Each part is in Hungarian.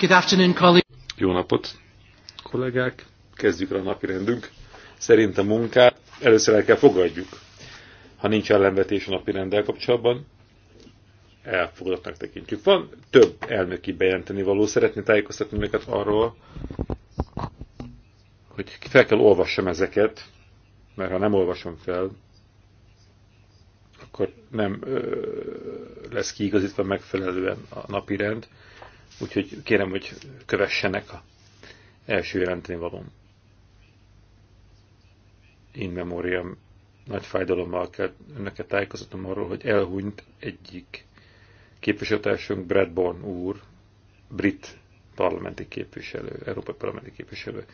Good afternoon, colleagues. Jó napot, kollégák! Kezdjük el a napi rendünk. Szerint a munkát először el kell fogadjuk. Ha nincs ellenvetés a napi rendel kapcsolatban, elfogadatnak tekintjük. Van több elnöki bejelenteni való. Szeretné tájékoztatni őket arról, hogy fel kell olvassam ezeket, mert ha nem olvasom fel, akkor nem ö, lesz kiigazítva megfelelően a napi rend. Úgyhogy kérem, hogy kövessenek a első jelenteni valom. In memoriam nagy fájdalommal kell önöket tájékozatom arról, hogy elhunyt egyik képviselőtársunk Bradborn úr, brit parlamenti képviselő, európai parlamenti képviselő.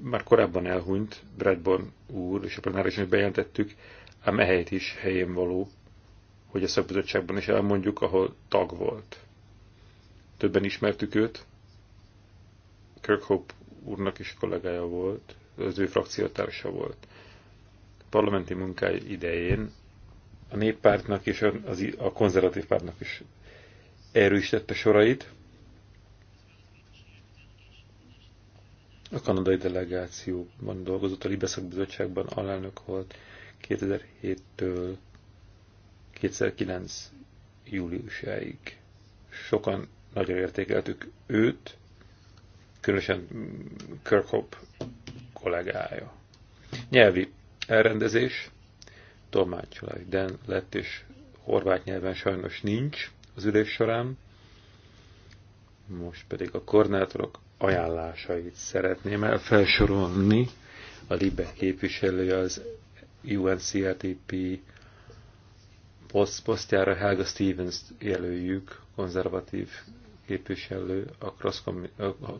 Már korábban elhunyt Bradborn úr, és a plenárisan is bejelentettük, ám ehelyett is helyén való, hogy a szakbizottságban is elmondjuk, ahol tag volt. Többen ismertük őt, Kirkhope úrnak is kollégája volt, az ő frakciótársa volt. A parlamenti munkáj idején a néppártnak és az, a konzervatív pártnak is erősítette sorait. A kanadai delegációban dolgozott, a Libeszak Bizottságban alelnök volt 2007-től 2009. júliusáig. Sokan nagyon értékeltük őt, különösen Kirkhope kollégája. Nyelvi elrendezés, tolmácsolás, de lett és horvát nyelven sajnos nincs az ülés során. Most pedig a koordinátorok ajánlásait szeretném elfelsorolni. A LIBE képviselője az UNCRTP poszt, posztjára Helga Stevens jelöljük, konzervatív képviselő, a, cross a, a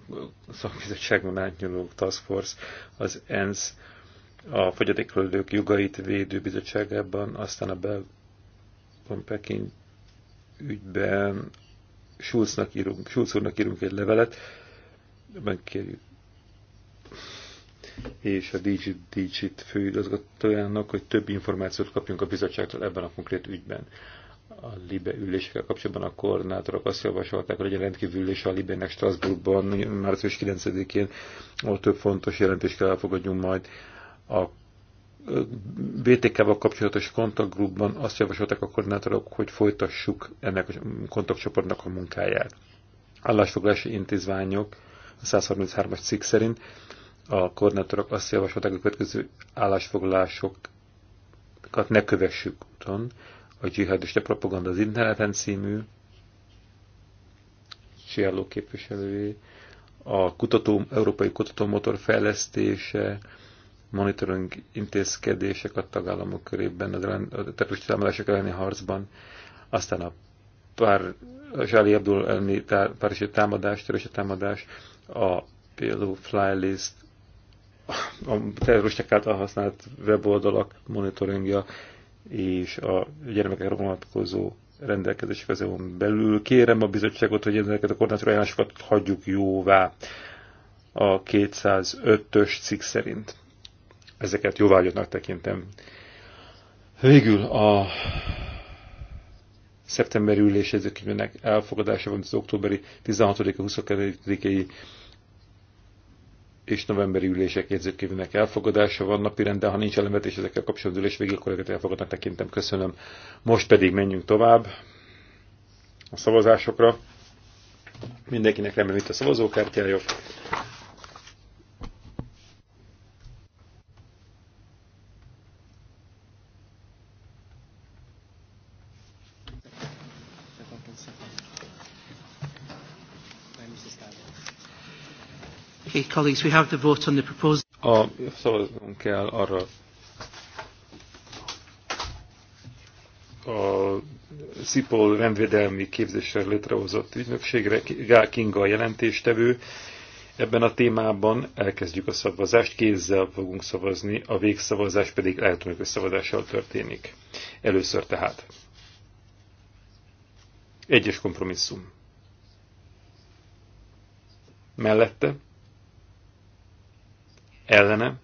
szakbizottságon átnyúló Task Force, az ENSZ, a fogyatékkelők jogait védő bizottságában, aztán a Belgon Peking ügyben Schulznak írunk, Schulz úrnak írunk egy levelet, megkérjük és a Digit főigazgatójának, hogy több információt kapjunk a bizottságtól ebben a konkrét ügyben. A Libe ülésekkel kapcsolatban a koordinátorok azt javasolták, hogy egy rendkívül ülés a Libe-nek Strasbourgban március 9-én, ahol több fontos jelentést kell elfogadjunk majd a BTK-val kapcsolatos kontaktgrupban azt javasolták a koordinátorok, hogy folytassuk ennek a kontaktcsoportnak a munkáját. Állásfoglalási intézványok a 133-as cikk szerint a koordinátorok azt javasolták, hogy a következő állásfoglalásokat ne kövessük úton. A dzsihadista propaganda az interneten című Csiálló képviselői, a kutató, európai kutatómotor fejlesztése, monitoring intézkedések a tagállamok körében, a terrorista támadások elleni harcban, aztán a pár, Zsáli Abdul elmi tá, párizsi támadás, terrorista támadás, a például flylist, a terroristák által használt weboldalak monitoringja és a gyermekekre vonatkozó rendelkezések az EU-n belül. Kérem a bizottságot, hogy ezeket a koordinátor ajánlásokat hagyjuk jóvá a 205-ös cikk szerint. Ezeket jóvágyatnak tekintem. Végül a szeptemberi ülés ezeknek elfogadása, van az októberi 16-22-i és novemberi ülések jegyzőkévének elfogadása van napirenden, ha nincs elemetés ezekkel kapcsolatban ülés végül, akkor elfogadnak tekintem. Köszönöm. Most pedig menjünk tovább a szavazásokra. Mindenkinek remélem itt a szavazókártyája. Okay, colleagues, we have the vote on the proposal. A, szavaznunk kell arra a Szipol rendvédelmi képzéssel létrehozott ügynökségre, Gál Kinga a jelentéstevő. Ebben a témában elkezdjük a szavazást, kézzel fogunk szavazni, a végszavazás pedig elektronikus szavazással történik. Először tehát. Egyes kompromisszum. Mellette ellene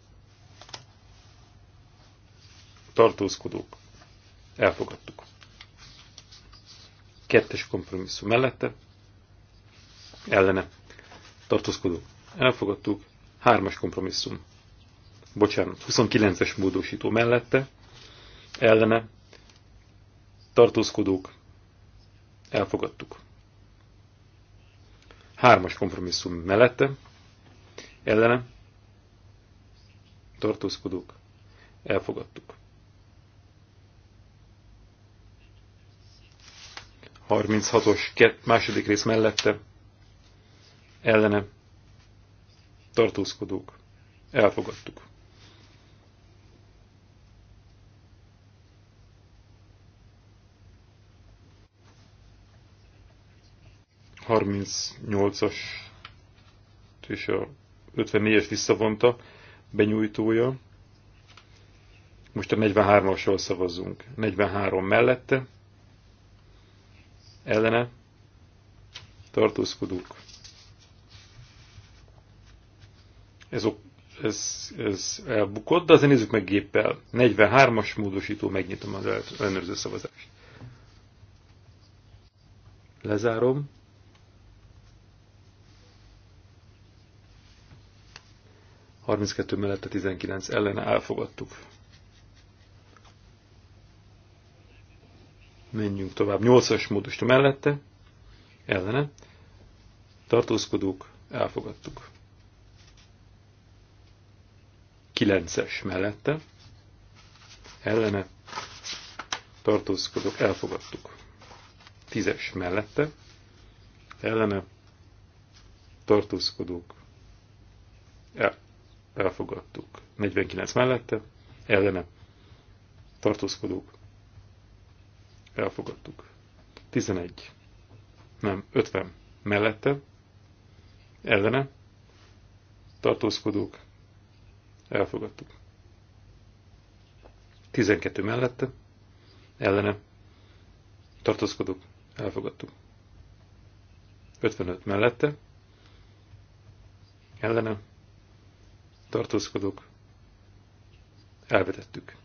tartózkodók elfogadtuk. Kettes kompromisszum mellette ellene tartózkodók elfogadtuk. Hármas kompromisszum, bocsánat, 29-es módosító mellette ellene tartózkodók elfogadtuk. Hármas kompromisszum mellette ellene tartózkodók, elfogadtuk. 36-os második rész mellette, ellene, tartózkodók, elfogadtuk. Harminc nyolcas és a 54-es visszavonta, benyújtója. Most a 43-asról szavazzunk. 43 mellette, ellene, tartózkodunk. Ez, ez, ez elbukott, de azért nézzük meg géppel. 43-as módosító, megnyitom az ellenőrző szavazást. Lezárom. 32 mellette 19 ellene elfogadtuk. Menjünk tovább. 8-as módosító mellette, ellene, tartózkodók, elfogadtuk. 9-es mellette, ellene, tartózkodók, elfogadtuk. 10-es mellette, ellene, tartózkodók, el, elfogadtuk. 49 mellette, ellene, tartózkodók, elfogadtuk. 11, nem, 50 mellette, ellene, tartózkodók, elfogadtuk. 12 mellette, ellene, tartózkodók, elfogadtuk. 55 mellette, ellene, tartózkodok. elvetettük.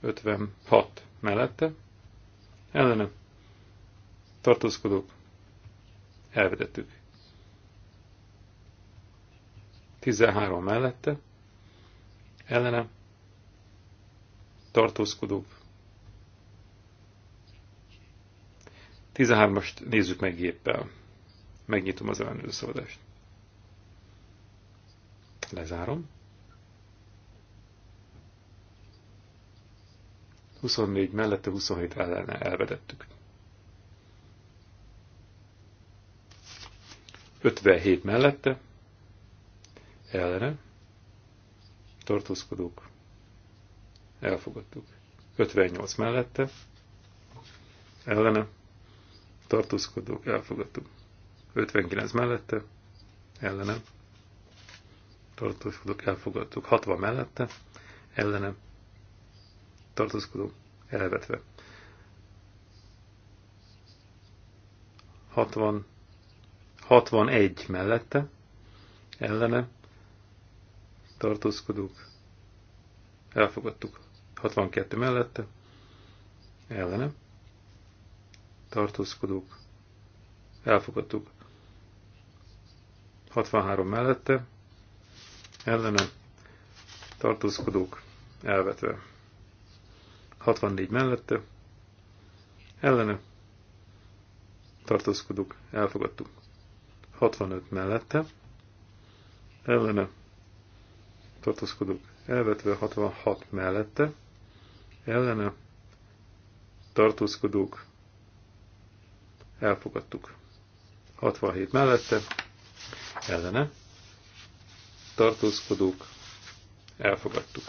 56 mellette, ellene, Tartózkodok. elvetettük. 13 mellette, ellene, Tartózkodok. 13-ast nézzük meg géppel. Megnyitom az ellenőrző szabadást. Lezárom. 24 mellette, 27 ellene elvedettük. 57 mellette, ellene, tartózkodók, elfogadtuk. 58 mellette, ellene, tartózkodók, elfogadtuk. 59 mellette, ellene, tartózkodók elfogadtuk. 60 mellette, ellene tartózkodók elvetve. 60, 61 mellette, ellene tartózkodók elfogadtuk. 62 mellette, ellene tartózkodók elfogadtuk. 63 mellette, ellene tartózkodók elvetve. 64 mellette ellene tartózkodók elfogadtuk. 65 mellette ellene tartózkodók elvetve 66 mellette ellene tartózkodók elfogadtuk. 67 mellette ellene tartózkodók, elfogadtuk.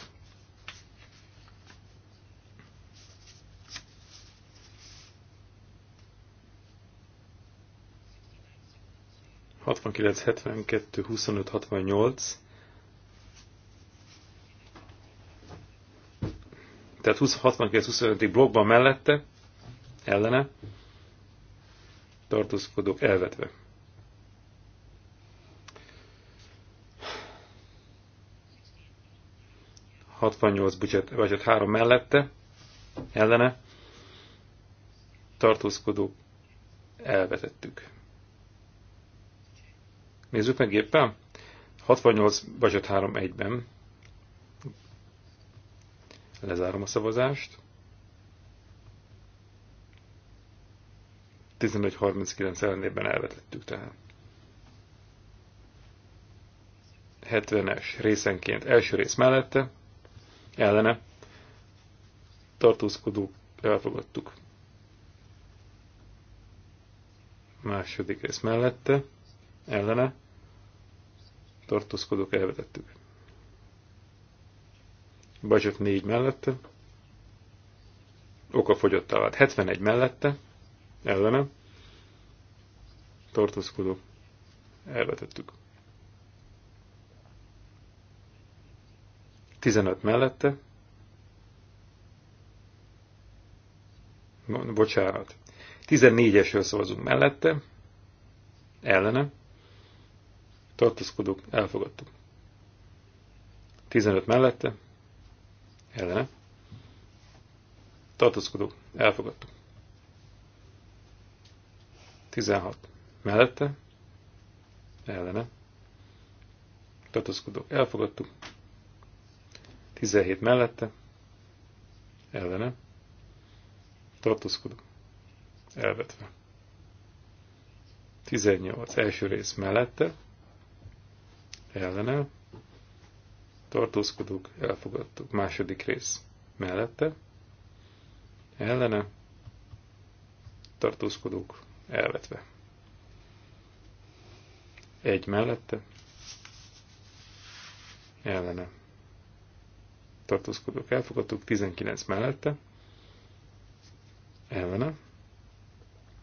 Tehát 69-25 blokkban mellette, ellene tartózkodók elvetve. 68 budget, budget 3 mellette, ellene tartózkodó elvetettük. Nézzük meg éppen. 68 bucsát 3 egyben ben Lezárom a szavazást. 11.39 ellenében elvetettük tehát. 70-es részenként első rész mellette, ellene tartózkodók elfogadtuk. Második rész mellette ellene tartózkodók elvetettük. Bajsak 4 mellette, oka fogyott alatt. 71 mellette, ellene, tartózkodók elvetettük. 15 mellette. Bocsánat. 14-esről szavazunk mellette. Ellene. Tartózkodók, elfogadtuk. 15 mellette. Ellene. Tartózkodók, elfogadtuk. 16 mellette. Ellene. Tartózkodók, elfogadtuk. 17 mellette, ellene, tartózkodok, elvetve. 18 első rész mellette, ellene, tartózkodók, elfogadtuk. Második rész mellette, ellene, tartózkodók, elvetve. Egy mellette, ellene, tartózkodók elfogadtuk, 19 mellette, elvene,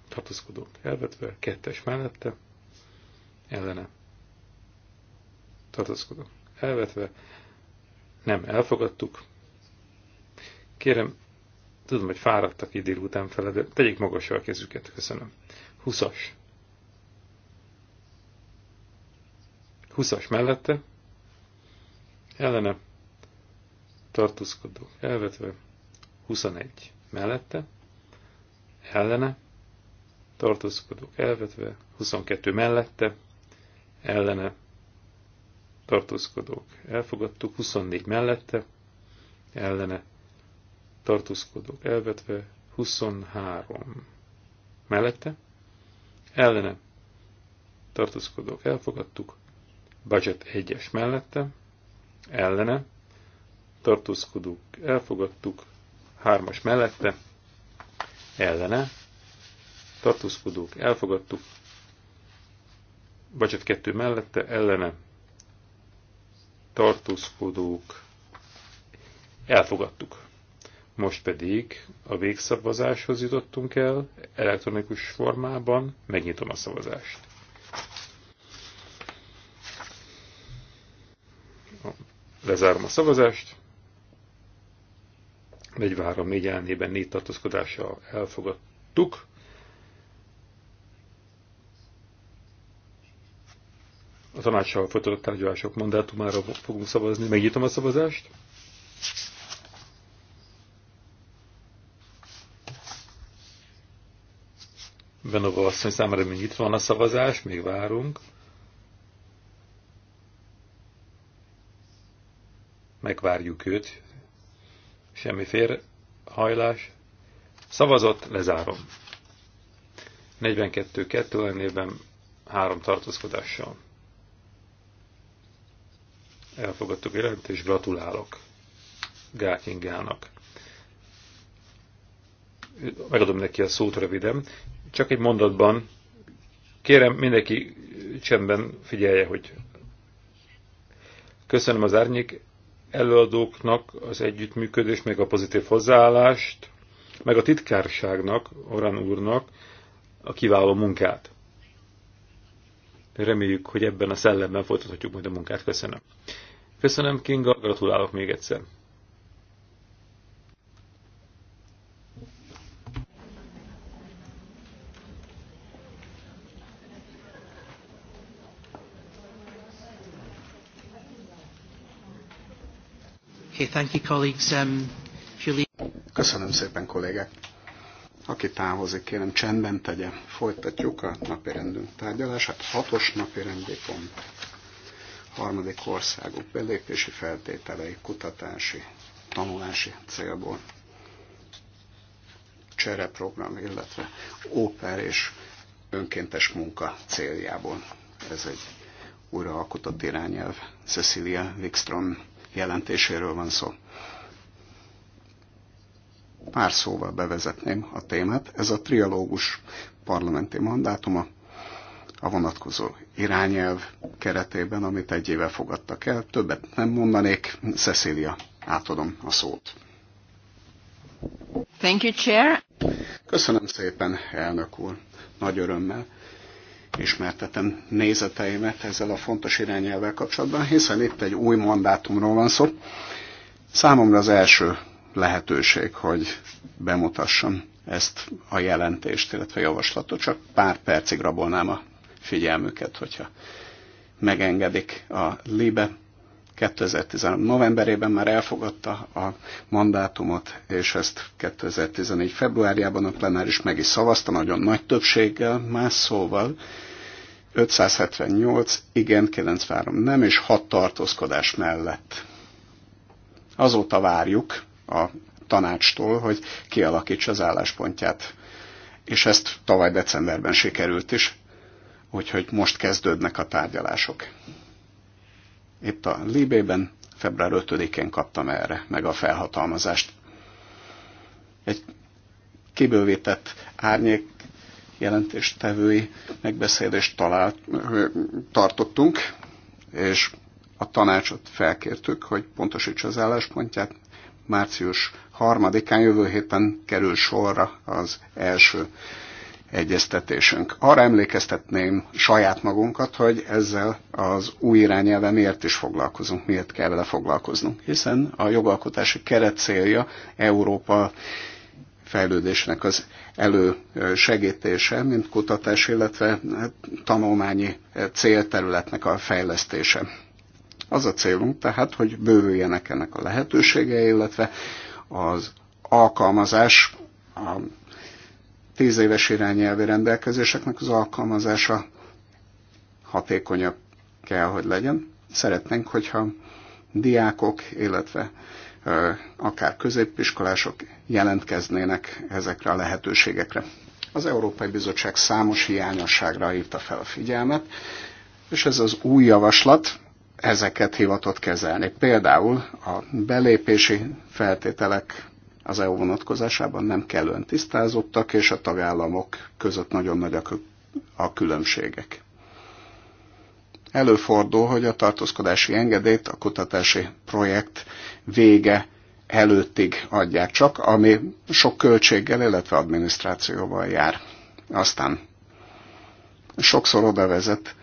tartózkodók elvetve, kettes mellette, ellene, tartózkodók elvetve, nem elfogadtuk. Kérem, tudom, hogy fáradtak idél után fele, de tegyék magasra a kezüket, köszönöm. 20-as. 20-as mellette, ellene tartózkodók elvetve, 21 mellette, ellene, tartózkodók elvetve, 22 mellette, ellene, tartózkodók elfogadtuk, 24 mellette, ellene, tartózkodók elvetve, 23 mellette, ellene, tartózkodók elfogadtuk, budget 1-es mellette, ellene, tartózkodók elfogadtuk, hármas mellette, ellene, tartózkodók elfogadtuk, budget kettő mellette, ellene, tartózkodók elfogadtuk. Most pedig a végszavazáshoz jutottunk el elektronikus formában, megnyitom a szavazást. Lezárom a szavazást. 43 4 ellenében négy tartózkodással elfogadtuk. A tanácssal folytatott tárgyalások mandátumára fogunk szavazni. Megnyitom a szavazást. Benova asszony számára még itt van a szavazás, még várunk. Megvárjuk őt, semmi félhajlás. Szavazott, lezárom. 42-2 lennében három tartózkodással. Elfogadtuk a jelentést, gratulálok Gákingának. Megadom neki a szót röviden. Csak egy mondatban kérem mindenki csendben figyelje, hogy köszönöm az árnyék előadóknak az együttműködést, meg a pozitív hozzáállást, meg a titkárságnak, Orán úrnak a kiváló munkát. Reméljük, hogy ebben a szellemben folytathatjuk majd a munkát. Köszönöm. Köszönöm, Kinga, gratulálok még egyszer. Okay, thank you, colleagues. Um, if you leave... Köszönöm szépen, kollégák. Aki távozik, kérem csendben tegye. Folytatjuk a rendünk tárgyalását. Hatos napi pont. Harmadik országok belépési feltételei, kutatási, tanulási célból csereprogram, illetve óper és önkéntes munka céljából. Ez egy újraalkotott irányelv. Cecilia Wikström jelentéséről van szó. Pár szóval bevezetném a témát. Ez a trialógus parlamenti mandátuma a vonatkozó irányelv keretében, amit egy éve fogadtak el. Többet nem mondanék. Cecilia, átadom a szót. Thank you, Chair. Köszönöm szépen, elnök úr. Nagy örömmel ismertetem nézeteimet ezzel a fontos irányelvvel kapcsolatban, hiszen itt egy új mandátumról van szó. Számomra az első lehetőség, hogy bemutassam ezt a jelentést, illetve a javaslatot, csak pár percig rabolnám a figyelmüket, hogyha megengedik a LIBE 2013. novemberében már elfogadta a mandátumot, és ezt 2014. februárjában a plenáris meg is szavazta, nagyon nagy többséggel, más szóval 578, igen, 93 nem, és 6 tartózkodás mellett. Azóta várjuk a tanácstól, hogy kialakítsa az álláspontját. És ezt tavaly decemberben sikerült is, úgyhogy most kezdődnek a tárgyalások itt a Libében február 5-én kaptam erre meg a felhatalmazást. Egy kibővített árnyék jelentéstevői megbeszélést talált, tartottunk, és a tanácsot felkértük, hogy pontosítsa az álláspontját. Március 3-án jövő héten kerül sorra az első egyeztetésünk. Arra emlékeztetném saját magunkat, hogy ezzel az új irányelve miért is foglalkozunk, miért kell vele foglalkoznunk, hiszen a jogalkotási keret célja Európa fejlődésnek az elősegítése, mint kutatás, illetve hát, tanulmányi célterületnek a fejlesztése. Az a célunk tehát, hogy bővüljenek ennek a lehetőségei, illetve az alkalmazás a tíz éves irányelvi rendelkezéseknek az alkalmazása hatékonyabb kell, hogy legyen. Szeretnénk, hogyha diákok, illetve akár középiskolások jelentkeznének ezekre a lehetőségekre. Az Európai Bizottság számos hiányosságra hívta fel a figyelmet, és ez az új javaslat ezeket hivatott kezelni. Például a belépési feltételek az EU vonatkozásában nem kellően tisztázottak, és a tagállamok között nagyon nagyak a különbségek. Előfordul, hogy a tartózkodási engedélyt a kutatási projekt vége előttig adják csak, ami sok költséggel, illetve adminisztrációval jár. Aztán sokszor oda vezet,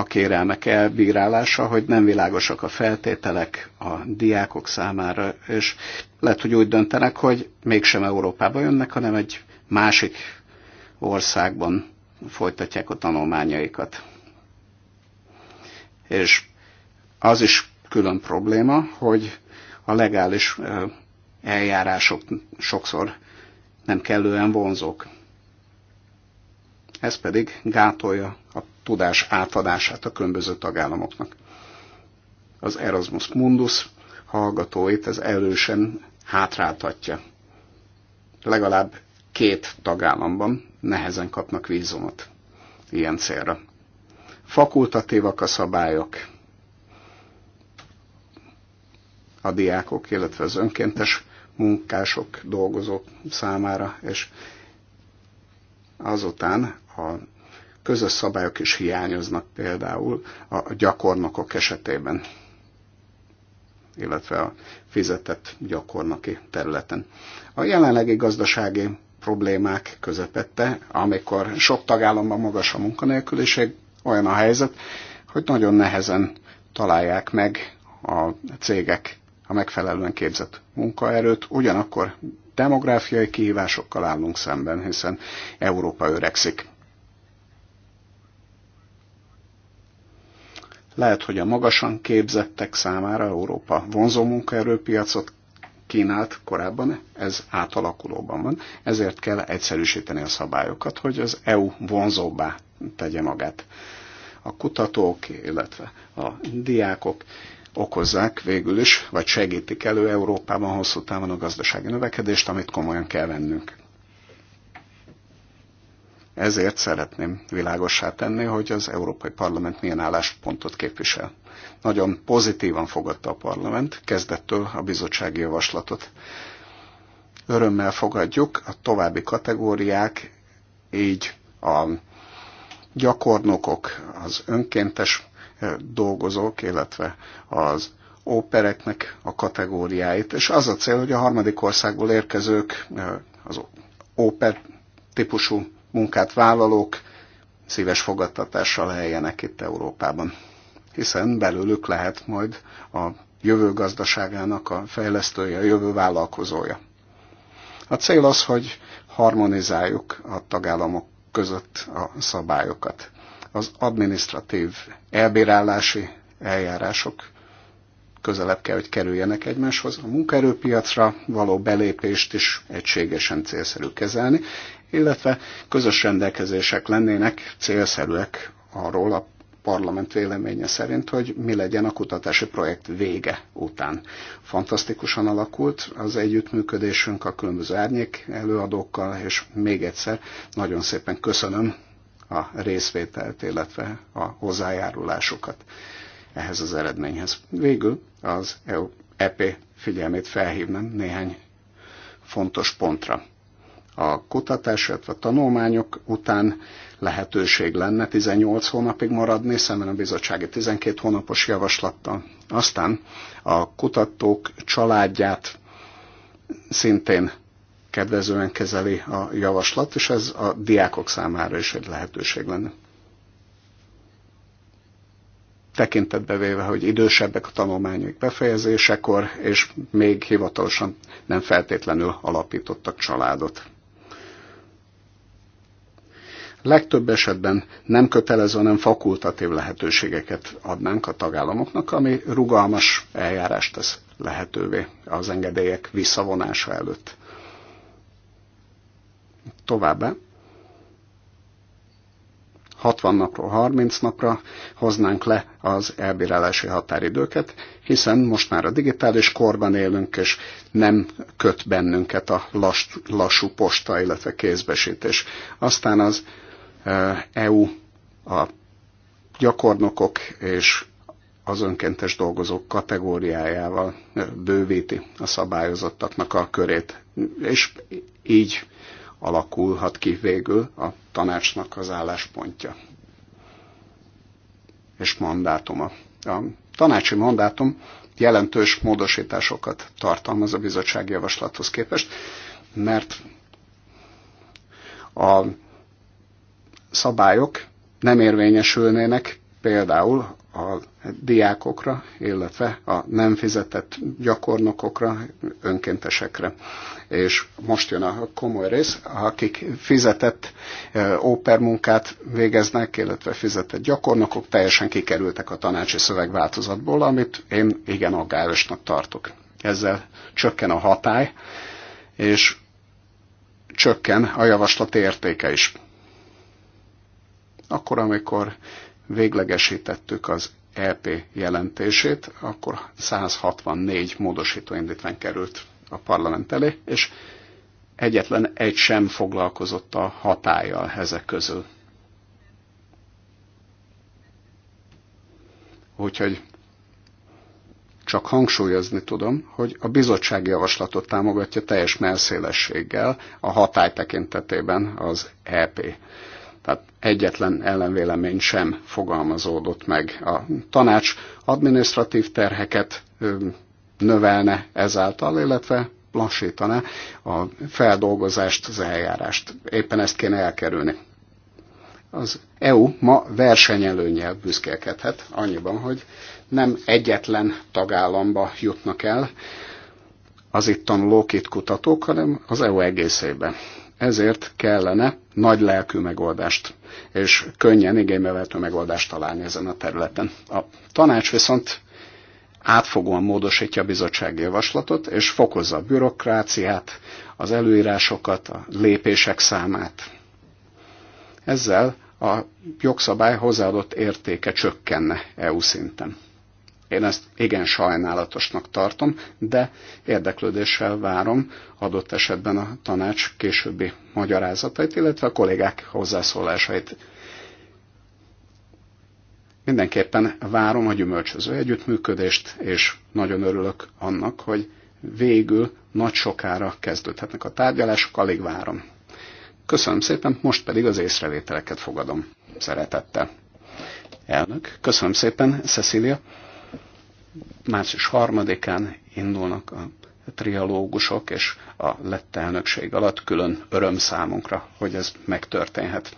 a kérelmek elbírálása, hogy nem világosak a feltételek a diákok számára, és lehet, hogy úgy döntenek, hogy mégsem Európába jönnek, hanem egy másik országban folytatják a tanulmányaikat. És az is külön probléma, hogy a legális eljárások sokszor nem kellően vonzók. Ez pedig gátolja a tudás átadását a különböző tagállamoknak. Az Erasmus Mundus hallgatóit ez erősen hátráltatja. Legalább két tagállamban nehezen kapnak vízumot ilyen célra. Fakultatívak a szabályok. A diákok, illetve az önkéntes munkások, dolgozók számára, és azután a Közös szabályok is hiányoznak például a gyakornokok esetében, illetve a fizetett gyakornoki területen. A jelenlegi gazdasági problémák közepette, amikor sok tagállamban magas a munkanélküliség, olyan a helyzet, hogy nagyon nehezen találják meg a cégek a megfelelően képzett munkaerőt, ugyanakkor demográfiai kihívásokkal állunk szemben, hiszen Európa öregszik. Lehet, hogy a magasan képzettek számára Európa vonzó munkaerőpiacot kínált korábban, ez átalakulóban van, ezért kell egyszerűsíteni a szabályokat, hogy az EU vonzóbbá tegye magát. A kutatók, illetve a diákok okozzák végül is, vagy segítik elő Európában hosszú távon a gazdasági növekedést, amit komolyan kell vennünk. Ezért szeretném világossá tenni, hogy az Európai Parlament milyen álláspontot képvisel. Nagyon pozitívan fogadta a parlament kezdettől a bizottsági javaslatot. Örömmel fogadjuk a további kategóriák, így a gyakornokok, az önkéntes dolgozók, illetve az ópereknek a kategóriáit, és az a cél, hogy a harmadik országból érkezők az óper típusú munkát vállalók szíves fogadtatással helyenek itt Európában, hiszen belőlük lehet majd a jövő gazdaságának a fejlesztője, a jövő vállalkozója. A cél az, hogy harmonizáljuk a tagállamok között a szabályokat. Az administratív elbírálási eljárások közelebb kell, hogy kerüljenek egymáshoz. A munkaerőpiacra való belépést is egységesen célszerű kezelni, illetve közös rendelkezések lennének célszerűek arról a parlament véleménye szerint, hogy mi legyen a kutatási projekt vége után. Fantasztikusan alakult az együttműködésünk a különböző árnyék előadókkal, és még egyszer nagyon szépen köszönöm a részvételt, illetve a hozzájárulásokat ehhez az eredményhez. Végül az EU EP figyelmét felhívnám néhány fontos pontra a kutatás, illetve a tanulmányok után lehetőség lenne 18 hónapig maradni, szemben a bizottsági 12 hónapos javaslattal. Aztán a kutatók családját szintén kedvezően kezeli a javaslat, és ez a diákok számára is egy lehetőség lenne. Tekintetbe véve, hogy idősebbek a tanulmányok befejezésekor, és még hivatalosan nem feltétlenül alapítottak családot legtöbb esetben nem kötelező, hanem fakultatív lehetőségeket adnánk a tagállamoknak, ami rugalmas eljárást tesz lehetővé az engedélyek visszavonása előtt. Továbbá 60 napról 30 napra hoznánk le az elbírálási határidőket, hiszen most már a digitális korban élünk, és nem köt bennünket a lass, lassú posta, illetve kézbesítés. Aztán az Eh, EU, a gyakornokok és az önkéntes dolgozók kategóriájával eh, bővíti a szabályozottaknak a körét. És így alakulhat ki végül a tanácsnak az álláspontja és mandátuma. A tanácsi mandátum jelentős módosításokat tartalmaz a bizottsági javaslathoz képest, mert a szabályok nem érvényesülnének például a diákokra, illetve a nem fizetett gyakornokokra, önkéntesekre. És most jön a komoly rész, akik fizetett ópermunkát végeznek, illetve fizetett gyakornokok teljesen kikerültek a tanácsi szövegváltozatból, amit én igen aggályosnak tartok. Ezzel csökken a hatály, és csökken a javaslat értéke is akkor, amikor véglegesítettük az EP jelentését, akkor 164 módosító indítvány került a parlament elé, és egyetlen egy sem foglalkozott a hatállyal ezek közül. Úgyhogy csak hangsúlyozni tudom, hogy a bizottság javaslatot támogatja teljes melszélességgel a hatály tekintetében az EP tehát egyetlen ellenvélemény sem fogalmazódott meg. A tanács administratív terheket növelne ezáltal, illetve lassítaná a feldolgozást, az eljárást. Éppen ezt kéne elkerülni. Az EU ma versenyelőnyel büszkélkedhet, annyiban, hogy nem egyetlen tagállamba jutnak el az itt tanulók, itt kutatók, hanem az EU egészében. Ezért kellene nagy lelkű megoldást, és könnyen igénybevető megoldást találni ezen a területen. A tanács viszont átfogóan módosítja a bizottsági javaslatot, és fokozza a bürokráciát, az előírásokat, a lépések számát. Ezzel a jogszabály hozzáadott értéke csökkenne EU szinten. Én ezt igen sajnálatosnak tartom, de érdeklődéssel várom adott esetben a tanács későbbi magyarázatait, illetve a kollégák hozzászólásait. Mindenképpen várom a gyümölcsöző együttműködést, és nagyon örülök annak, hogy végül nagy sokára kezdődhetnek a tárgyalások, alig várom. Köszönöm szépen, most pedig az észrevételeket fogadom szeretettel. Elnök, köszönöm szépen, Cecilia március harmadikán indulnak a trialógusok, és a lett elnökség alatt külön öröm számunkra, hogy ez megtörténhet.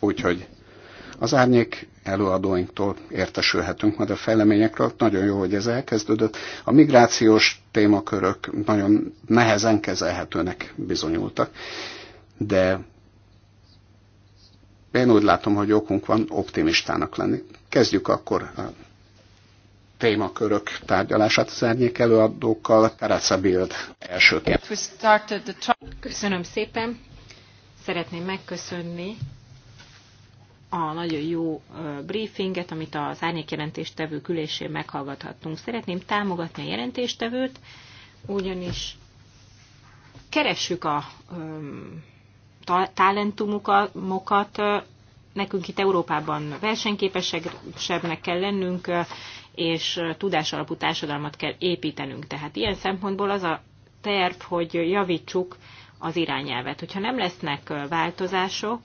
Úgyhogy az árnyék előadóinktól értesülhetünk majd a fejleményekről. Nagyon jó, hogy ez elkezdődött. A migrációs témakörök nagyon nehezen kezelhetőnek bizonyultak, de én úgy látom, hogy okunk van optimistának lenni. Kezdjük akkor a témakörök tárgyalását az árnyék előadókkal, Karáca Bild elsőként. Köszönöm szépen. Szeretném megköszönni a nagyon jó briefinget, amit az árnyék jelentéstevő külésén meghallgathattunk. Szeretném támogatni a jelentéstevőt, ugyanis keressük a talentumokat, nekünk itt Európában versenyképesebbnek kell lennünk, és tudásalapú társadalmat kell építenünk. Tehát ilyen szempontból az a terv, hogy javítsuk az irányelvet. Hogyha nem lesznek változások,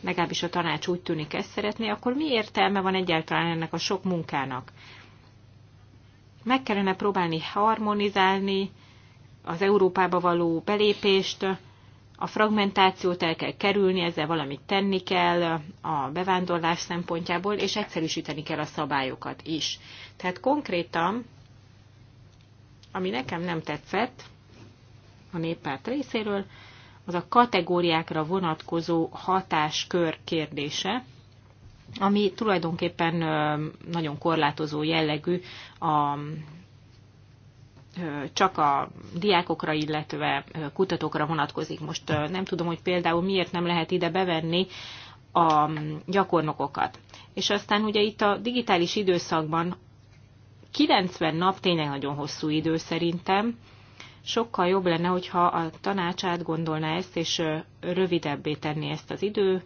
legalábbis a tanács úgy tűnik ezt szeretné, akkor mi értelme van egyáltalán ennek a sok munkának? Meg kellene próbálni harmonizálni az Európába való belépést, a fragmentációt el kell kerülni, ezzel valamit tenni kell a bevándorlás szempontjából, és egyszerűsíteni kell a szabályokat is. Tehát konkrétan, ami nekem nem tetszett a néppárt részéről, az a kategóriákra vonatkozó hatáskör kérdése, ami tulajdonképpen nagyon korlátozó jellegű a csak a diákokra, illetve kutatókra vonatkozik. Most nem tudom, hogy például miért nem lehet ide bevenni a gyakornokokat. És aztán ugye itt a digitális időszakban 90 nap tényleg nagyon hosszú idő szerintem. Sokkal jobb lenne, hogyha a tanácsát gondolná ezt, és rövidebbé tenni ezt az idő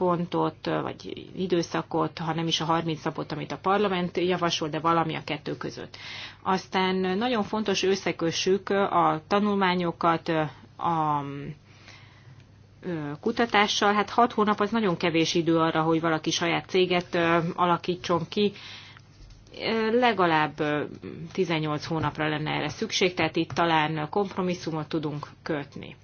időpontot, vagy időszakot, ha nem is a 30 napot, amit a parlament javasol, de valami a kettő között. Aztán nagyon fontos összekössük a tanulmányokat a kutatással. Hát 6 hónap az nagyon kevés idő arra, hogy valaki saját céget alakítson ki, legalább 18 hónapra lenne erre szükség, tehát itt talán kompromisszumot tudunk kötni.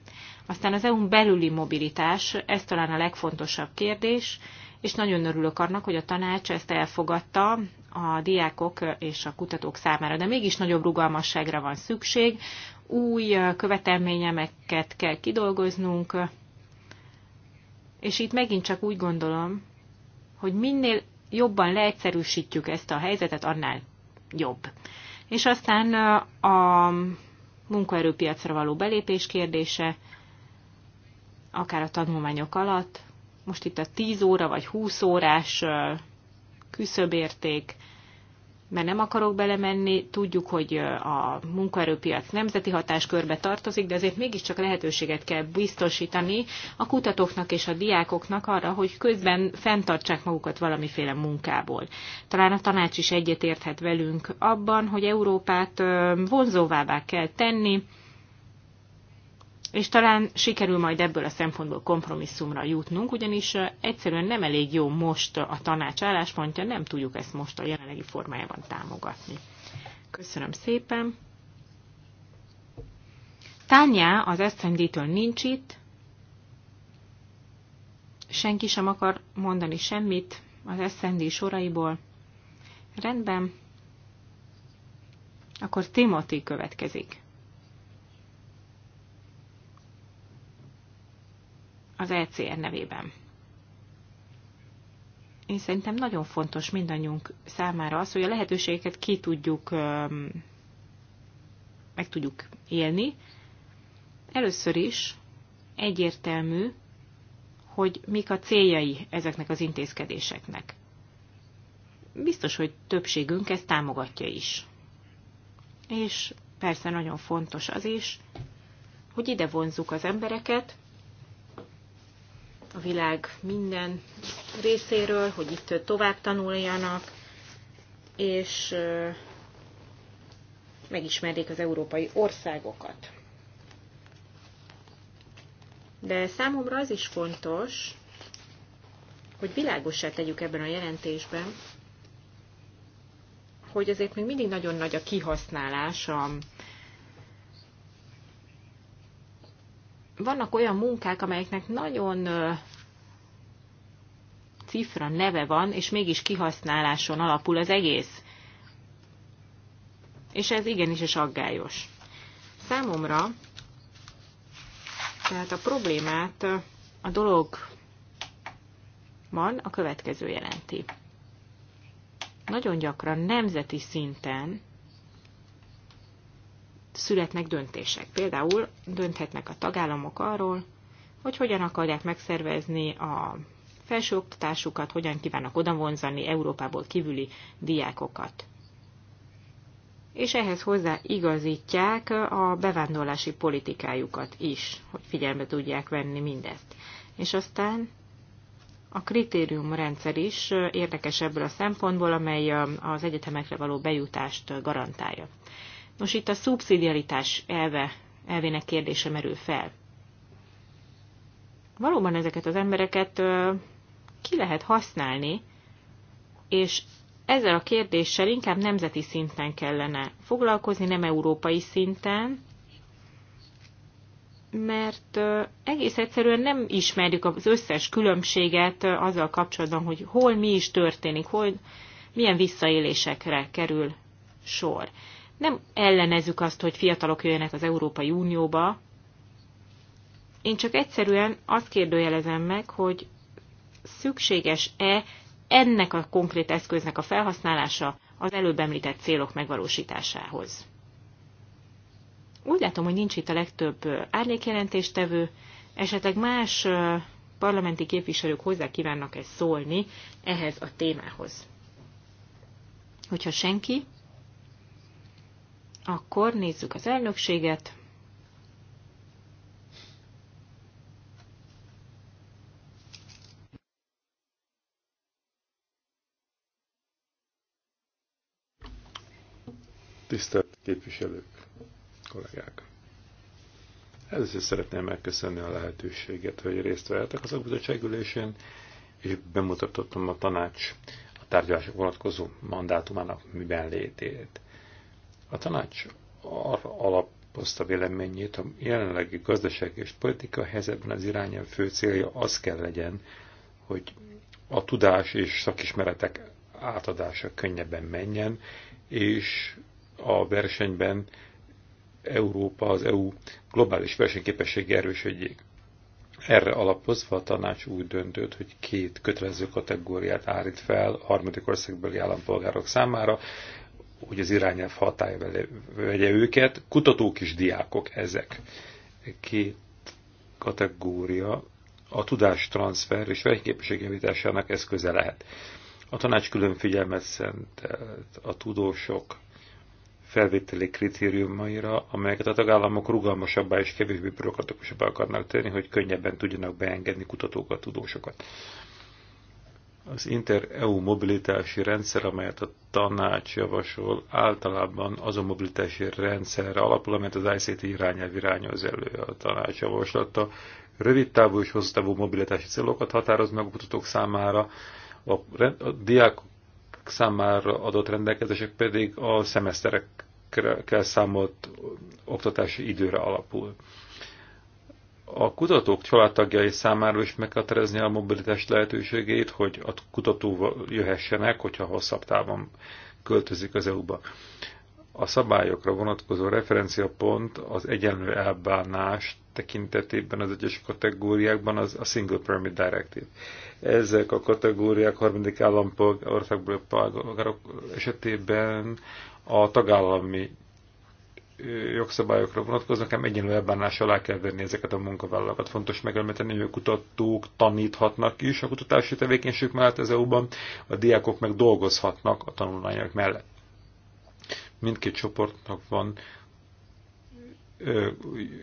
Aztán az EU-n belüli mobilitás, ez talán a legfontosabb kérdés, és nagyon örülök annak, hogy a tanács ezt elfogadta a diákok és a kutatók számára. De mégis nagyobb rugalmasságra van szükség, új követelményemeket kell kidolgoznunk, és itt megint csak úgy gondolom, hogy minél jobban leegyszerűsítjük ezt a helyzetet, annál jobb. És aztán a munkaerőpiacra való belépés kérdése, akár a tanulmányok alatt. Most itt a 10 óra vagy 20 órás küszöbérték, mert nem akarok belemenni, tudjuk, hogy a munkaerőpiac nemzeti hatáskörbe tartozik, de azért mégiscsak lehetőséget kell biztosítani a kutatóknak és a diákoknak arra, hogy közben fenntartsák magukat valamiféle munkából. Talán a tanács is egyetérthet velünk abban, hogy Európát vonzóvá kell tenni, és talán sikerül majd ebből a szempontból kompromisszumra jutnunk, ugyanis egyszerűen nem elég jó most a tanács álláspontja, nem tudjuk ezt most a jelenlegi formájában támogatni. Köszönöm szépen. Tánya az SZND-től nincs itt. Senki sem akar mondani semmit az SZND soraiból. Rendben. Akkor Timothy következik. az ECR nevében. Én szerintem nagyon fontos mindannyiunk számára az, hogy a lehetőségeket ki tudjuk, meg tudjuk élni. Először is egyértelmű, hogy mik a céljai ezeknek az intézkedéseknek. Biztos, hogy többségünk ezt támogatja is. És persze nagyon fontos az is, hogy ide vonzzuk az embereket, a világ minden részéről, hogy itt tovább tanuljanak, és megismerjék az európai országokat. De számomra az is fontos, hogy világosá tegyük ebben a jelentésben, hogy azért még mindig nagyon nagy a kihasználás a vannak olyan munkák, amelyeknek nagyon cifra neve van, és mégis kihasználáson alapul az egész. És ez igenis is aggályos. Számomra tehát a problémát a dolog van a következő jelenti. Nagyon gyakran nemzeti szinten születnek döntések. Például dönthetnek a tagállamok arról, hogy hogyan akarják megszervezni a felsőoktatásukat, hogyan kívánnak odavonzani Európából kívüli diákokat. És ehhez hozzá igazítják a bevándorlási politikájukat is, hogy figyelme tudják venni mindezt. És aztán a kritériumrendszer is érdekes ebből a szempontból, amely az egyetemekre való bejutást garantálja. Nos, itt a szubszidiaritás elve, elvének kérdése merül fel. Valóban ezeket az embereket ki lehet használni, és ezzel a kérdéssel inkább nemzeti szinten kellene foglalkozni, nem európai szinten, mert egész egyszerűen nem ismerjük az összes különbséget azzal kapcsolatban, hogy hol mi is történik, hol milyen visszaélésekre kerül sor nem ellenezzük azt, hogy fiatalok jöjjenek az Európai Unióba. Én csak egyszerűen azt kérdőjelezem meg, hogy szükséges-e ennek a konkrét eszköznek a felhasználása az előbb említett célok megvalósításához. Úgy látom, hogy nincs itt a legtöbb árnyékjelentéstevő, esetleg más parlamenti képviselők hozzá kívánnak ezt szólni ehhez a témához. Hogyha senki, akkor nézzük az elnökséget. Tisztelt képviselők, kollégák! Először szeretném megköszönni a lehetőséget, hogy részt vehetek az szakbizottság és bemutatottam a tanács a tárgyalások vonatkozó mandátumának miben létét. A tanács arra alapozta véleményét, a jelenlegi gazdaság és politika helyzetben az irányen fő célja az kell legyen, hogy a tudás és szakismeretek átadása könnyebben menjen, és a versenyben Európa, az EU globális versenyképessége erősödjék. Erre alapozva a tanács úgy döntött, hogy két kötelező kategóriát állít fel a harmadik országbeli állampolgárok számára, hogy az irányelv hatája vegye őket. Kutatók is diákok ezek. Két kategória a tudás transfer és versenyképesség javításának eszköze lehet. A tanács külön figyelmet szentelt a tudósok felvételi kritériumaira, amelyeket a tagállamok rugalmasabbá és kevésbé bürokratikusabbá akarnak tenni, hogy könnyebben tudjanak beengedni kutatókat, tudósokat. Az Inter-EU mobilitási rendszer, amelyet a tanács javasol, általában a mobilitási rendszerre alapul, amelyet az ICT irányelv irányoz elő a tanács javaslata. Rövid távú és hosszú távú mobilitási célokat határoz meg a kutatók számára, a, rend, a diákok számára adott rendelkezések pedig a szemeszterekkel számolt oktatási időre alapul a kutatók családtagjai számára is meghatározni a mobilitás lehetőségét, hogy a kutató jöhessenek, hogyha hosszabb távon költözik az EU-ba. A szabályokra vonatkozó referenciapont az egyenlő elbánás tekintetében az egyes kategóriákban az a Single Permit Directive. Ezek a kategóriák harmadik állampolgárok esetében a tagállami jogszabályokra vonatkoznak, hanem egyenlő elbánás alá kell venni ezeket a munkavállalókat. Fontos megemlíteni, hogy a kutatók taníthatnak is a kutatási tevékenység mellett az EU-ban, a diákok meg dolgozhatnak a tanulmányok mellett. Mindkét csoportnak van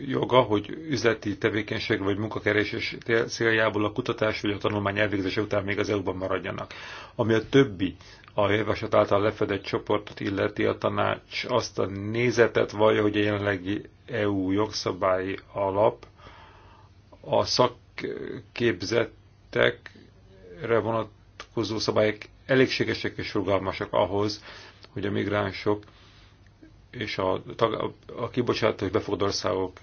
joga, hogy üzleti tevékenység vagy munkakeresés céljából a kutatás vagy a tanulmány elvégzése után még az EU-ban maradjanak. Ami a többi a javaslat által lefedett csoportot illeti a tanács azt a nézetet vallja, hogy a jelenlegi EU jogszabályi alap a szakképzettekre vonatkozó szabályok elégségesek és rugalmasak ahhoz, hogy a migránsok és a, a, a kibocsátó és befogadó országok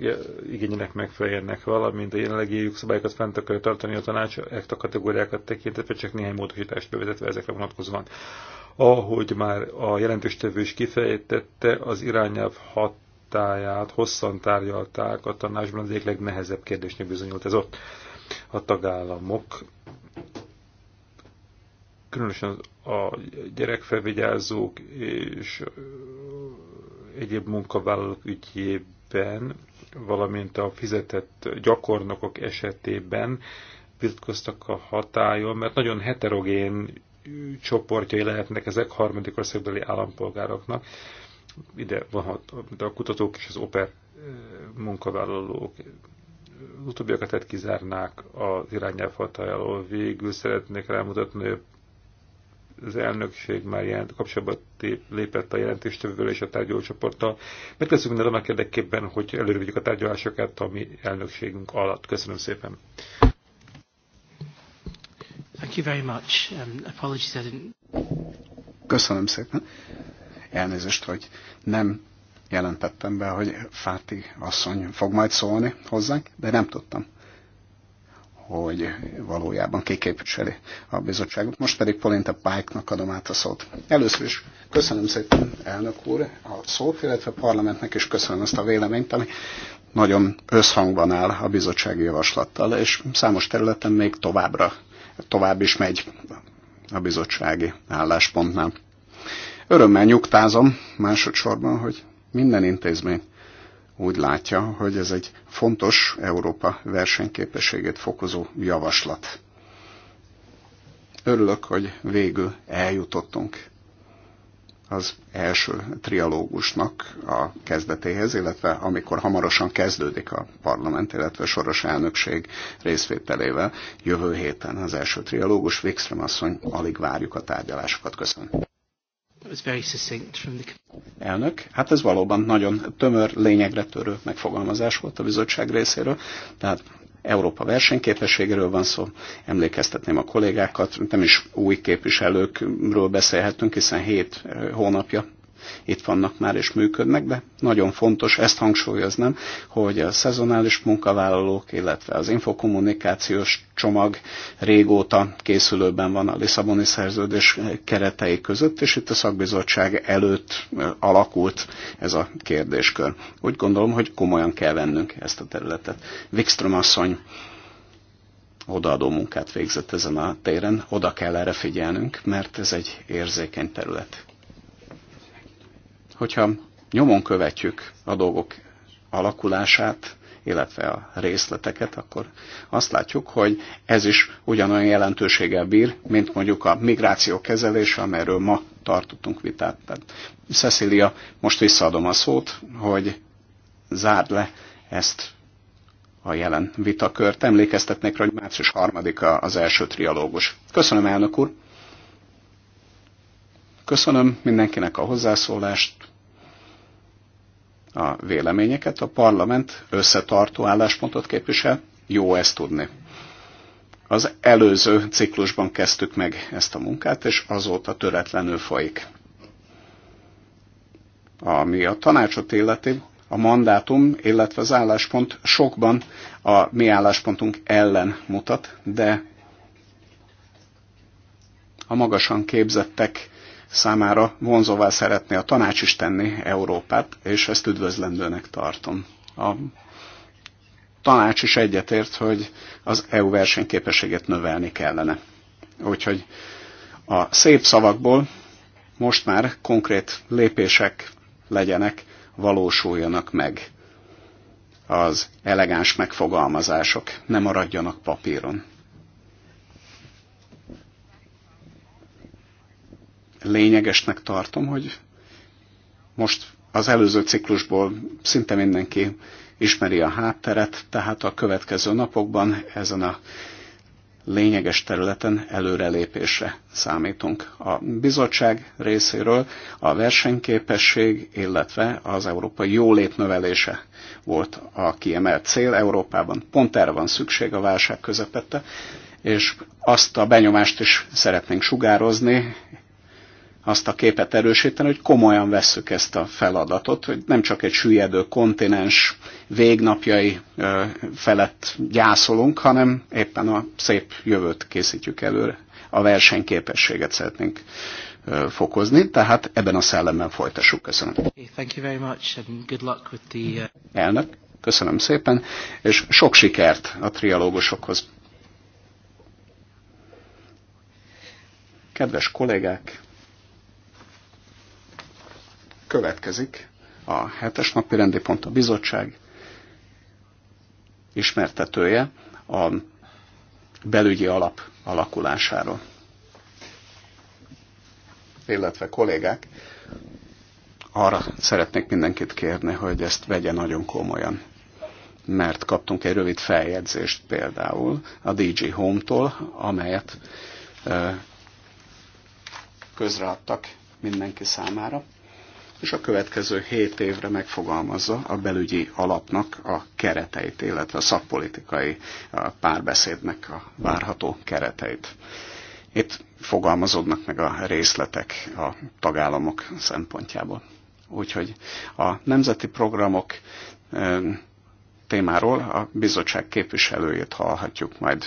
igényének megfeleljenek, valamint a jelenlegi jogszabályokat fent akarja tartani a tanács a kategóriákat tekintetve, csak néhány módosítást bevezetve ezekre vonatkozóan. Ahogy már a jelentőstevő is kifejtette, az irányelv hatáját hosszan tárgyalták a tanácsban, az egyik legnehezebb kérdésnek bizonyult ez ott. A tagállamok különösen a gyerekfelvigyázók és egyéb munkavállalók ügyében, valamint a fizetett gyakornokok esetében vitatkoztak a hatályon, mert nagyon heterogén csoportjai lehetnek ezek harmadik országbeli állampolgároknak. Ide van a kutatók és az oper eh, munkavállalók. Az utóbbiakat kizárnák az irányelv hatájáról. Végül szeretnék rámutatni, hogy a az elnökség már jelent, kapcsolatba lépett a jelentéstevővel és a tárgyalócsoporttal. Megteszünk minden annak érdekében, hogy előre a tárgyalásokat a mi elnökségünk alatt. Köszönöm szépen. Thank you very much. Um, apologies, I didn't... Köszönöm szépen. Elnézést, hogy nem jelentettem be, hogy Fáti asszony fog majd szólni hozzánk, de nem tudtam hogy valójában kiképviseli a bizottságot. Most pedig Polinta Pike-nak adom át a szót. Először is köszönöm szépen, elnök úr, a szót, illetve a parlamentnek is köszönöm ezt a véleményt, ami nagyon összhangban áll a bizottsági javaslattal, és számos területen még továbbra, tovább is megy a bizottsági álláspontnál. Örömmel nyugtázom másodszorban, hogy minden intézmény úgy látja, hogy ez egy fontos Európa versenyképességét fokozó javaslat. Örülök, hogy végül eljutottunk az első trialógusnak a kezdetéhez, illetve amikor hamarosan kezdődik a parlament, illetve soros elnökség részvételével jövő héten az első trialógus. Wikström asszony, alig várjuk a tárgyalásokat. Köszönöm. Elnök, hát ez valóban nagyon tömör, lényegre törő megfogalmazás volt a bizottság részéről, tehát Európa versenyképességéről van szó, emlékeztetném a kollégákat, nem is új képviselőkről beszélhetünk, hiszen hét eh, hónapja itt vannak már és működnek, de nagyon fontos ezt hangsúlyoznom, hogy a szezonális munkavállalók, illetve az infokommunikációs csomag régóta készülőben van a Lisszaboni szerződés keretei között, és itt a szakbizottság előtt alakult ez a kérdéskör. Úgy gondolom, hogy komolyan kell vennünk ezt a területet. Wikström asszony odaadó munkát végzett ezen a téren, oda kell erre figyelnünk, mert ez egy érzékeny terület hogyha nyomon követjük a dolgok alakulását, illetve a részleteket, akkor azt látjuk, hogy ez is ugyanolyan jelentőséggel bír, mint mondjuk a migráció kezelése, amelyről ma tartottunk vitát. Tehát, Cecilia, most visszaadom a szót, hogy zárd le ezt a jelen vitakört. Emlékeztetnék rá, hogy március 3-a az első trialógus. Köszönöm, elnök úr! Köszönöm mindenkinek a hozzászólást, a véleményeket. A parlament összetartó álláspontot képvisel, jó ezt tudni. Az előző ciklusban kezdtük meg ezt a munkát, és azóta töretlenül folyik. Ami a tanácsot illeti, a mandátum, illetve az álláspont sokban a mi álláspontunk ellen mutat, de a magasan képzettek számára vonzóvá szeretné a tanács is tenni Európát, és ezt üdvözlendőnek tartom. A tanács is egyetért, hogy az EU versenyképességét növelni kellene. Úgyhogy a szép szavakból most már konkrét lépések legyenek, valósuljanak meg az elegáns megfogalmazások, ne maradjanak papíron. lényegesnek tartom, hogy most az előző ciklusból szinte mindenki ismeri a hátteret, tehát a következő napokban ezen a lényeges területen előrelépésre számítunk. A bizottság részéről a versenyképesség, illetve az európai jólét növelése volt a kiemelt cél Európában. Pont erre van szükség a válság közepette, és azt a benyomást is szeretnénk sugározni azt a képet erősíteni, hogy komolyan vesszük ezt a feladatot, hogy nem csak egy süllyedő kontinens végnapjai felett gyászolunk, hanem éppen a szép jövőt készítjük előre. A versenyképességet szeretnénk fokozni, tehát ebben a szellemben folytassuk. Köszönöm. Uh, Elnök, köszönöm szépen, és sok sikert a trialógusokhoz. Kedves kollégák, Következik a hetes napi rendi pont a bizottság ismertetője a belügyi alap alakulásáról. Illetve kollégák, arra szeretnék mindenkit kérni, hogy ezt vegye nagyon komolyan. Mert kaptunk egy rövid feljegyzést például a DG Home-tól, amelyet közreadtak mindenki számára és a következő 7 évre megfogalmazza a belügyi alapnak a kereteit, illetve a szakpolitikai párbeszédnek a várható kereteit. Itt fogalmazódnak meg a részletek a tagállamok szempontjából. Úgyhogy a nemzeti programok témáról a bizottság képviselőjét hallhatjuk majd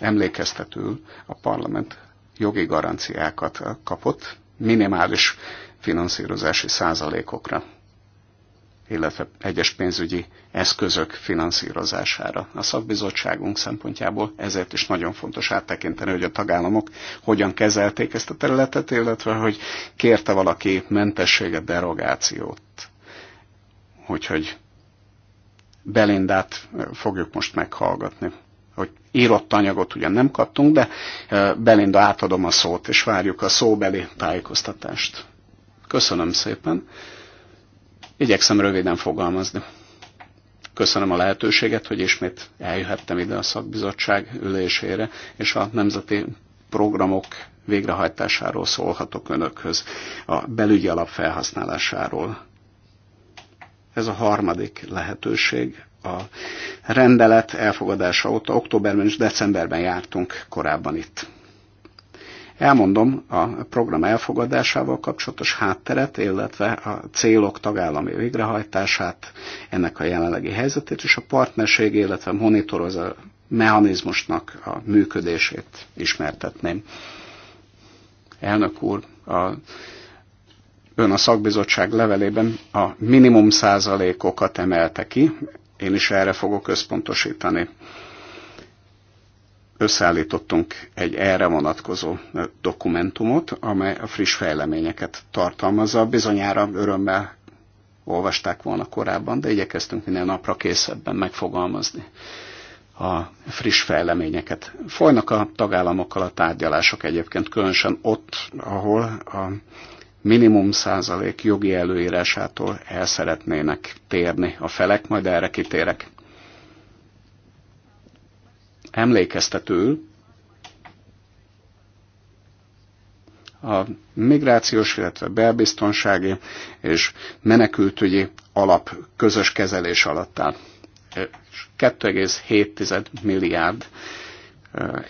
emlékeztetül a parlament jogi garanciákat kapott, minimális finanszírozási százalékokra, illetve egyes pénzügyi eszközök finanszírozására. A szakbizottságunk szempontjából ezért is nagyon fontos áttekinteni, hogy a tagállamok hogyan kezelték ezt a területet, illetve hogy kérte valaki mentességet, derogációt. Úgyhogy Belindát fogjuk most meghallgatni hogy írott anyagot ugyan nem kaptunk, de Belinda átadom a szót, és várjuk a szóbeli tájékoztatást. Köszönöm szépen. Igyekszem röviden fogalmazni. Köszönöm a lehetőséget, hogy ismét eljöhettem ide a szakbizottság ülésére, és a nemzeti programok végrehajtásáról szólhatok önökhöz, a belügyi alap felhasználásáról. Ez a harmadik lehetőség. A rendelet elfogadása óta októberben és decemberben jártunk korábban itt. Elmondom a program elfogadásával kapcsolatos hátteret, illetve a célok tagállami végrehajtását, ennek a jelenlegi helyzetét és a partnerség, illetve monitorozó mechanizmusnak a működését ismertetném. Elnök úr, a, ön a szakbizottság levelében a minimum százalékokat emelte ki, én is erre fogok összpontosítani összeállítottunk egy erre vonatkozó dokumentumot, amely a friss fejleményeket tartalmazza. Bizonyára örömmel olvasták volna korábban, de igyekeztünk minél napra készebben megfogalmazni a friss fejleményeket. Folynak a tagállamokkal a tárgyalások egyébként, különösen ott, ahol a minimum százalék jogi előírásától el szeretnének térni a felek, majd erre kitérek emlékeztetőül a migrációs, illetve belbiztonsági és menekültügyi alap közös kezelés alatt áll. 2,7 milliárd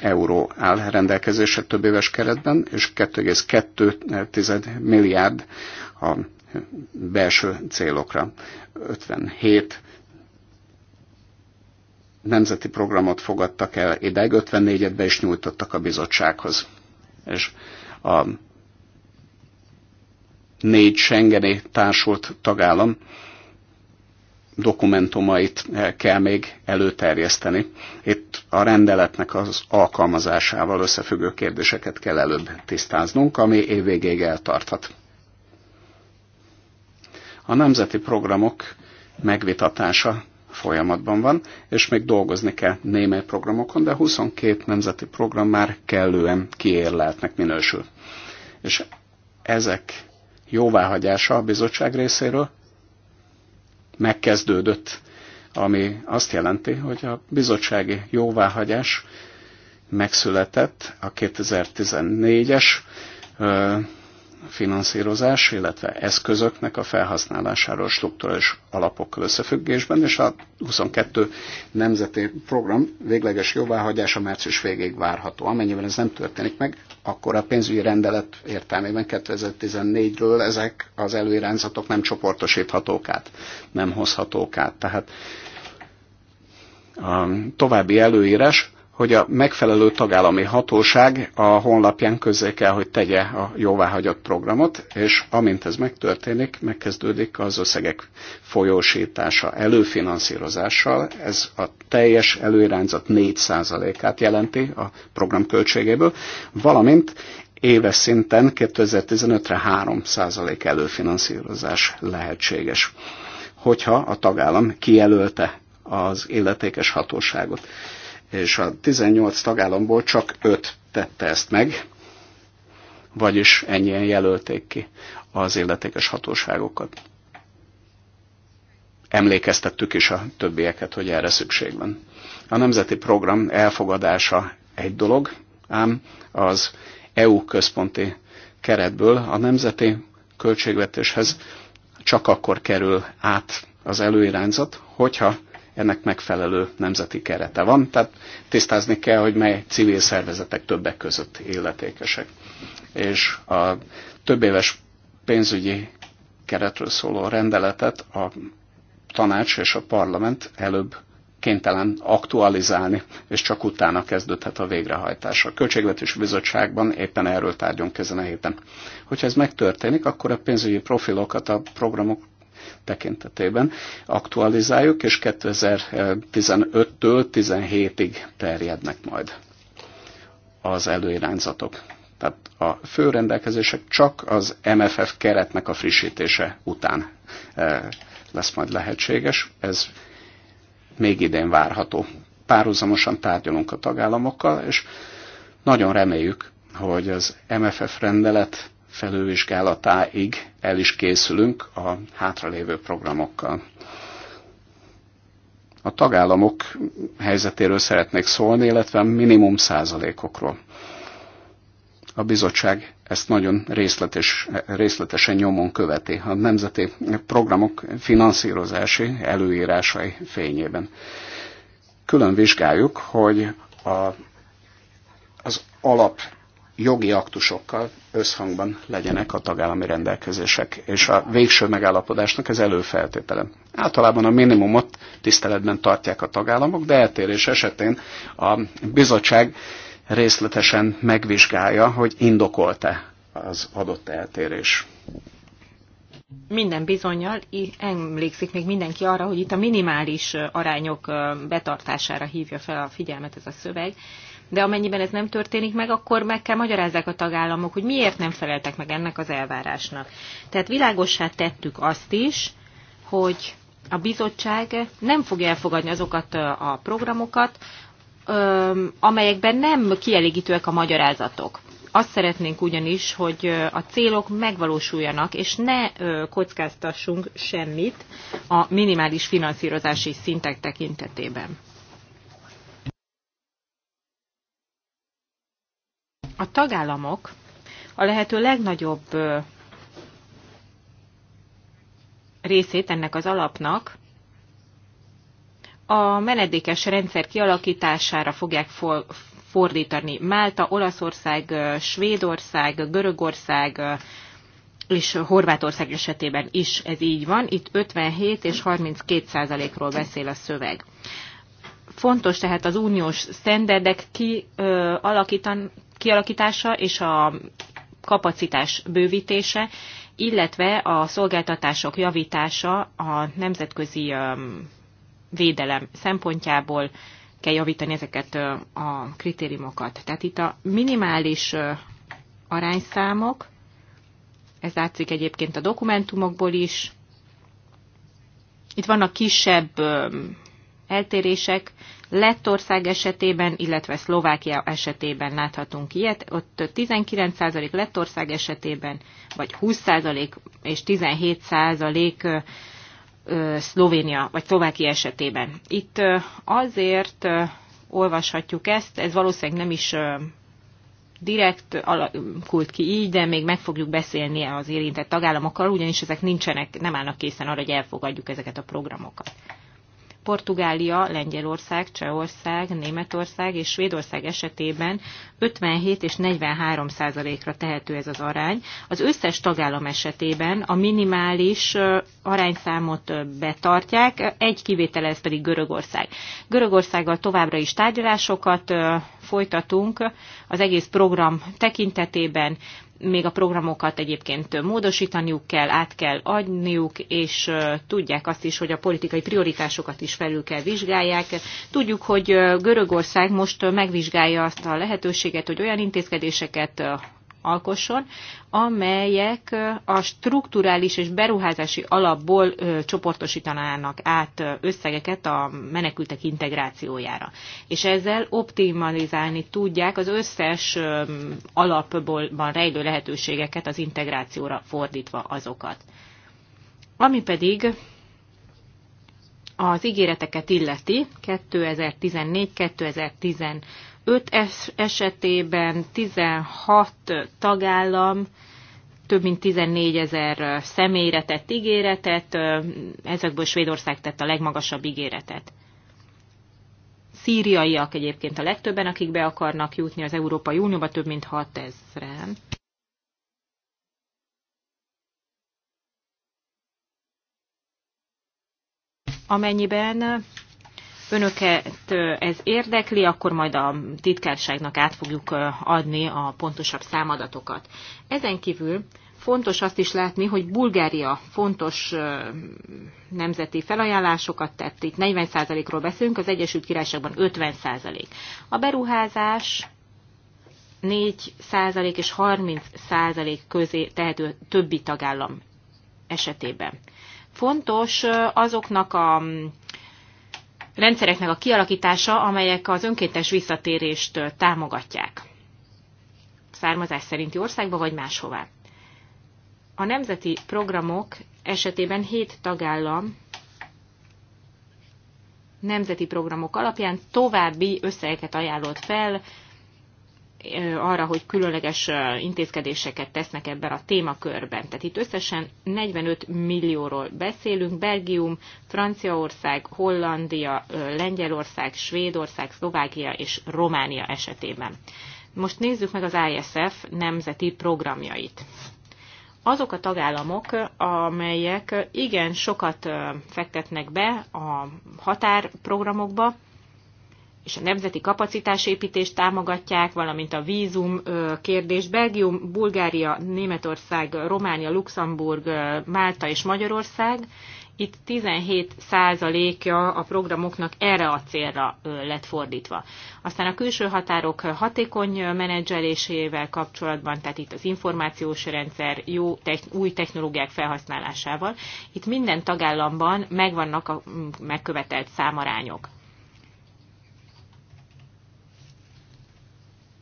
euró áll rendelkezésre több éves keretben, és 2,2 milliárd a belső célokra. 57 nemzeti programot fogadtak el ideg, 54-et be is nyújtottak a bizottsághoz. És a négy Schengeni társult tagállam dokumentumait kell még előterjeszteni. Itt a rendeletnek az alkalmazásával összefüggő kérdéseket kell előbb tisztáznunk, ami évvégéig eltarthat. A nemzeti programok megvitatása folyamatban van, és még dolgozni kell némely programokon, de 22 nemzeti program már kellően kiérleltnek minősül. És ezek jóváhagyása a bizottság részéről megkezdődött, ami azt jelenti, hogy a bizottsági jóváhagyás megszületett a 2014-es finanszírozás, illetve eszközöknek a felhasználásáról struktúrális alapokkal összefüggésben, és a 22 nemzeti program végleges jóváhagyása március végéig várható. Amennyiben ez nem történik meg, akkor a pénzügyi rendelet értelmében 2014-ről ezek az előirányzatok nem csoportosíthatók át, nem hozhatók át. Tehát a um, további előírás hogy a megfelelő tagállami hatóság a honlapján közé kell, hogy tegye a jóváhagyott programot, és amint ez megtörténik, megkezdődik az összegek folyósítása előfinanszírozással. Ez a teljes előirányzat 4%-át jelenti a program költségéből, valamint éves szinten 2015-re 3% előfinanszírozás lehetséges, hogyha a tagállam kijelölte az illetékes hatóságot és a 18 tagállamból csak 5 tette ezt meg, vagyis ennyien jelölték ki az illetékes hatóságokat. Emlékeztettük is a többieket, hogy erre szükség van. A nemzeti program elfogadása egy dolog, ám az EU központi keretből a nemzeti költségvetéshez csak akkor kerül át az előirányzat, hogyha ennek megfelelő nemzeti kerete van, tehát tisztázni kell, hogy mely civil szervezetek többek között illetékesek. És a több éves pénzügyi keretről szóló rendeletet a tanács és a parlament előbb kénytelen aktualizálni, és csak utána kezdődhet a végrehajtás. A Költségvetési Bizottságban éppen erről tárgyunk ezen a héten. Hogyha ez megtörténik, akkor a pénzügyi profilokat a programok tekintetében aktualizáljuk, és 2015-től 17-ig terjednek majd az előirányzatok. Tehát a fő rendelkezések csak az MFF keretnek a frissítése után eh, lesz majd lehetséges. Ez még idén várható. Párhuzamosan tárgyalunk a tagállamokkal, és nagyon reméljük, hogy az MFF rendelet felővizsgálatáig el is készülünk a hátralévő programokkal. A tagállamok helyzetéről szeretnék szólni, illetve minimum százalékokról. A bizottság ezt nagyon részletes, részletesen nyomon követi a nemzeti programok finanszírozási előírásai fényében. Külön vizsgáljuk, hogy a, az alap jogi aktusokkal összhangban legyenek a tagállami rendelkezések, és a végső megállapodásnak ez előfeltétele. Általában a minimumot tiszteletben tartják a tagállamok, de eltérés esetén a bizottság részletesen megvizsgálja, hogy indokolta az adott eltérés. Minden bizonyal emlékszik még mindenki arra, hogy itt a minimális arányok betartására hívja fel a figyelmet ez a szöveg, de amennyiben ez nem történik meg, akkor meg kell magyarázzák a tagállamok, hogy miért nem feleltek meg ennek az elvárásnak. Tehát világossá tettük azt is, hogy a bizottság nem fogja elfogadni azokat a programokat, amelyekben nem kielégítőek a magyarázatok. Azt szeretnénk ugyanis, hogy a célok megvalósuljanak, és ne kockáztassunk semmit a minimális finanszírozási szintek tekintetében. a tagállamok a lehető legnagyobb részét ennek az alapnak a menedékes rendszer kialakítására fogják fordítani. Málta, Olaszország, Svédország, Görögország és Horvátország esetében is ez így van. Itt 57 és 32 százalékról beszél a szöveg. Fontos tehát az uniós sztenderdek kialakítása és a kapacitás bővítése, illetve a szolgáltatások javítása a nemzetközi védelem szempontjából kell javítani ezeket a kritériumokat. Tehát itt a minimális arányszámok, ez látszik egyébként a dokumentumokból is. Itt vannak kisebb eltérések Lettország esetében, illetve Szlovákia esetében láthatunk ilyet. Ott 19% Lettország esetében, vagy 20% és 17% Szlovénia vagy Szlovákia esetében. Itt azért olvashatjuk ezt, ez valószínűleg nem is direkt alakult ki így, de még meg fogjuk beszélni az érintett tagállamokkal, ugyanis ezek nincsenek, nem állnak készen arra, hogy elfogadjuk ezeket a programokat. Portugália, Lengyelország, Csehország, Németország és Svédország esetében 57 és 43 százalékra tehető ez az arány. Az összes tagállam esetében a minimális arányszámot betartják, egy kivétel ez pedig Görögország. Görögországgal továbbra is tárgyalásokat folytatunk az egész program tekintetében, még a programokat egyébként módosítaniuk kell, át kell adniuk, és tudják azt is, hogy a politikai prioritásokat is felül kell vizsgálják. Tudjuk, hogy Görögország most megvizsgálja azt a lehetőséget, hogy olyan intézkedéseket alkosson, amelyek a strukturális és beruházási alapból csoportosítanának át összegeket a menekültek integrációjára. És ezzel optimalizálni tudják az összes alapból rejlő lehetőségeket az integrációra fordítva azokat. Ami pedig az ígéreteket illeti 2014-2016 5 esetében 16 tagállam több mint 14 ezer személyre tett ígéretet, ezekből Svédország tett a legmagasabb ígéretet. Szíriaiak egyébként a legtöbben, akik be akarnak jutni az Európai Unióba, több mint 6 ezeren. Amennyiben önöket ez érdekli, akkor majd a titkárságnak át fogjuk adni a pontosabb számadatokat. Ezen kívül fontos azt is látni, hogy Bulgária fontos nemzeti felajánlásokat tett. Itt 40%-ról beszélünk, az Egyesült Királyságban 50%. A beruházás 4% és 30% közé tehető többi tagállam esetében. Fontos azoknak a rendszereknek a kialakítása, amelyek az önkéntes visszatérést támogatják. Származás szerinti országba vagy máshová. A nemzeti programok esetében 7 tagállam nemzeti programok alapján további összegeket ajánlott fel arra, hogy különleges intézkedéseket tesznek ebben a témakörben. Tehát itt összesen 45 millióról beszélünk, Belgium, Franciaország, Hollandia, Lengyelország, Svédország, Szlovákia és Románia esetében. Most nézzük meg az ISF nemzeti programjait. Azok a tagállamok, amelyek igen sokat fektetnek be a határprogramokba, és a nemzeti kapacitásépítést támogatják, valamint a vízum kérdés. Belgium, Bulgária, Németország, Románia, Luxemburg, Málta és Magyarország. Itt 17 százalékja a programoknak erre a célra lett fordítva. Aztán a külső határok hatékony menedzselésével kapcsolatban, tehát itt az információs rendszer jó új technológiák felhasználásával, itt minden tagállamban megvannak a megkövetelt számarányok.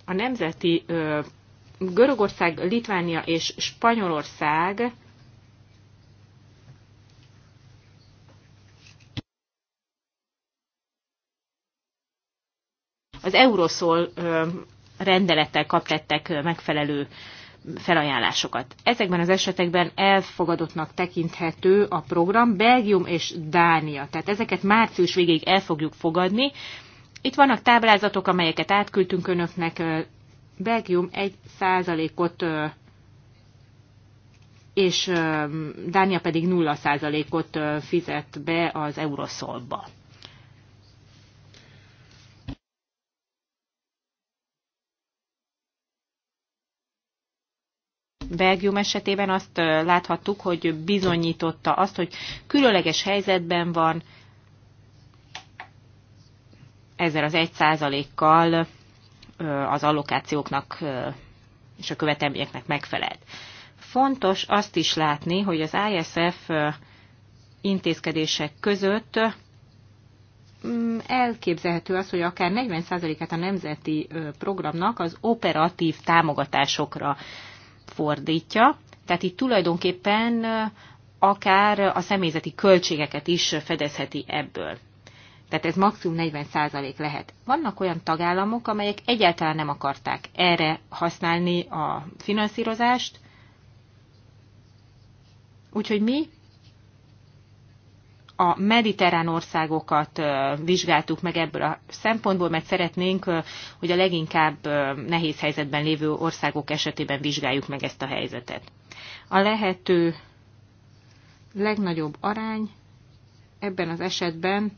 a nemzeti Görögország, Litvánia és Spanyolország az Euroszol rendelettel kaptettek megfelelő felajánlásokat. Ezekben az esetekben elfogadottnak tekinthető a program Belgium és Dánia. Tehát ezeket március végéig el fogjuk fogadni, itt vannak táblázatok, amelyeket átküldtünk önöknek. Belgium 1%-ot és Dánia pedig 0%-ot fizet be az Euroszolba. Belgium esetében azt láthattuk, hogy bizonyította azt, hogy különleges helyzetben van, ezzel az egy százalékkal az allokációknak és a követelményeknek megfelelt. Fontos azt is látni, hogy az ISF intézkedések között mm, elképzelhető az, hogy akár 40%-át a nemzeti programnak az operatív támogatásokra fordítja. Tehát itt tulajdonképpen akár a személyzeti költségeket is fedezheti ebből. Tehát ez maximum 40% lehet. Vannak olyan tagállamok, amelyek egyáltalán nem akarták erre használni a finanszírozást, úgyhogy mi a mediterrán országokat vizsgáltuk meg ebből a szempontból, mert szeretnénk, hogy a leginkább nehéz helyzetben lévő országok esetében vizsgáljuk meg ezt a helyzetet. A lehető legnagyobb arány ebben az esetben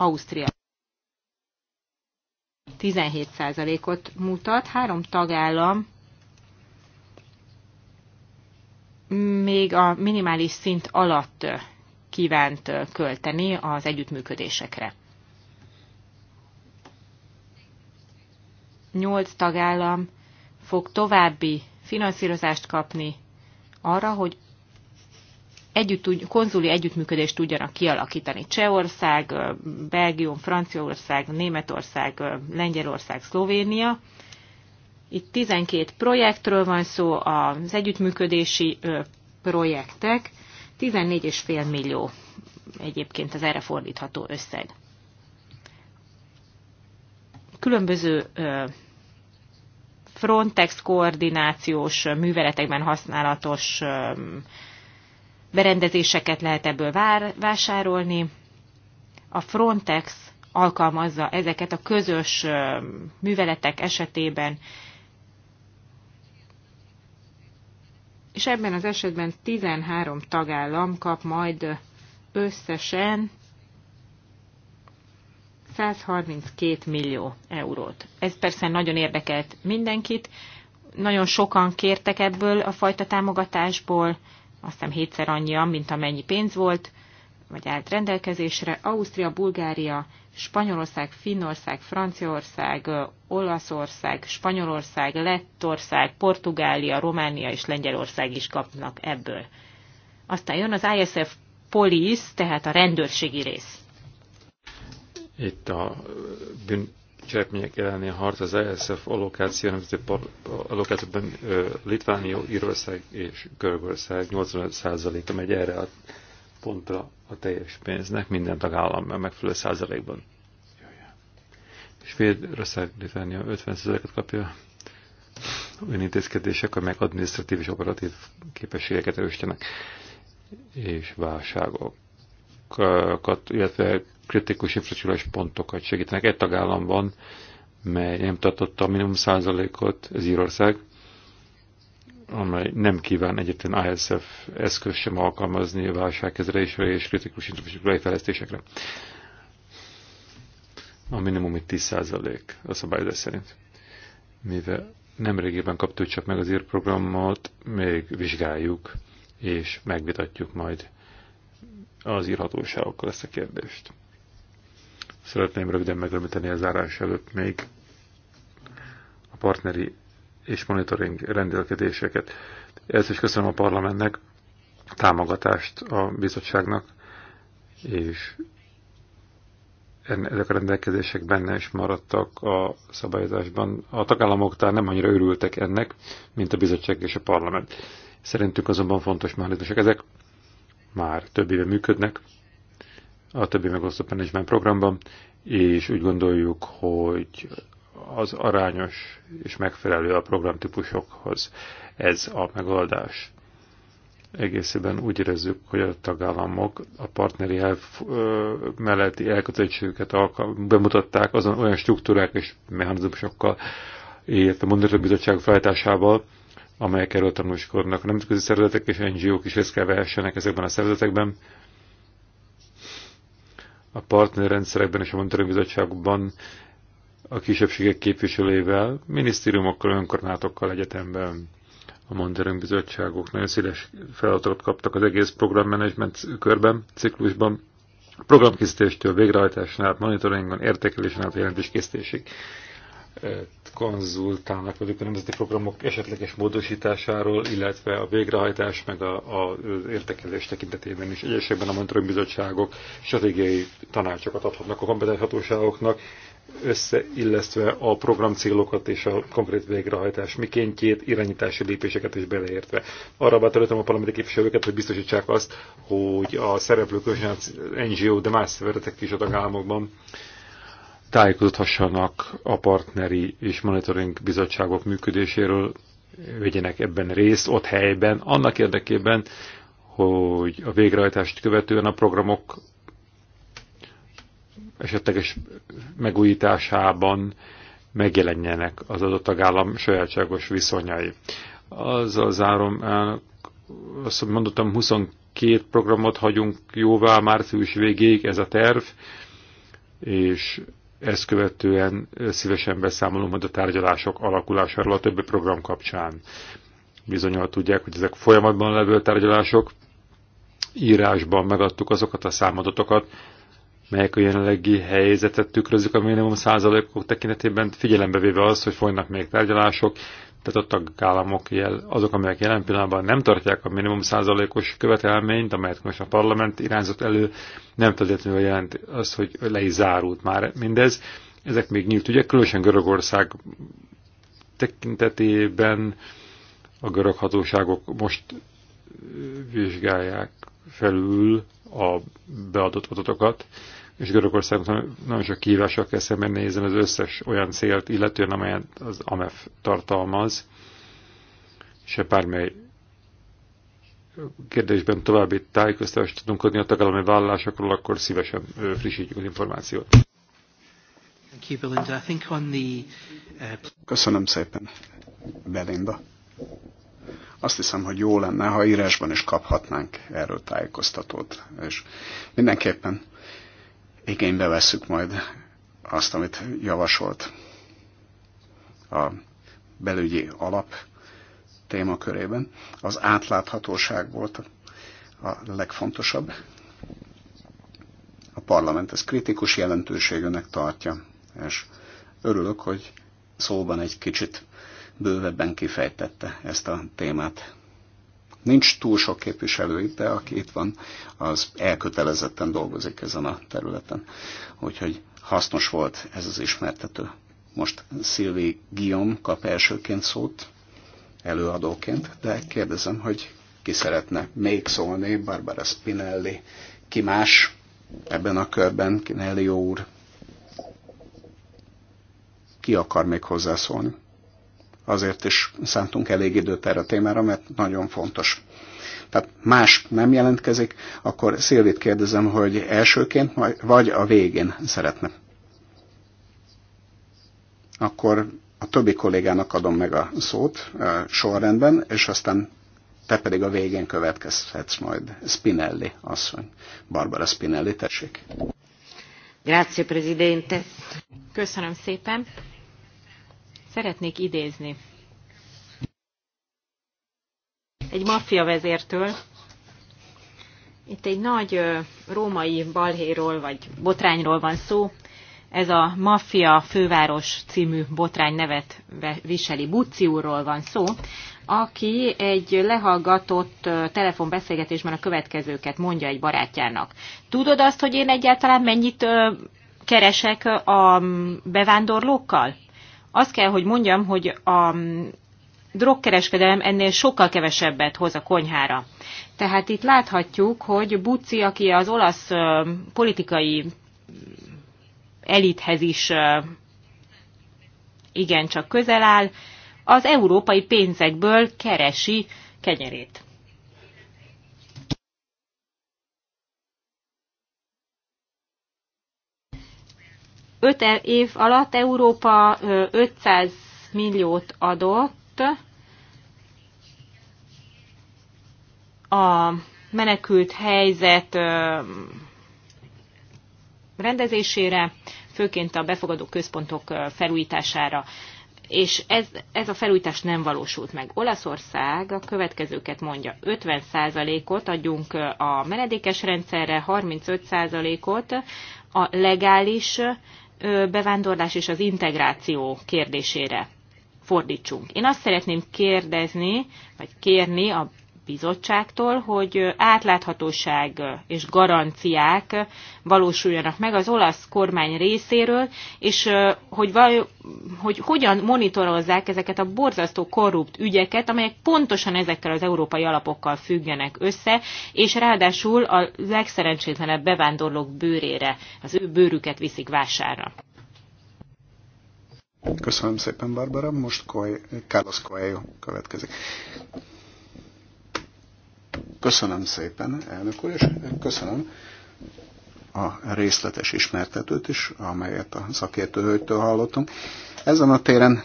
Ausztria 17%-ot mutat, három tagállam még a minimális szint alatt kívánt költeni az együttműködésekre. Nyolc tagállam fog további finanszírozást kapni arra, hogy együtt, konzuli együttműködést tudjanak kialakítani. Csehország, Belgium, Franciaország, Németország, Lengyelország, Szlovénia. Itt 12 projektről van szó, az együttműködési projektek, 14,5 millió egyébként az erre fordítható összeg. Különböző Frontex koordinációs műveletekben használatos berendezéseket lehet ebből vár, vásárolni. A Frontex alkalmazza ezeket a közös műveletek esetében, és ebben az esetben 13 tagállam kap majd összesen 132 millió eurót. Ez persze nagyon érdekelt mindenkit, nagyon sokan kértek ebből a fajta támogatásból, azt hiszem hétszer annyian, mint amennyi pénz volt, vagy állt rendelkezésre. Ausztria, Bulgária, Spanyolország, Finnország, Franciaország, Olaszország, Spanyolország, Lettország, Portugália, Románia és Lengyelország is kapnak ebből. Aztán jön az ISF Police, tehát a rendőrségi rész. Itt a cselekmények elleni harc az ESF allokáció, nemzeti allokációban Litvánia, Írország és Görögország 85%-a megy erre a pontra a teljes pénznek, minden tagállam megfelelő százalékban. Svédország, Litvánia 50%-et kapja olyan intézkedések, amelyek adminisztratív és operatív képességeket erősítenek, és válságokat, illetve kritikus infrastruktúrás pontokat segítenek. Egy tagállamban, mely nem tartotta a minimum százalékot, az Írország, amely nem kíván egyetlen ISF eszköz sem alkalmazni válságkezelésre és kritikus infrastruktúrai fejlesztésekre. A minimum itt 10 százalék a szabályozás szerint. Mivel nemrégiben kaptuk csak meg az programot, még vizsgáljuk és megvitatjuk majd az írhatóságokkal ezt a kérdést. Szeretném röviden megrömíteni a zárás előtt még a partneri és monitoring rendelkedéseket. Ezt is köszönöm a parlamentnek, a támogatást a bizottságnak, és ezek a rendelkezések benne is maradtak a szabályozásban. A tagállamok talán nem annyira örültek ennek, mint a bizottság és a parlament. Szerintünk azonban fontos mechanizmusok ezek már több éve működnek, a többi megosztott menedzsment programban, és úgy gondoljuk, hogy az arányos és megfelelő a programtípusokhoz ez a megoldás. Egészében úgy érezzük, hogy a tagállamok a partneri elv melletti elkötelezettségüket bemutatták azon olyan struktúrák és mechanizmusokkal, illetve mondatok bizottság felállításával, amelyek erről tanúskodnak. A nemzetközi szervezetek és NGO-k is részt kell vehessenek ezekben a szervezetekben, a partnerrendszerekben és a monitoring bizottságban a kisebbségek képviselével, minisztériumokkal, önkormányzatokkal egyetemben a monitoring bizottságok nagyon széles feladatot kaptak az egész programmenedzsment körben, ciklusban, programkészítéstől, végrehajtásnál, monitoringon, értékelésen át jelentéskészítésig konzultálnak velük a nemzeti programok esetleges módosításáról, illetve a végrehajtás meg a, a értekelés tekintetében is. Egyesekben a monitoring bizottságok stratégiai tanácsokat adhatnak a kompetens hatóságoknak, összeillesztve a programcélokat és a konkrét végrehajtás mikéntjét, irányítási lépéseket is beleértve. Arra bátorítom a parlamenti képviselőket, hogy biztosítsák azt, hogy a szereplők, NGO, de más szervezetek is a tagállamokban tájékozódhassanak a partneri és monitoring bizottságok működéséről, vegyenek ebben részt ott helyben, annak érdekében, hogy a végrehajtást követően a programok esetleges megújításában megjelenjenek az adott tagállam sajátságos viszonyai. a zárom azt mondottam, 22 programot hagyunk jóvá március végéig, ez a terv, és ezt követően szívesen beszámolom majd a tárgyalások alakulásáról a többi program kapcsán. Bizonyal tudják, hogy ezek folyamatban levő tárgyalások. Írásban megadtuk azokat a számadatokat, melyek a jelenlegi helyzetet tükrözik a minimum százalékok tekintetében, figyelembe véve az, hogy folynak még tárgyalások, tehát a tagállamok jel, azok, amelyek jelen pillanatban nem tartják a minimum százalékos követelményt, amelyet most a parlament irányzott elő, nem feltétlenül jelent azt, hogy le is zárult már mindez. Ezek még nyílt ügyek, különösen Görögország tekintetében a görög hatóságok most vizsgálják felül a beadott adatokat, és Görögországban nagyon sok kihívással kell nézem az összes olyan célt, illetően amelyet az AMEF tartalmaz, se bármely kérdésben további tájékoztatást tudunk adni a tagállami vállalásokról, akkor szívesen frissítjük az információt. Uh, Köszönöm szépen, Belinda. Azt hiszem, hogy jó lenne, ha írásban is kaphatnánk erről tájékoztatót, és mindenképpen igénybe vesszük majd azt, amit javasolt a belügyi alap témakörében. Az átláthatóság volt a legfontosabb. A parlament ezt kritikus jelentőségűnek tartja, és örülök, hogy szóban egy kicsit bővebben kifejtette ezt a témát. Nincs túl sok képviselő itt, de aki itt van, az elkötelezetten dolgozik ezen a területen. Úgyhogy hasznos volt ez az ismertető. Most Szilvi Guillaume kap elsőként szót, előadóként, de kérdezem, hogy ki szeretne még szólni, Barbara Spinelli, ki más ebben a körben, jó úr, ki akar még hozzászólni? azért is szántunk elég időt erre a témára, mert nagyon fontos. Tehát más nem jelentkezik, akkor Szilvit kérdezem, hogy elsőként vagy a végén szeretne. Akkor a többi kollégának adom meg a szót sorrendben, és aztán te pedig a végén következhetsz majd. Spinelli asszony. Barbara Spinelli, tessék. Grazie, Presidente. Köszönöm szépen szeretnék idézni. Egy maffia vezértől. Itt egy nagy római balhéról vagy botrányról van szó. Ez a Maffia főváros című botrány nevet viseli. úrról van szó, aki egy lehallgatott telefonbeszélgetésben a következőket mondja egy barátjának. Tudod azt, hogy én egyáltalán mennyit keresek a bevándorlókkal? Azt kell, hogy mondjam, hogy a mm, drogkereskedelem ennél sokkal kevesebbet hoz a konyhára. Tehát itt láthatjuk, hogy Bucci, aki az olasz politikai mm, elithez is igencsak közel áll, az európai pénzekből keresi kenyerét. 5 év alatt Európa 500 milliót adott a menekült helyzet rendezésére, főként a befogadó központok felújítására. És ez, ez a felújítás nem valósult meg. Olaszország a következőket mondja. 50%-ot adjunk a menedékes rendszerre, 35%-ot a legális bevándorlás és az integráció kérdésére fordítsunk. Én azt szeretném kérdezni, vagy kérni a bizottságtól, hogy átláthatóság és garanciák valósuljanak meg az olasz kormány részéről, és hogy, val- hogy hogyan monitorozzák ezeket a borzasztó korrupt ügyeket, amelyek pontosan ezekkel az európai alapokkal függenek össze, és ráadásul a legszerencsétlenebb bevándorlók bőrére, az ő bőrüket viszik vására. Köszönöm szépen, Barbara. Most Carlos Coelho következik. Köszönöm szépen, elnök úr, és köszönöm a részletes ismertetőt is, amelyet a szakértő hallottunk. Ezen a téren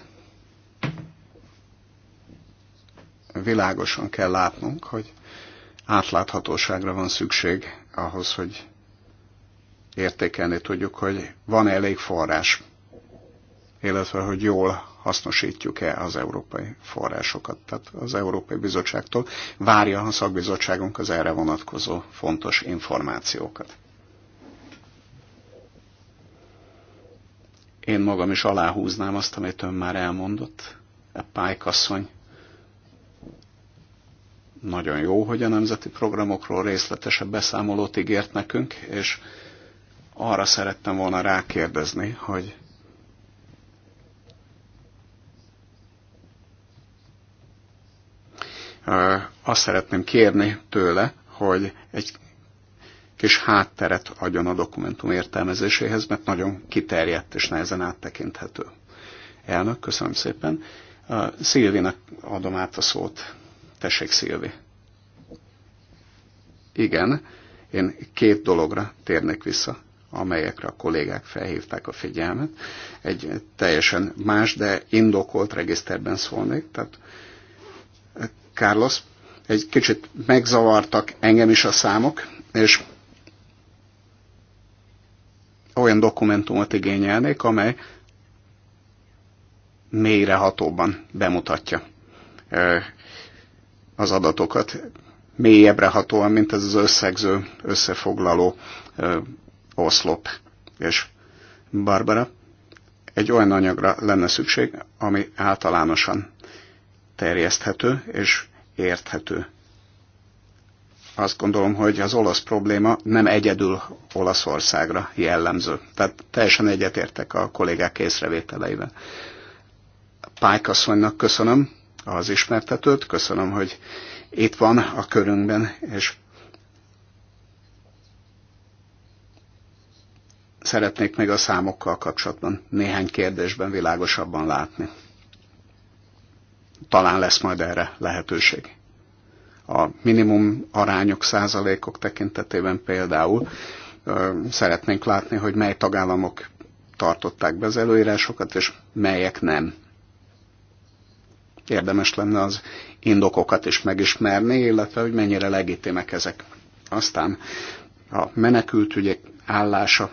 világosan kell látnunk, hogy átláthatóságra van szükség ahhoz, hogy értékelni tudjuk, hogy van -e elég forrás, illetve hogy jól hasznosítjuk-e az európai forrásokat. Tehát az Európai Bizottságtól várja a szakbizottságunk az erre vonatkozó fontos információkat. Én magam is aláhúznám azt, amit ön már elmondott, a e pálykasszony. Nagyon jó, hogy a nemzeti programokról részletesebb beszámolót ígért nekünk, és arra szerettem volna rákérdezni, hogy azt szeretném kérni tőle, hogy egy kis hátteret adjon a dokumentum értelmezéséhez, mert nagyon kiterjedt és nehezen áttekinthető. Elnök, köszönöm szépen. Szilvinek adom át a szót. Tessék, Szilvi. Igen, én két dologra térnék vissza, amelyekre a kollégák felhívták a figyelmet. Egy teljesen más, de indokolt regiszterben szólnék. Tehát Carlos egy kicsit megzavartak engem is a számok, és olyan dokumentumot igényelnék, amely mélyrehatóban bemutatja az adatokat, mélyebbre hatóan, mint ez az összegző, összefoglaló oszlop. És Barbara, egy olyan anyagra lenne szükség, ami általánosan terjeszthető, és érthető. Azt gondolom, hogy az olasz probléma nem egyedül Olaszországra jellemző. Tehát teljesen egyetértek a kollégák észrevételeivel. Pálykasszonynak köszönöm az ismertetőt, köszönöm, hogy itt van a körünkben, és szeretnék még a számokkal kapcsolatban néhány kérdésben világosabban látni talán lesz majd erre lehetőség. A minimum arányok, százalékok tekintetében például szeretnénk látni, hogy mely tagállamok tartották be az előírásokat, és melyek nem. Érdemes lenne az indokokat is megismerni, illetve hogy mennyire legitimek ezek. Aztán a menekültügyek állása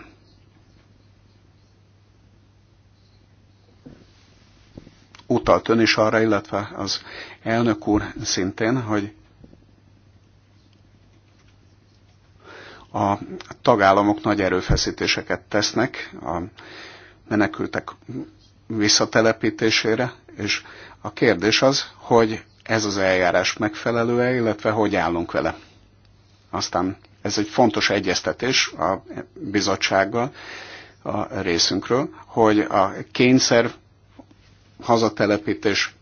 utalt ön is arra, illetve az elnök úr szintén, hogy a tagállamok nagy erőfeszítéseket tesznek a menekültek visszatelepítésére, és a kérdés az, hogy ez az eljárás megfelelő-e, illetve hogy állunk vele. Aztán ez egy fontos egyeztetés a bizottsággal a részünkről, hogy a kényszer hazatelepítés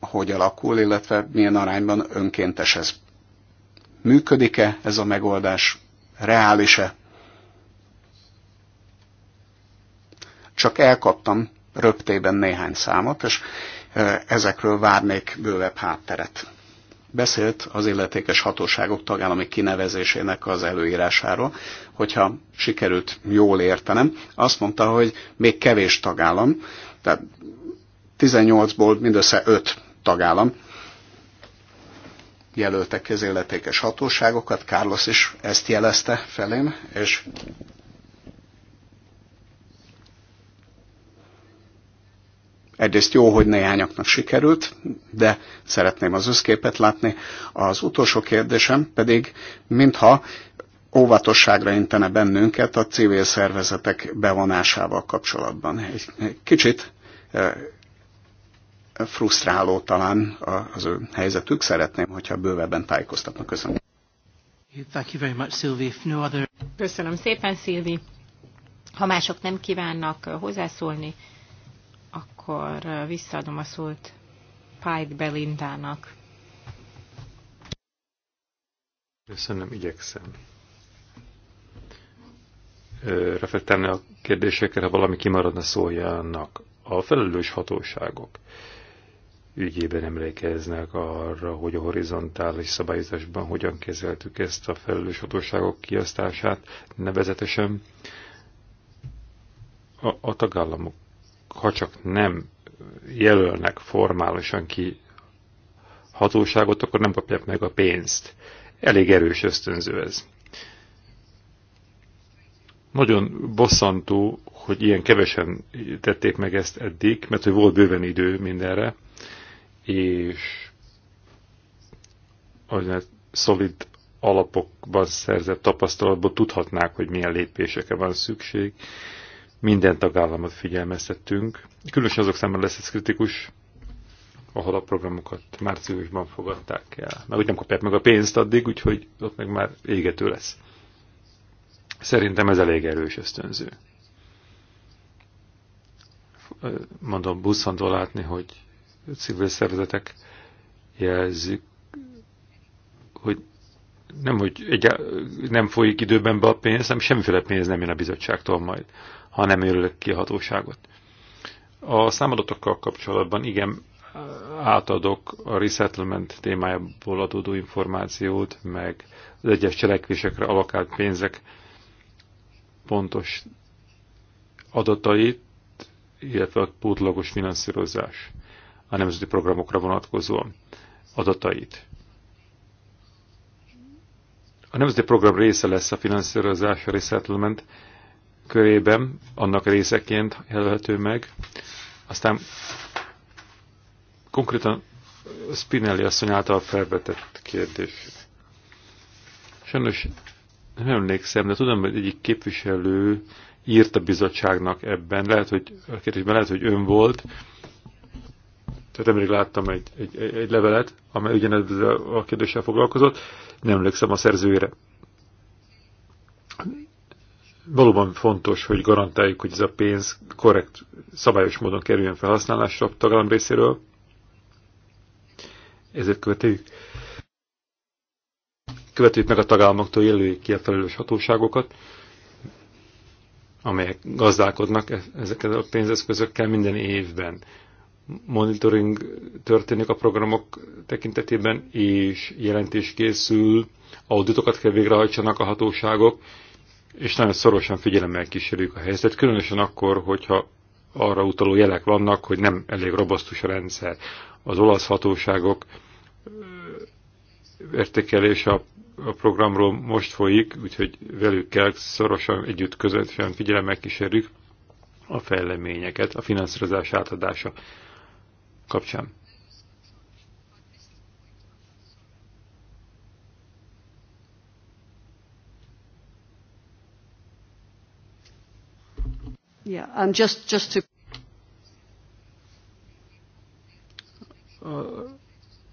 hogy alakul, illetve milyen arányban önkéntes ez. Működik-e ez a megoldás? Reális-e? Csak elkaptam röptében néhány számot, és e, ezekről várnék bővebb hátteret. Beszélt az illetékes hatóságok tagállami kinevezésének az előírásáról, hogyha sikerült jól értenem, azt mondta, hogy még kevés tagállam, tehát 18-ból mindössze 5 tagállam jelöltek ki az illetékes hatóságokat, Carlos is ezt jelezte felém, és Egyrészt jó, hogy néhányaknak sikerült, de szeretném az összképet látni. Az utolsó kérdésem pedig, mintha óvatosságra intene bennünket a civil szervezetek bevonásával kapcsolatban. Egy kicsit eh, frusztráló talán az ő helyzetük. Szeretném, hogyha bővebben tájékoztatnak. Köszönöm. Thank you very much, Sylvie. no other... Köszönöm szépen, Szilvi. Ha mások nem kívánnak hozzászólni, akkor visszaadom a szót Pike Belindának. Köszönöm, igyekszem. Reflektálni a kérdésekre, ha valami kimaradna szóljanak a felelős hatóságok ügyében emlékeznek arra, hogy a horizontális szabályozásban hogyan kezeltük ezt a felelős hatóságok kiasztását, nevezetesen a, a tagállamok, ha csak nem jelölnek formálisan ki hatóságot, akkor nem kapják meg a pénzt. Elég erős ösztönző ez. Nagyon bosszantó, hogy ilyen kevesen tették meg ezt eddig, mert hogy volt bőven idő mindenre, és olyan szolid alapokban szerzett tapasztalatból tudhatnák, hogy milyen lépésekre van szükség. Minden tagállamot figyelmeztettünk. Különösen azok számára lesz ez kritikus, ahol a programokat márciusban fogadták el. Mert úgy nem kapják meg a pénzt addig, úgyhogy ott meg már égető lesz. Szerintem ez elég erős ösztönző. Mondom, buszon látni, hogy civil szervezetek jelzik, hogy nem, hogy egy, nem folyik időben be a pénz, nem semmiféle pénz nem jön a bizottságtól majd, ha nem örülök ki a hatóságot. A számadatokkal kapcsolatban igen, átadok a resettlement témájából adódó információt, meg az egyes cselekvésekre alakált pénzek pontos adatait, illetve a pótlagos finanszírozás a nemzeti programokra vonatkozóan adatait. A nemzeti program része lesz a finanszírozás a resettlement körében, annak részeként jelölhető meg. Aztán konkrétan Spinelli asszony által felvetett kérdés. Sajnos nem emlékszem, de tudom, hogy egyik képviselő írt a bizottságnak ebben, lehet, hogy a kérdésben lehet, hogy ön volt, tehát emlék láttam egy, egy, egy levelet, amely ugyanezzel a kérdéssel foglalkozott, nem emlékszem a szerzőjére. Valóban fontos, hogy garantáljuk, hogy ez a pénz korrekt, szabályos módon kerüljön felhasználásra a tagállam részéről. Ezért követeljük. Követeljük meg a tagállamoktól jelöljük ki a felelős hatóságokat, amelyek gazdálkodnak e- ezekkel a pénzeszközökkel minden évben monitoring történik a programok tekintetében, és jelentés készül, auditokat kell végrehajtsanak a hatóságok, és nagyon szorosan figyelemmel kísérjük a helyzetet, különösen akkor, hogyha arra utaló jelek vannak, hogy nem elég robosztus a rendszer. Az olasz hatóságok értékelése a programról most folyik, úgyhogy velük kell szorosan együtt közvetlenül figyelemmel kísérjük a fejleményeket, a finanszírozás átadása kapcsán. Yeah, I'm just, just to...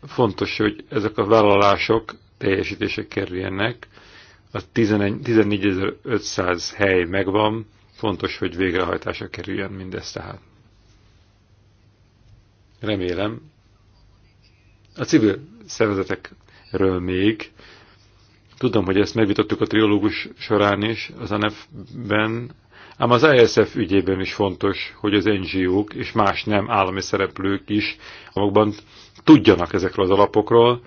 Fontos, hogy ezek a vállalások teljesítése kerüljenek. A 14.500 hely megvan, fontos, hogy végrehajtásra kerüljen mindez tehát. Remélem. A civil szervezetekről még. Tudom, hogy ezt megvitattuk a triológus során is, az anf ben ám az ISF ügyében is fontos, hogy az NGO-k és más nem állami szereplők is magukban tudjanak ezekről az alapokról,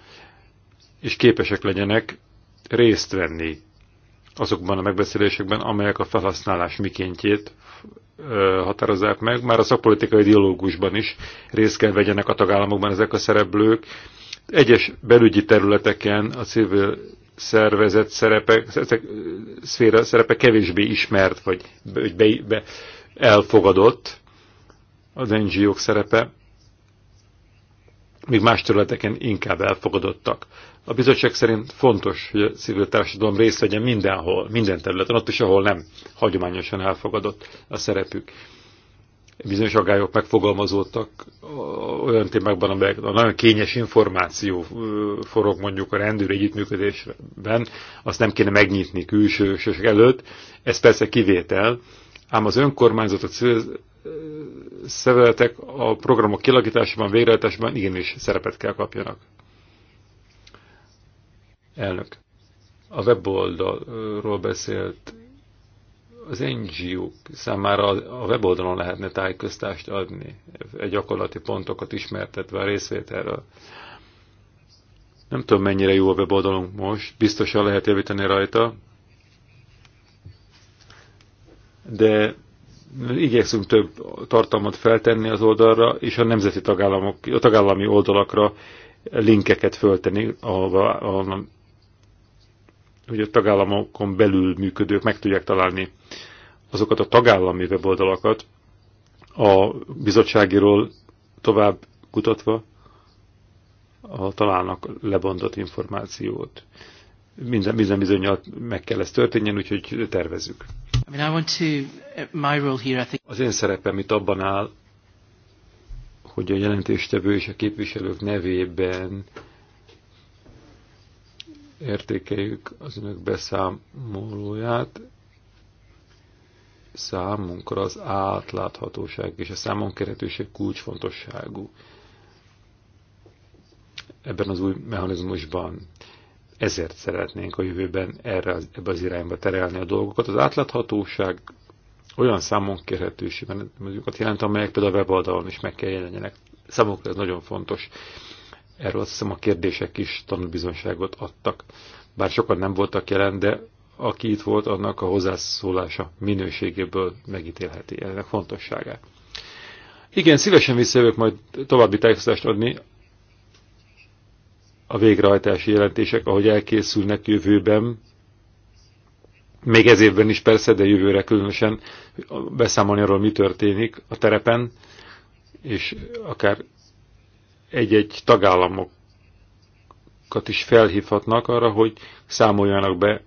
és képesek legyenek részt venni azokban a megbeszélésekben, amelyek a felhasználás mikéntjét határozzák meg, már a szakpolitikai dialógusban is részt kell vegyenek a tagállamokban ezek a szereplők. Egyes belügyi területeken a civil szervezet szerepe, szféra szerepe kevésbé ismert, vagy be, be elfogadott az NGO-k szerepe míg más területeken inkább elfogadottak. A bizottság szerint fontos, hogy a civil társadalom részt vegyen mindenhol, minden területen, ott is, ahol nem hagyományosan elfogadott a szerepük. Bizonyos agályok megfogalmazódtak olyan témákban, amelyek a nagyon kényes információ forog mondjuk a rendőr együttműködésben, azt nem kéne megnyitni külsősök előtt. Ez persze kivétel, ám az önkormányzatok szervezetek a programok kilakításában, végrehajtásában igenis szerepet kell kapjanak. Elnök, a weboldalról beszélt az ngo számára a weboldalon lehetne tájköztást adni, egy gyakorlati pontokat ismertetve a részvételről. Nem tudom, mennyire jó a weboldalunk most, biztosan lehet javítani rajta, de igyekszünk több tartalmat feltenni az oldalra, és a nemzeti tagállamok, a tagállami oldalakra linkeket föltenni, ahova, hogy a tagállamokon belül működők meg tudják találni azokat a tagállami weboldalakat a bizottságiról tovább kutatva, ha találnak lebontott információt minden, minden bizonyal meg kell ez történjen, úgyhogy tervezzük. I mean, I want to, uh, my role here, I think... Az én szerepem itt abban áll, hogy a jelentéstevő és a képviselők nevében értékeljük az önök beszámolóját. Számunkra az átláthatóság és a számon kerhetőség kulcsfontosságú ebben az új mechanizmusban. Ezért szeretnénk a jövőben erre, ebbe az irányba terelni a dolgokat. Az átláthatóság olyan számon kérhetőséget jelent, amelyek például a weboldalon is meg kell jelenjenek. Számunkra ez nagyon fontos. Erről azt hiszem a kérdések is tanulbizonságot adtak. Bár sokan nem voltak jelen, de aki itt volt, annak a hozzászólása minőségéből megítélheti ennek fontosságát. Igen, szívesen visszajövök majd további tájékoztást adni a végrehajtási jelentések, ahogy elkészülnek jövőben, még ez évben is persze, de jövőre különösen beszámolni arról, mi történik a terepen, és akár egy-egy tagállamokat is felhívhatnak arra, hogy számoljanak be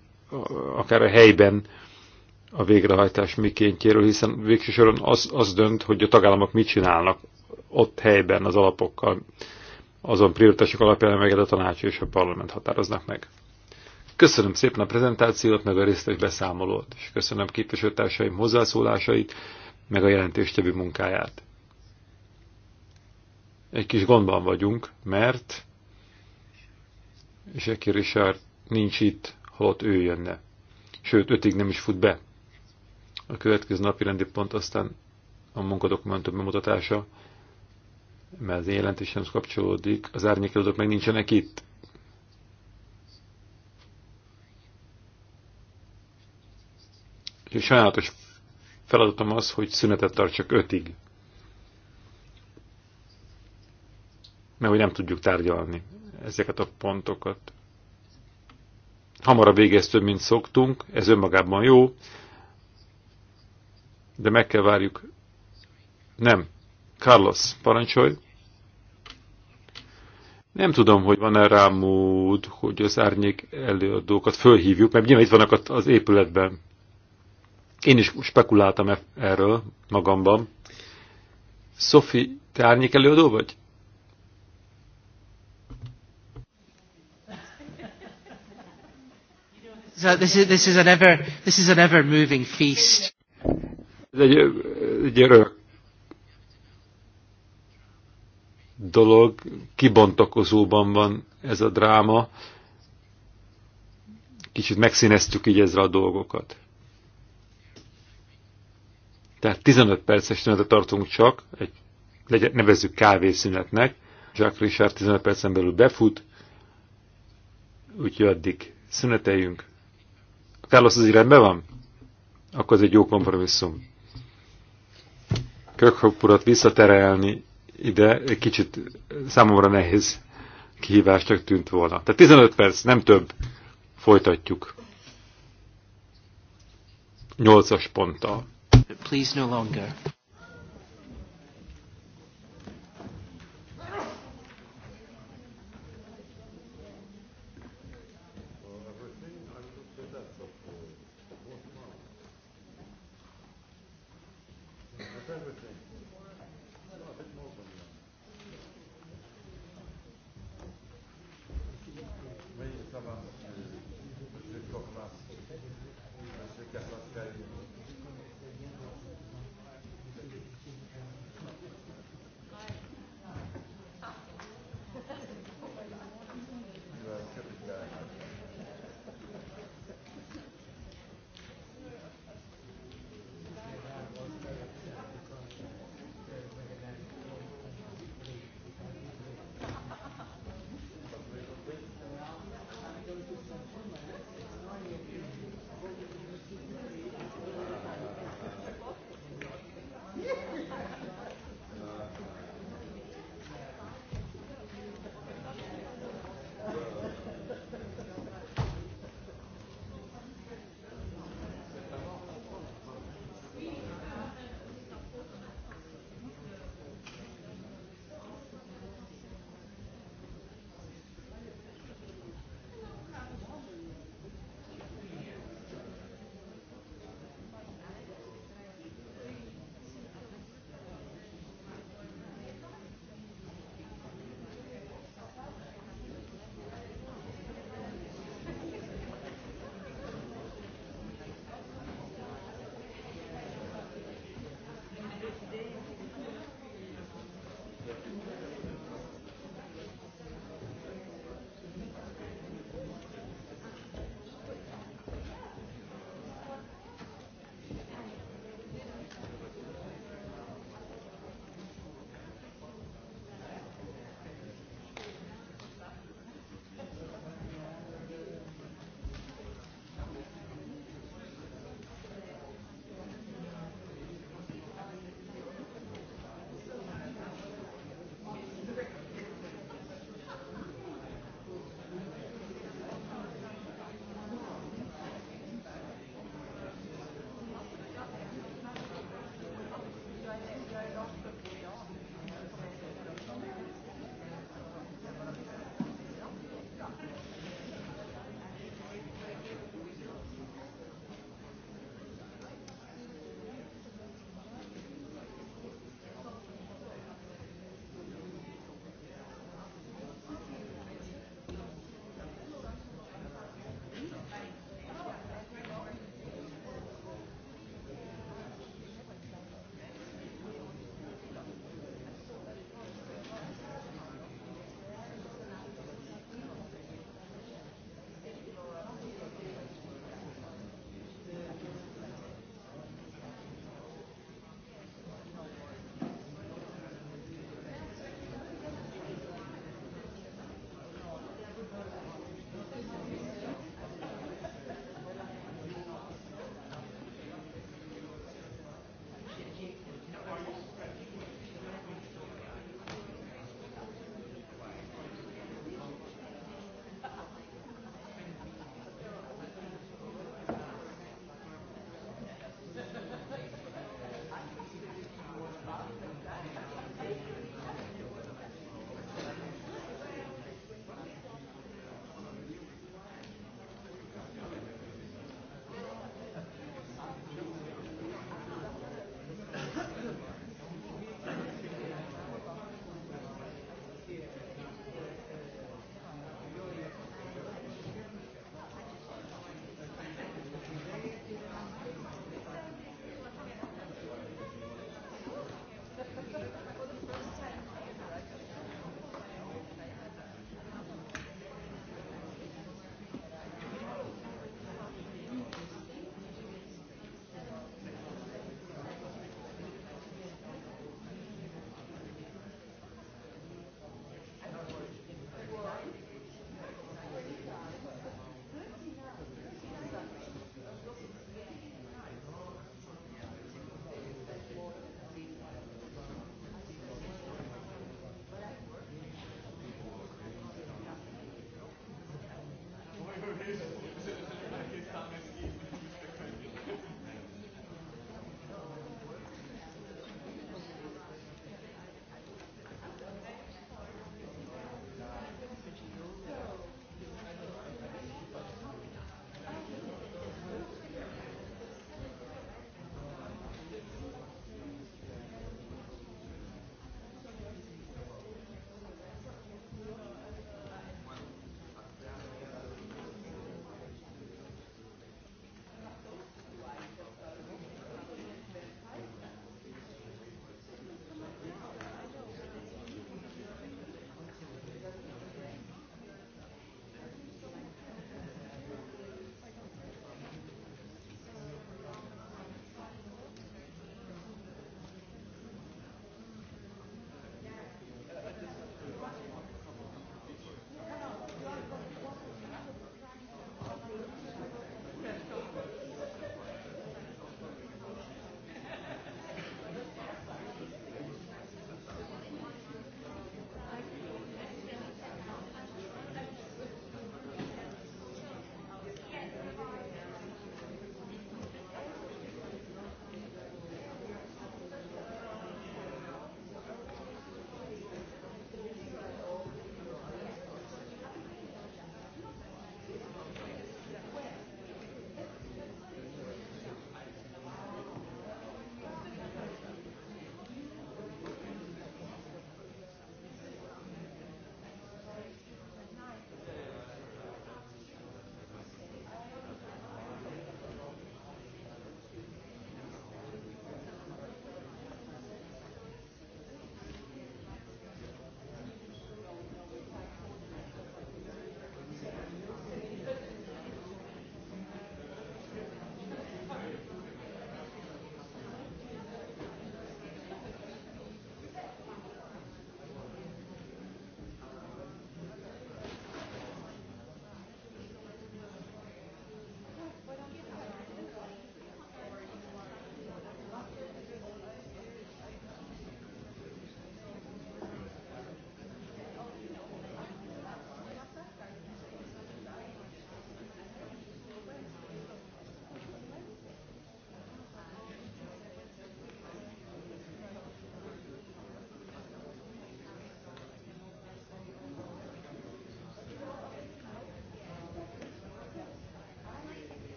akár a helyben a végrehajtás mikéntjéről, hiszen végső soron az, az dönt, hogy a tagállamok mit csinálnak ott helyben az alapokkal, azon prioritások alapján, amelyeket a tanács és a parlament határoznak meg. Köszönöm szépen a prezentációt, meg a részletes beszámolót, és köszönöm képviselőtársaim hozzászólásait, meg a jelentéstevő munkáját. Egy kis gondban vagyunk, mert és Zseki Richard nincs itt, holott ő jönne. Sőt, ötig nem is fut be. A következő napi rendi pont aztán a munkadokumentum bemutatása, mert az jelentésem kapcsolódik, az árnyékelődők meg nincsenek itt. És sajnálatos feladatom az, hogy szünetet tartsak ötig. Mert hogy nem tudjuk tárgyalni ezeket a pontokat. Hamarabb végeztünk, mint szoktunk, ez önmagában jó, de meg kell várjuk. Nem, Carlos, parancsolj! Nem tudom, hogy van-e rá mód, hogy az árnyék előadókat fölhívjuk, mert nyilván itt vannak az épületben. Én is spekuláltam e erről magamban. Szofi, te árnyék előadó vagy? So this is, this is an ever, this is an ever moving feast. Ez egy, egy örök dolog, kibontakozóban van ez a dráma, kicsit megszíneztük így ezzel a dolgokat. Tehát 15 perces szünetet tartunk csak, egy, nevezzük kávészünetnek, Jacques Richard 15 percen belül befut, úgyhogy addig szüneteljünk. Carlos az rendben van? Akkor ez egy jó kompromisszum. Kirkhope visszaterelni ide egy kicsit számomra nehéz kihívásnak tűnt volna. Tehát 15 perc, nem több. Folytatjuk. 8-as ponttal. Please no longer.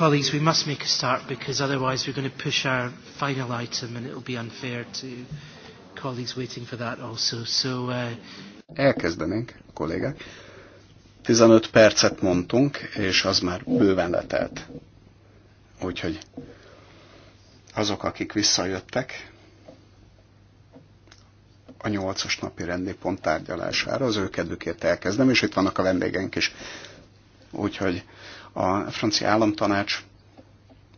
Colleagues, we must make a start because otherwise we're going to push our final item and it will be unfair to colleagues waiting for that also. So, uh... Elkezdenénk, kollégák. 15 percet mondtunk, és az már bőven letelt. Úgyhogy azok, akik visszajöttek, a nyolcas napi rendi pont tárgyalására, az ő kedvükért elkezdem, és itt vannak a vendégeink is. Úgyhogy a francia államtanács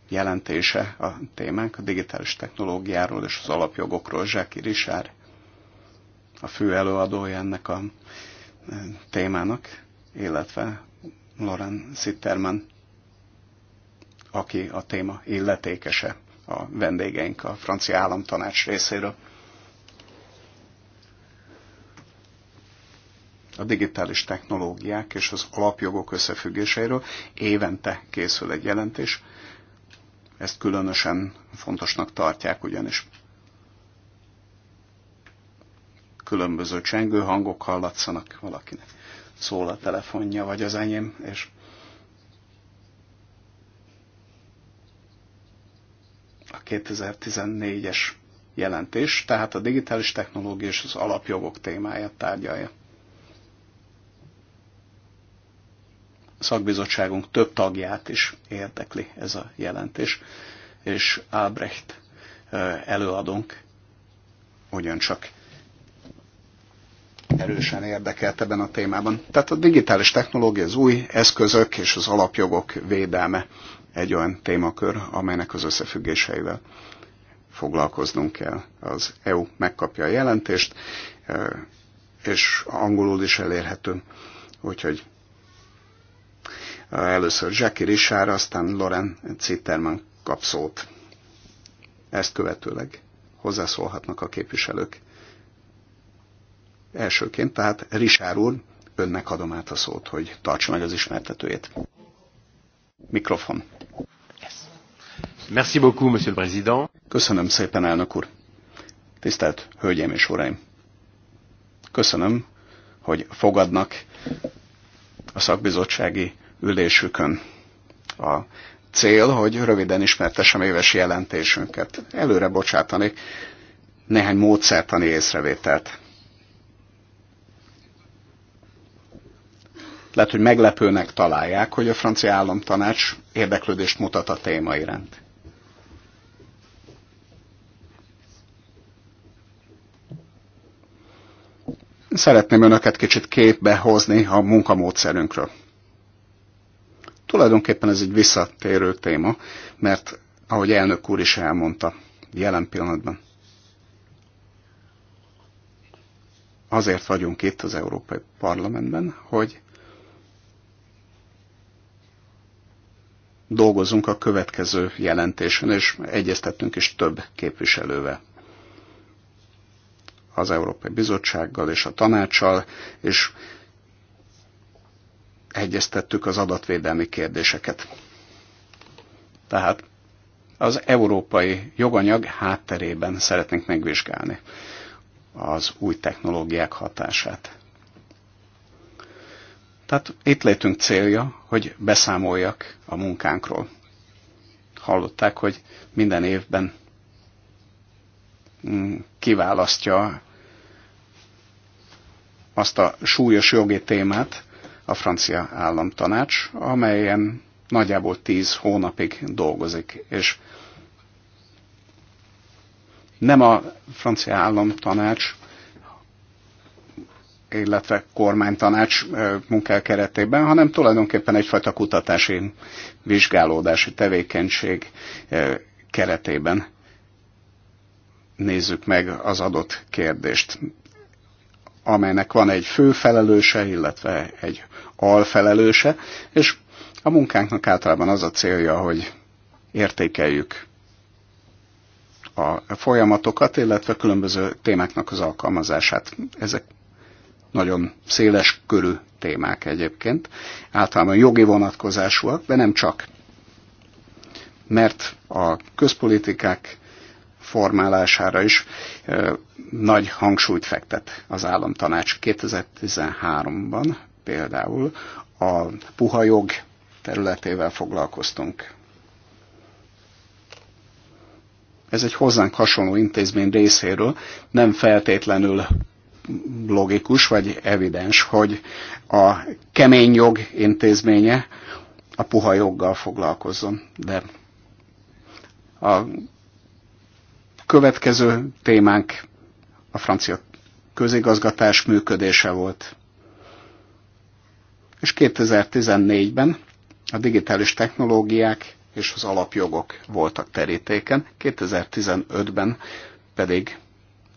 jelentése a témánk, a digitális technológiáról és az alapjogokról Zsáki Richard, a fő előadója ennek a e, témának, illetve Loren Sitterman, aki a téma illetékese a vendégeink a francia államtanács részéről. a digitális technológiák és az alapjogok összefüggéseiről évente készül egy jelentés. Ezt különösen fontosnak tartják ugyanis. Különböző csengő hangok hallatszanak valakinek. Szól a telefonja, vagy az enyém, és a 2014-es jelentés, tehát a digitális technológia és az alapjogok témáját tárgyalja. szakbizottságunk több tagját is érdekli ez a jelentés, és Albrecht előadónk ugyancsak erősen érdekelt ebben a témában. Tehát a digitális technológia, az új eszközök és az alapjogok védelme egy olyan témakör, amelynek az összefüggéseivel foglalkoznunk kell. Az EU megkapja a jelentést, és angolul is elérhető, úgyhogy Először Jackie Richard, aztán Loren Citterman kap szót. Ezt követőleg hozzászólhatnak a képviselők. Elsőként, tehát Richard úr, önnek adom át a szót, hogy tartsa meg az ismertetőjét. Mikrofon. Merci beaucoup, monsieur le président. Köszönöm szépen, elnök úr. Tisztelt Hölgyeim és Uraim! Köszönöm, hogy fogadnak a szakbizottsági ülésükön. A cél, hogy röviden ismertessem éves jelentésünket. Előre bocsátani néhány módszertani észrevételt. Lehet, hogy meglepőnek találják, hogy a francia államtanács érdeklődést mutat a téma iránt. Szeretném önöket kicsit képbe hozni a munkamódszerünkről. Tulajdonképpen ez egy visszatérő téma, mert ahogy elnök úr is elmondta jelen pillanatban, azért vagyunk itt az Európai Parlamentben, hogy dolgozunk a következő jelentésen, és egyeztettünk is több képviselővel. Az Európai Bizottsággal és a tanácssal, és egyeztettük az adatvédelmi kérdéseket. Tehát az európai joganyag hátterében szeretnénk megvizsgálni az új technológiák hatását. Tehát itt létünk célja, hogy beszámoljak a munkánkról. Hallották, hogy minden évben mm, kiválasztja azt a súlyos jogi témát, a francia államtanács, amelyen nagyjából tíz hónapig dolgozik, és nem a francia államtanács, illetve kormánytanács munkák keretében, hanem tulajdonképpen egyfajta kutatási, vizsgálódási tevékenység keretében nézzük meg az adott kérdést amelynek van egy fő felelőse, illetve egy alfelelőse, és a munkánknak általában az a célja, hogy értékeljük a folyamatokat, illetve a különböző témáknak az alkalmazását. Ezek nagyon széles körű témák egyébként, általában jogi vonatkozásúak, de nem csak. Mert a közpolitikák formálására is nagy hangsúlyt fektet az államtanács. 2013-ban például a puha jog területével foglalkoztunk. Ez egy hozzánk hasonló intézmény részéről nem feltétlenül logikus vagy evidens, hogy a kemény jog intézménye a puha joggal foglalkozzon, de a Következő témánk a francia közigazgatás működése volt. És 2014-ben a digitális technológiák és az alapjogok voltak terítéken, 2015-ben pedig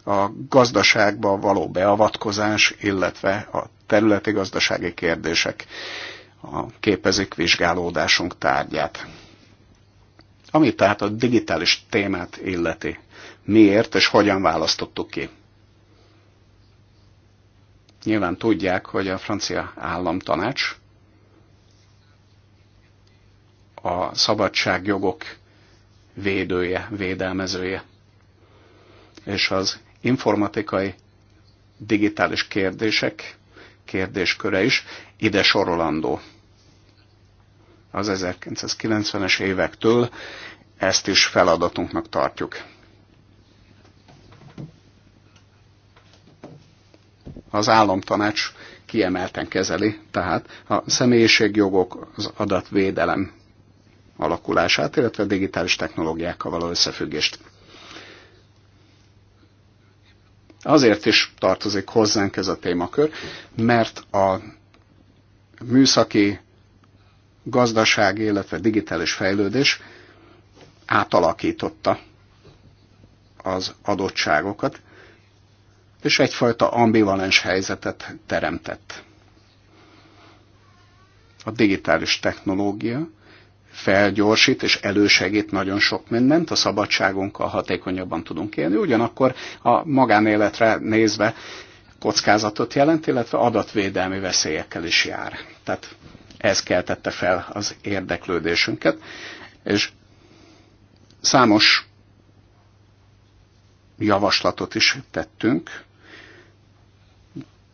a gazdaságba való beavatkozás, illetve a területi gazdasági kérdések a képezik vizsgálódásunk tárgyát. Ami tehát a digitális témát illeti, miért és hogyan választottuk ki. Nyilván tudják, hogy a francia államtanács a szabadságjogok védője, védelmezője. És az informatikai digitális kérdések kérdésköre is ide sorolandó. Az 1990-es évektől ezt is feladatunknak tartjuk. Az államtanács kiemelten kezeli, tehát a személyiségjogok, az adatvédelem alakulását, illetve a digitális technológiákkal való összefüggést. Azért is tartozik hozzánk ez a témakör, mert a műszaki, gazdasági, illetve digitális fejlődés átalakította az adottságokat, és egyfajta ambivalens helyzetet teremtett. A digitális technológia felgyorsít és elősegít nagyon sok mindent, a szabadságunkkal hatékonyabban tudunk élni, ugyanakkor a magánéletre nézve kockázatot jelent, illetve adatvédelmi veszélyekkel is jár. Tehát ez keltette fel az érdeklődésünket, és számos javaslatot is tettünk.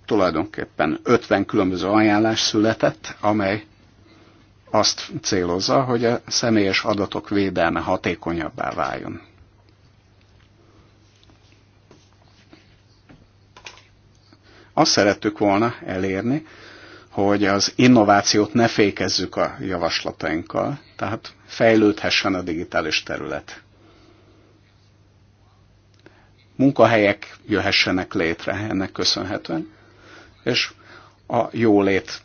Tulajdonképpen 50 különböző ajánlás született, amely azt célozza, hogy a személyes adatok védelme hatékonyabbá váljon. Azt szerettük volna elérni, hogy az innovációt ne fékezzük a javaslatainkkal, tehát fejlődhessen a digitális terület munkahelyek jöhessenek létre ennek köszönhetően, és a jólét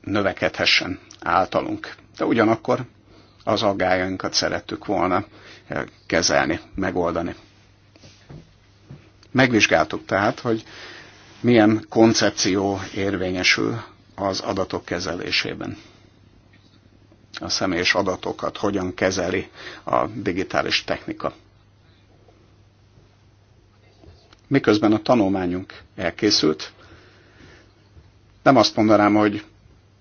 növekedhessen általunk. De ugyanakkor az aggájainkat szerettük volna kezelni, megoldani. Megvizsgáltuk tehát, hogy milyen koncepció érvényesül az adatok kezelésében. A személyes adatokat hogyan kezeli a digitális technika. miközben a tanulmányunk elkészült, nem azt mondanám, hogy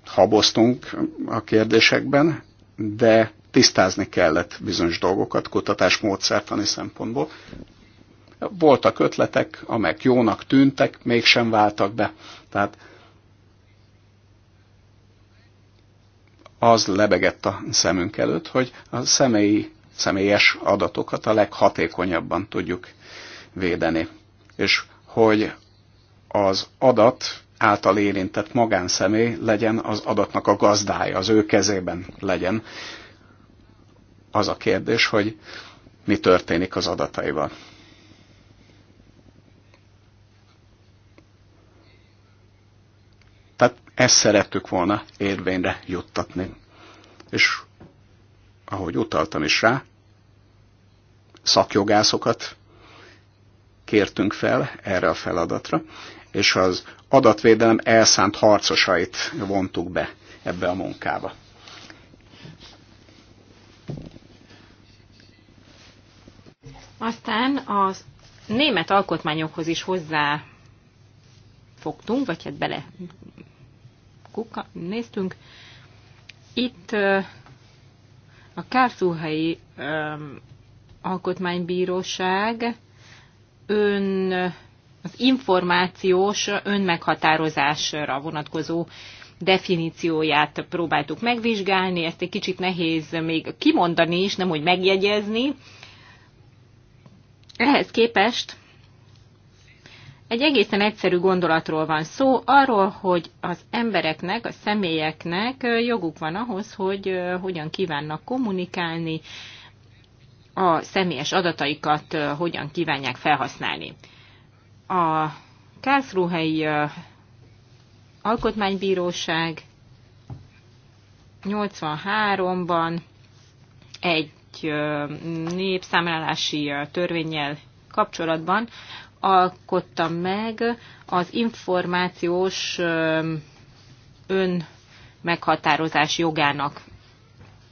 haboztunk a kérdésekben, de tisztázni kellett bizonyos dolgokat kutatásmódszertani szempontból. Voltak ötletek, amelyek jónak tűntek, mégsem váltak be. Tehát az lebegett a szemünk előtt, hogy a személyi, személyes adatokat a leghatékonyabban tudjuk védeni és hogy az adat által érintett magánszemély legyen az adatnak a gazdája, az ő kezében legyen. Az a kérdés, hogy mi történik az adataival. Tehát ezt szerettük volna érvényre juttatni. És ahogy utaltam is rá, szakjogászokat kértünk fel erre a feladatra, és az adatvédelem elszánt harcosait vontuk be ebbe a munkába. Aztán az német alkotmányokhoz is hozzá fogtunk, vagy hát bele kuka, néztünk. Itt a Kárszúhelyi Alkotmánybíróság ön, az információs önmeghatározásra vonatkozó definícióját próbáltuk megvizsgálni, ezt egy kicsit nehéz még kimondani is, nem úgy megjegyezni. Ehhez képest egy egészen egyszerű gondolatról van szó, arról, hogy az embereknek, a személyeknek joguk van ahhoz, hogy eh, hogyan kívánnak kommunikálni, a személyes adataikat hogyan kívánják felhasználni. A Karlsruhei Alkotmánybíróság 83-ban egy népszámlálási törvényel kapcsolatban alkotta meg az információs ön meghatározás jogának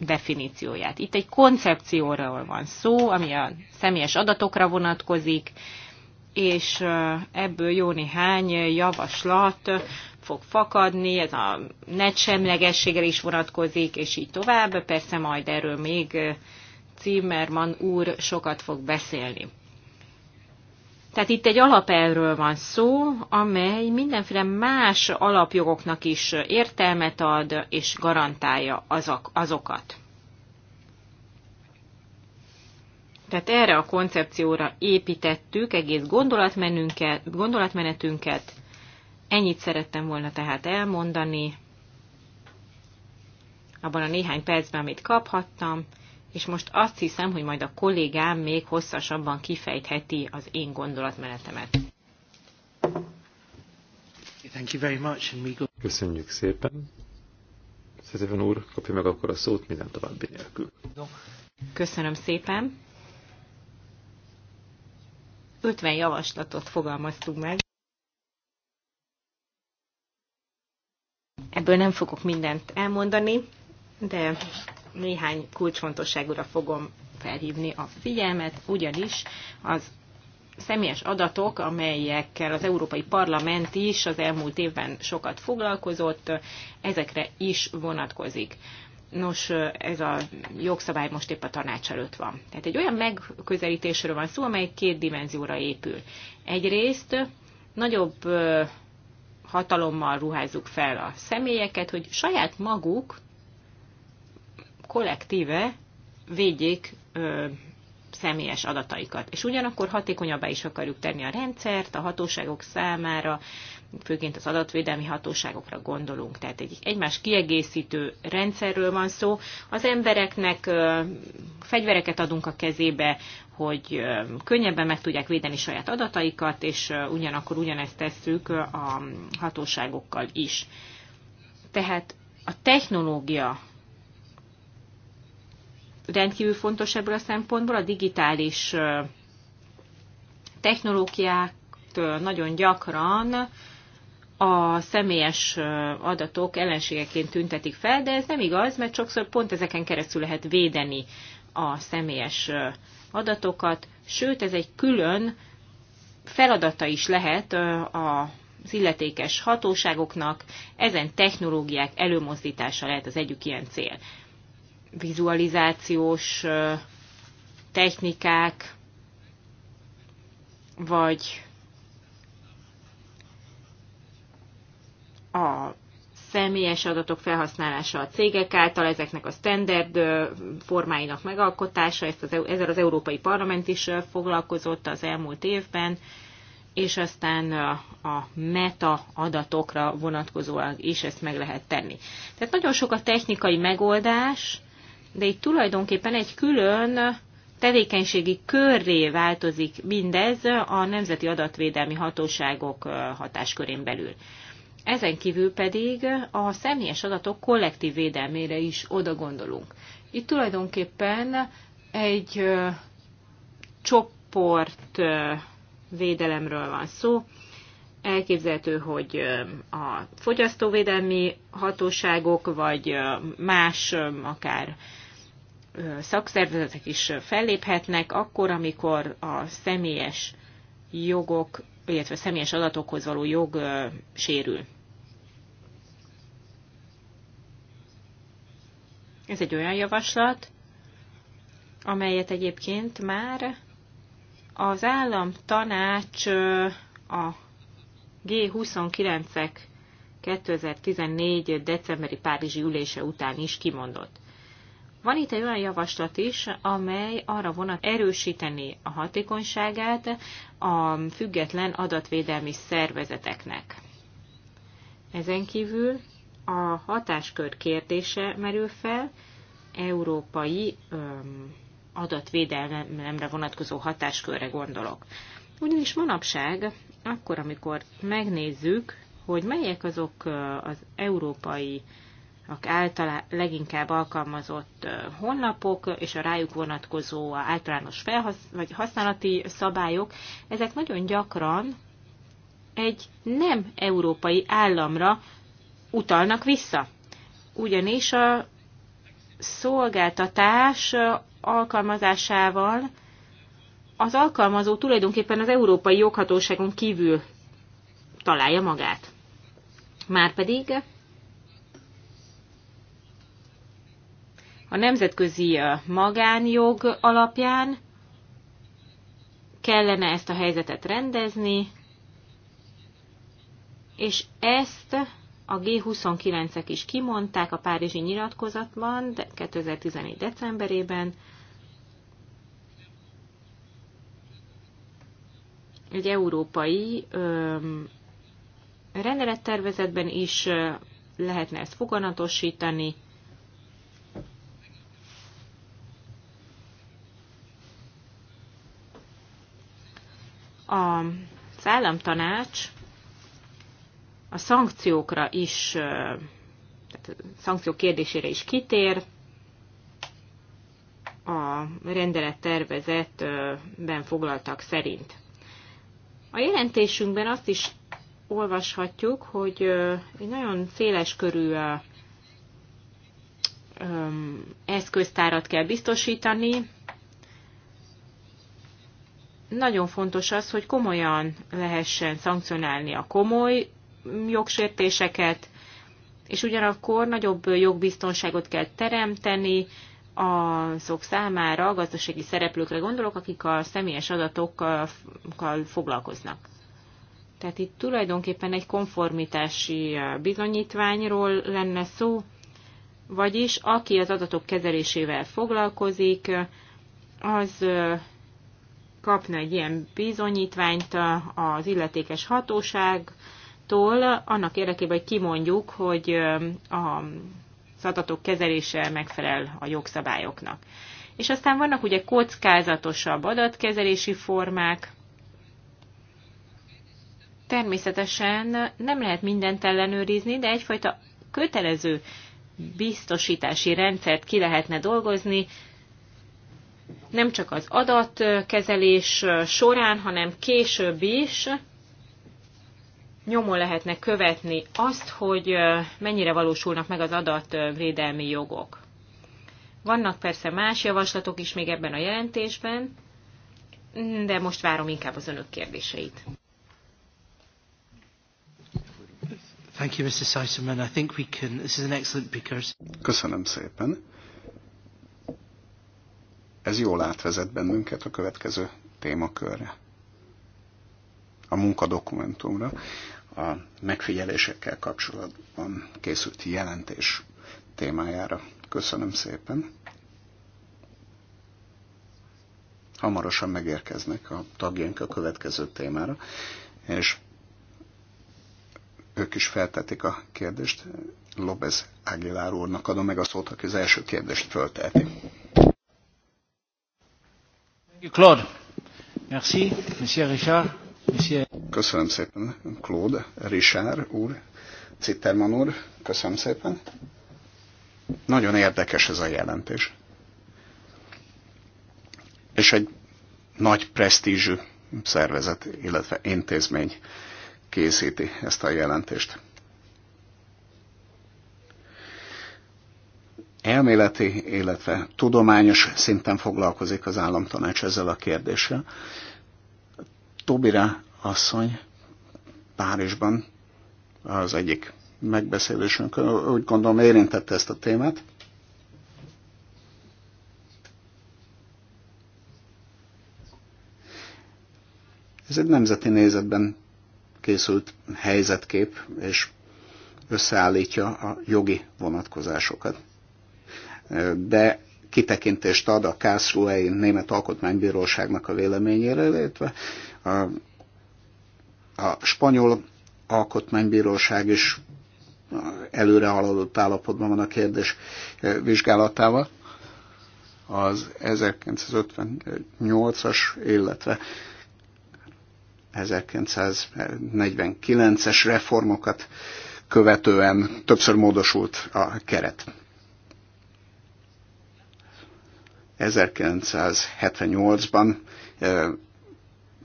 definícióját. Itt egy koncepcióról van szó, ami a személyes adatokra vonatkozik, és ebből jó néhány javaslat fog fakadni, ez a net semlegességre is vonatkozik, és így tovább. Persze majd erről még Zimmermann úr sokat fog beszélni. Tehát itt egy alapelvről van szó, amely mindenféle más alapjogoknak is értelmet ad és garantálja azok, azokat. Tehát erre a koncepcióra építettük egész gondolatmenünket, gondolatmenetünket. Ennyit szerettem volna tehát elmondani abban a néhány percben, amit kaphattam és most azt hiszem, hogy majd a kollégám még hosszasabban kifejtheti az én gondolatmenetemet. Thank you very much, and we go... Köszönjük szépen. Szezeven úr, kapja meg akkor a szót minden további nélkül. Köszönöm szépen. 50 javaslatot fogalmaztunk meg. Ebből nem fogok mindent elmondani de néhány kulcsfontosságúra fogom felhívni a figyelmet, ugyanis az személyes adatok, amelyekkel az Európai Parlament is az elmúlt évben sokat foglalkozott, ezekre is vonatkozik. Nos, ez a jogszabály most épp a tanács előtt van. Tehát egy olyan megközelítésről van szó, amely két dimenzióra épül. Egyrészt nagyobb hatalommal ruházzuk fel a személyeket, hogy saját maguk kollektíve védjék ö, személyes adataikat. És ugyanakkor hatékonyabbá is akarjuk tenni a rendszert a hatóságok számára, főként az adatvédelmi hatóságokra gondolunk. Tehát egy egymás kiegészítő rendszerről van szó. Az embereknek ö, fegyvereket adunk a kezébe, hogy ö, könnyebben meg tudják védeni saját adataikat, és ö, ugyanakkor ugyanezt tesszük a hatóságokkal is. Tehát a technológia rendkívül fontos ebből a szempontból. A digitális technológiák nagyon gyakran a személyes adatok ellenségeként tüntetik fel, de ez nem igaz, mert sokszor pont ezeken keresztül lehet védeni a személyes adatokat, sőt ez egy külön feladata is lehet az illetékes hatóságoknak, ezen technológiák előmozdítása lehet az egyik ilyen cél vizualizációs technikák, vagy a személyes adatok felhasználása a cégek által, ezeknek a standard formáinak megalkotása, ezt az, ezzel az Európai Parlament is foglalkozott az elmúlt évben, és aztán a meta adatokra vonatkozóan is ezt meg lehet tenni. Tehát nagyon sok a technikai megoldás, de itt tulajdonképpen egy külön tevékenységi körré változik mindez a Nemzeti Adatvédelmi Hatóságok hatáskörén belül. Ezen kívül pedig a személyes adatok kollektív védelmére is oda gondolunk. Itt tulajdonképpen egy csoport védelemről van szó. Elképzelhető, hogy a fogyasztóvédelmi hatóságok, vagy más akár szakszervezetek is felléphetnek, akkor, amikor a személyes jogok, illetve személyes adatokhoz való jog sérül. Ez egy olyan javaslat, amelyet egyébként már az állam tanács a G29-ek 2014. decemberi Párizsi ülése után is kimondott. Van itt egy olyan javaslat is, amely arra vonat erősíteni a hatékonyságát a független adatvédelmi szervezeteknek. Ezen kívül a hatáskör kérdése merül fel, európai öm, adatvédelemre vonatkozó hatáskörre gondolok. Ugyanis manapság, akkor, amikor megnézzük, hogy melyek azok az európai általá, leginkább alkalmazott honlapok és a rájuk vonatkozó általános felhasz, vagy használati szabályok, ezek nagyon gyakran egy nem európai államra utalnak vissza. Ugyanis a szolgáltatás alkalmazásával az alkalmazó tulajdonképpen az európai joghatóságon kívül találja magát. Márpedig a nemzetközi magánjog alapján kellene ezt a helyzetet rendezni, és ezt a G29-ek is kimondták a Párizsi nyilatkozatban 2014. decemberében. Egy európai rendelettervezetben is lehetne ezt foganatosítani, az államtanács a szankciókra is, tehát a szankciók kérdésére is kitér, a rendelet tervezetben foglaltak szerint. A jelentésünkben azt is olvashatjuk, hogy egy nagyon körű eszköztárat kell biztosítani nagyon fontos az, hogy komolyan lehessen szankcionálni a komoly jogsértéseket, és ugyanakkor nagyobb jogbiztonságot kell teremteni azok számára, a gazdasági szereplőkre gondolok, akik a személyes adatokkal foglalkoznak. Tehát itt tulajdonképpen egy konformitási bizonyítványról lenne szó, vagyis aki az adatok kezelésével foglalkozik, az kapna egy ilyen bizonyítványt az illetékes hatóságtól, annak érdekében, hogy kimondjuk, hogy a adatok kezelése megfelel a jogszabályoknak. És aztán vannak ugye kockázatosabb adatkezelési formák, Természetesen nem lehet mindent ellenőrizni, de egyfajta kötelező biztosítási rendszert ki lehetne dolgozni, nem csak az adatkezelés során, hanem később is nyomon lehetne követni azt, hogy mennyire valósulnak meg az adatvédelmi jogok. Vannak persze más javaslatok is még ebben a jelentésben, de most várom inkább az önök kérdéseit. Thank you, Mr. Seisman. I think we can, this is an excellent Köszönöm szépen. Ez jól átvezet bennünket a következő témakörre. A munkadokumentumra, a megfigyelésekkel kapcsolatban készült jelentés témájára. Köszönöm szépen! hamarosan megérkeznek a tagjaink a következő témára, és ők is feltetik a kérdést. Lobez Ágilár úrnak adom meg a szót, aki az első kérdést fölteheti. Claude. Merci, Monsieur Richard. Monsieur... Köszönöm szépen, Claude, Richard úr, Citterman úr, köszönöm szépen. Nagyon érdekes ez a jelentés. És egy nagy presztízsű szervezet, illetve intézmény készíti ezt a jelentést. elméleti, illetve tudományos szinten foglalkozik az államtanács ezzel a kérdéssel. Tobira asszony Párizsban az egyik megbeszélésünk, úgy gondolom érintette ezt a témát. Ez egy nemzeti nézetben készült helyzetkép, és összeállítja a jogi vonatkozásokat de kitekintést ad a Kászruei Német Alkotmánybíróságnak a véleményére, illetve a, a spanyol alkotmánybíróság is előre haladott állapotban van a kérdés vizsgálatával. Az 1958-as, illetve 1949-es reformokat követően többször módosult a keret. 1978-ban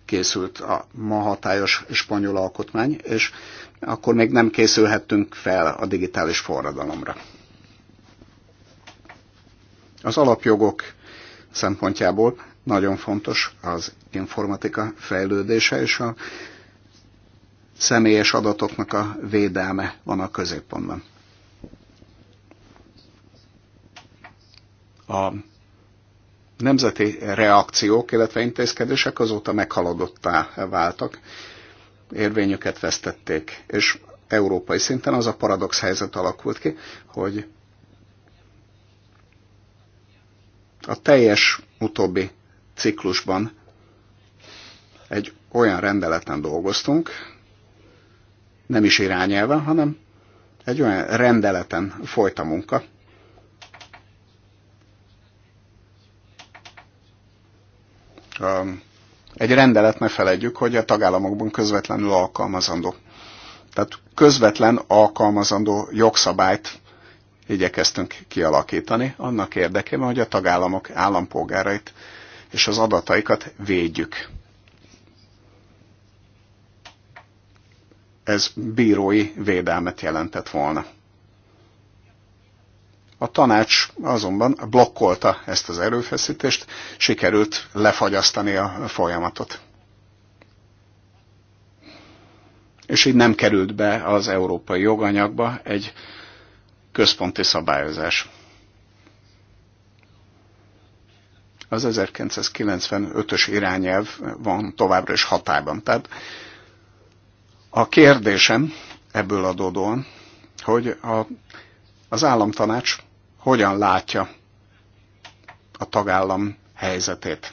készült a ma hatályos spanyol alkotmány, és akkor még nem készülhettünk fel a digitális forradalomra. Az alapjogok szempontjából nagyon fontos az informatika fejlődése, és a személyes adatoknak a védelme van a középpontban. A nemzeti reakciók, illetve intézkedések azóta meghaladottá váltak, érvényüket vesztették, és európai szinten az a paradox helyzet alakult ki, hogy a teljes utóbbi ciklusban egy olyan rendeleten dolgoztunk, nem is irányelve, hanem egy olyan rendeleten folyt a munka, egy rendelet, ne felejtjük, hogy a tagállamokban közvetlenül alkalmazandó. Tehát közvetlen alkalmazandó jogszabályt igyekeztünk kialakítani annak érdekében, hogy a tagállamok állampolgárait és az adataikat védjük. Ez bírói védelmet jelentett volna. A tanács azonban blokkolta ezt az erőfeszítést, sikerült lefagyasztani a folyamatot. És így nem került be az európai joganyagba egy központi szabályozás. Az 1995-ös irányelv van továbbra is hatályban. Tehát a kérdésem ebből adódóan, hogy a, az államtanács hogyan látja a tagállam helyzetét.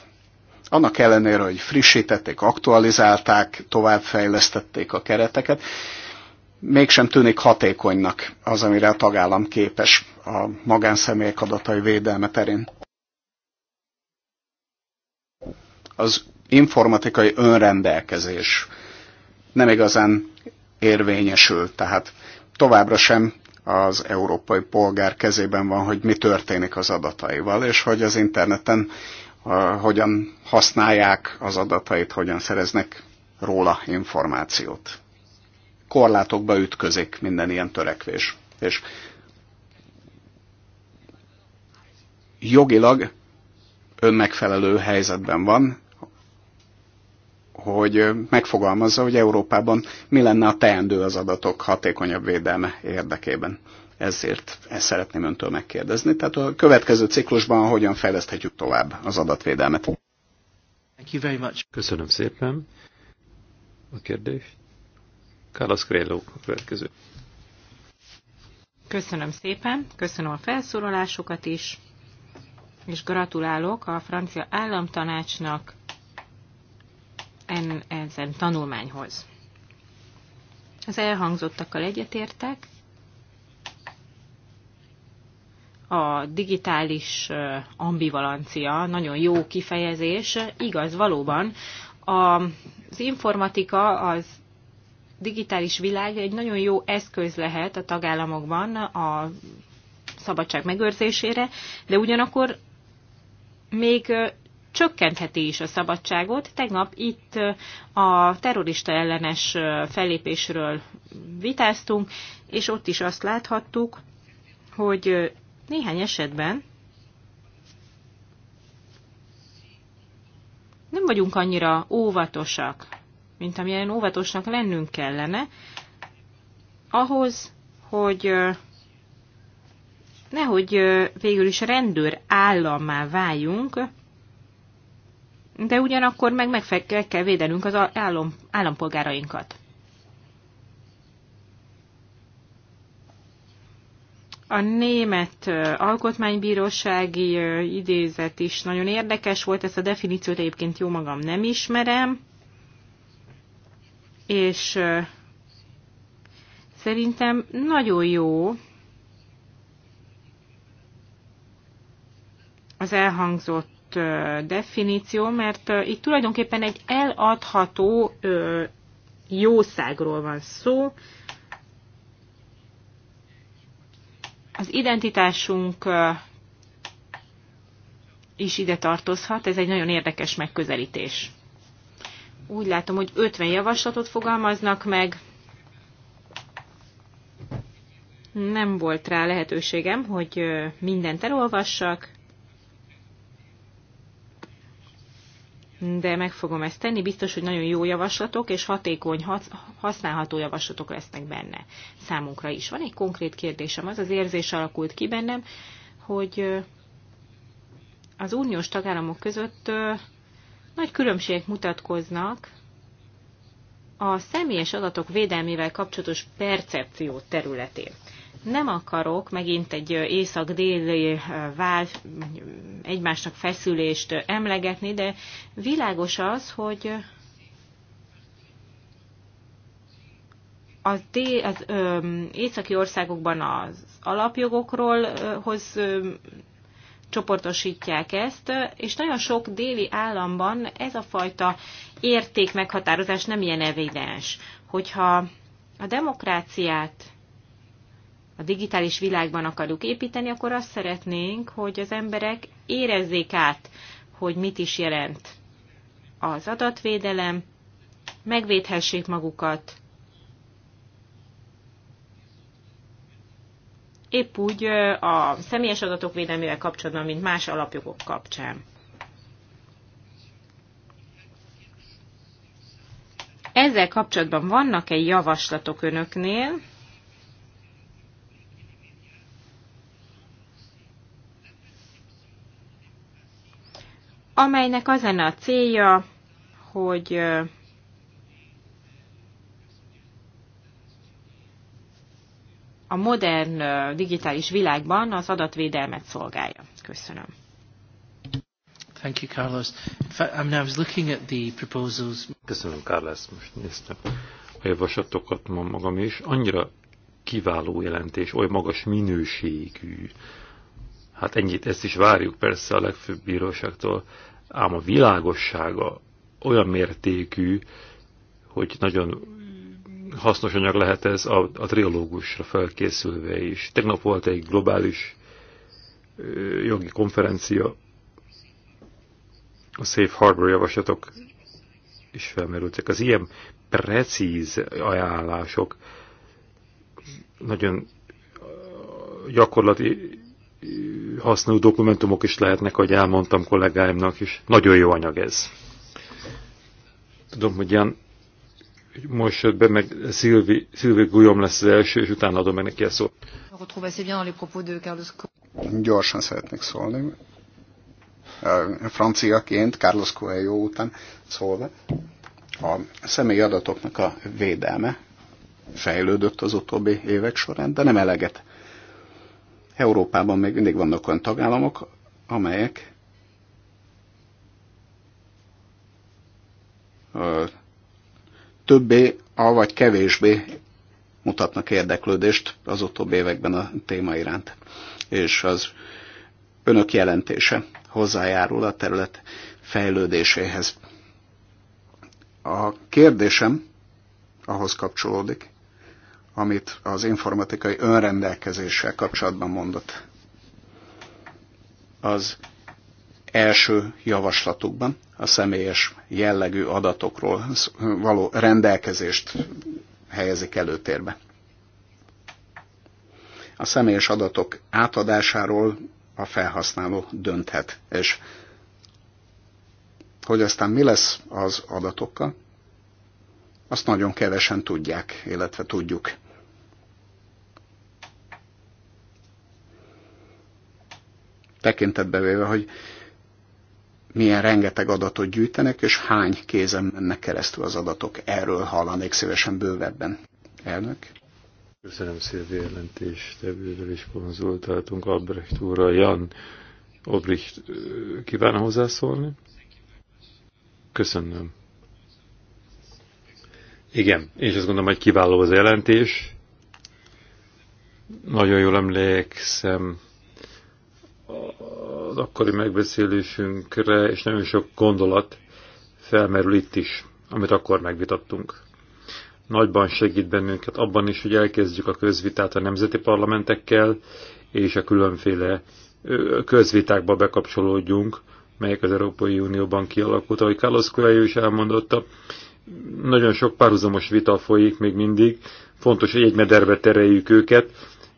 Annak ellenére, hogy frissítették, aktualizálták, továbbfejlesztették a kereteket, mégsem tűnik hatékonynak az, amire a tagállam képes a magánszemélyek adatai védelme terén. Az informatikai önrendelkezés nem igazán érvényesül, tehát továbbra sem az európai polgár kezében van, hogy mi történik az adataival, és hogy az interneten uh, hogyan használják az adatait, hogyan szereznek róla információt. Korlátokba ütközik minden ilyen törekvés. És jogilag önmegfelelő helyzetben van hogy megfogalmazza, hogy Európában mi lenne a teendő az adatok hatékonyabb védelme érdekében. Ezért ezt szeretném öntől megkérdezni. Tehát a következő ciklusban hogyan fejleszthetjük tovább az adatvédelmet. Köszönöm szépen. A kérdés. Carlos Coelho a következő. Köszönöm szépen, köszönöm a felszólalásokat is, és gratulálok a francia államtanácsnak en, ezen tanulmányhoz. Az elhangzottakkal egyetértek. A digitális ambivalencia nagyon jó kifejezés. Igaz, valóban A az informatika az digitális világ egy nagyon jó eszköz lehet a tagállamokban a szabadság megőrzésére, de ugyanakkor még csökkentheti is a szabadságot. Tegnap itt a terrorista ellenes fellépésről vitáztunk, és ott is azt láthattuk, hogy néhány esetben nem vagyunk annyira óvatosak, mint amilyen óvatosnak lennünk kellene, ahhoz, hogy nehogy végül is rendőr állammá váljunk, de ugyanakkor meg meg kell védenünk az állom állampolgárainkat. A német alkotmánybírósági idézet is nagyon érdekes volt, ezt a definíciót egyébként jó magam nem ismerem, és szerintem nagyon jó az elhangzott definíció, mert itt tulajdonképpen egy eladható jószágról van szó. Az identitásunk is ide tartozhat, ez egy nagyon érdekes megközelítés. Úgy látom, hogy 50 javaslatot fogalmaznak meg, nem volt rá lehetőségem, hogy mindent elolvassak, de meg fogom ezt tenni. Biztos, hogy nagyon jó javaslatok és hatékony, használható javaslatok lesznek benne számunkra is. Van egy konkrét kérdésem, az az érzés alakult ki bennem, hogy az uniós tagállamok között nagy különbségek mutatkoznak a személyes adatok védelmével kapcsolatos percepció területén nem akarok megint egy észak-déli vál egymásnak feszülést emlegetni, de világos az, hogy az, dél, az ö, északi országokban az alapjogokról hoz csoportosítják ezt, és nagyon sok déli államban ez a fajta érték meghatározás nem ilyen evidens. Hogyha a demokráciát a digitális világban akarjuk építeni, akkor azt szeretnénk, hogy az emberek érezzék át, hogy mit is jelent az adatvédelem, megvédhessék magukat, épp úgy a személyes adatok védelmével kapcsolatban, mint más alapjogok kapcsán. Ezzel kapcsolatban vannak-e javaslatok önöknél, amelynek az lenne a célja, hogy a modern digitális világban az adatvédelmet szolgálja. Köszönöm. Thank you, Carlos. I mean, I was looking at the proposals. Köszönöm, Carlos. Most néztem a javaslatokat ma magam is. Annyira kiváló jelentés, oly magas minőségű Hát ennyit, ezt is várjuk persze a legfőbb bíróságtól, ám a világossága olyan mértékű, hogy nagyon hasznos anyag lehet ez a, a triológusra felkészülve is. Tegnap volt egy globális ö, jogi konferencia, a Safe Harbor javaslatok is felmerültek. Az ilyen precíz ajánlások nagyon gyakorlati használó dokumentumok is lehetnek, ahogy elmondtam kollégáimnak is. Nagyon jó anyag ez. Tudom, hogy ilyen most jött be, meg Szilvi, Szilvi Gulyom lesz az első, és utána adom meg neki a szót. Gyorsan szeretnék szólni. Franciaként, Carlos Coelho után szólva. A személyi adatoknak a védelme fejlődött az utóbbi évek során, de nem eleget Európában még mindig vannak olyan tagállamok, amelyek többé, vagy kevésbé mutatnak érdeklődést az utóbbi években a téma iránt. És az önök jelentése hozzájárul a terület fejlődéséhez. A kérdésem ahhoz kapcsolódik, amit az informatikai önrendelkezéssel kapcsolatban mondott. Az első javaslatukban a személyes jellegű adatokról való rendelkezést helyezik előtérbe. A személyes adatok átadásáról a felhasználó dönthet, és hogy aztán mi lesz az adatokkal, azt nagyon kevesen tudják, illetve tudjuk. tekintetbe véve, hogy milyen rengeteg adatot gyűjtenek, és hány kézen mennek keresztül az adatok. Erről hallanék szívesen bővebben. Elnök? Köszönöm szépen tevőről is konzultáltunk Albrecht úrral. Jan Obricht kíván hozzászólni? Köszönöm. Igen, és azt gondolom, hogy kiváló az jelentés. Nagyon jól emlékszem az akkori megbeszélésünkre, és nagyon sok gondolat felmerül itt is, amit akkor megvitattunk. Nagyban segít bennünket abban is, hogy elkezdjük a közvitát a nemzeti parlamentekkel, és a különféle közvitákba bekapcsolódjunk, melyek az Európai Unióban kialakult, ahogy Carlos Coelho is elmondotta, nagyon sok párhuzamos vita folyik még mindig, fontos, hogy egy mederbe tereljük őket,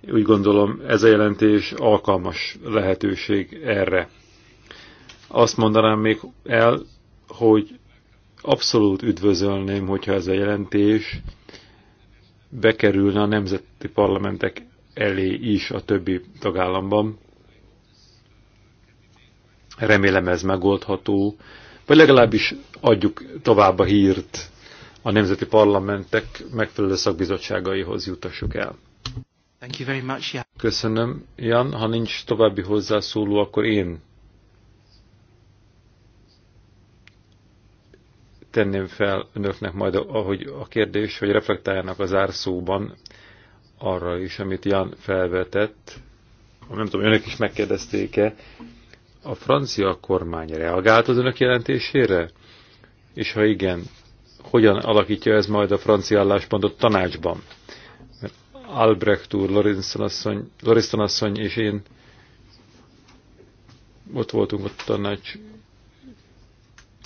úgy gondolom ez a jelentés alkalmas lehetőség erre. Azt mondanám még el, hogy abszolút üdvözölném, hogyha ez a jelentés bekerülne a nemzeti parlamentek elé is a többi tagállamban. Remélem ez megoldható, vagy legalábbis adjuk tovább a hírt a nemzeti parlamentek megfelelő szakbizottságaihoz jutassuk el. Thank you very much, Jan. Köszönöm. Jan, ha nincs további hozzászóló, akkor én tenném fel önöknek majd ahogy a kérdés, hogy reflektáljanak az árszóban arra is, amit Jan felvetett. Nem tudom, önök is megkérdezték-e. A francia kormány reagált az önök jelentésére? És ha igen, hogyan alakítja ez majd a francia álláspontot tanácsban? Albrecht úr, Loriston asszony, asszony és én ott voltunk ott a nagy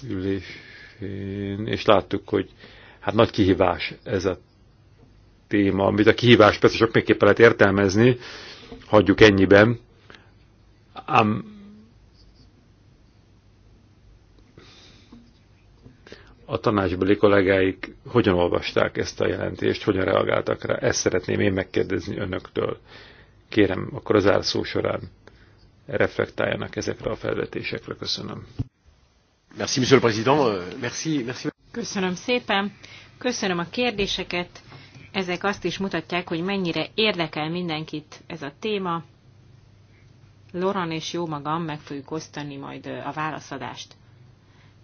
ülésén, és láttuk, hogy hát nagy kihívás ez a téma, amit a kihívás persze sok mégképpen lehet értelmezni, hagyjuk ennyiben, ám a tanácsbeli kollégáik hogyan olvasták ezt a jelentést, hogyan reagáltak rá. Ezt szeretném én megkérdezni önöktől. Kérem, akkor az árszó során reflektáljanak ezekre a felvetésekre. Köszönöm. Merci, monsieur le président. Euh, merci, merci. Köszönöm szépen. Köszönöm a kérdéseket. Ezek azt is mutatják, hogy mennyire érdekel mindenkit ez a téma. Loran és jó magam meg fogjuk osztani majd a válaszadást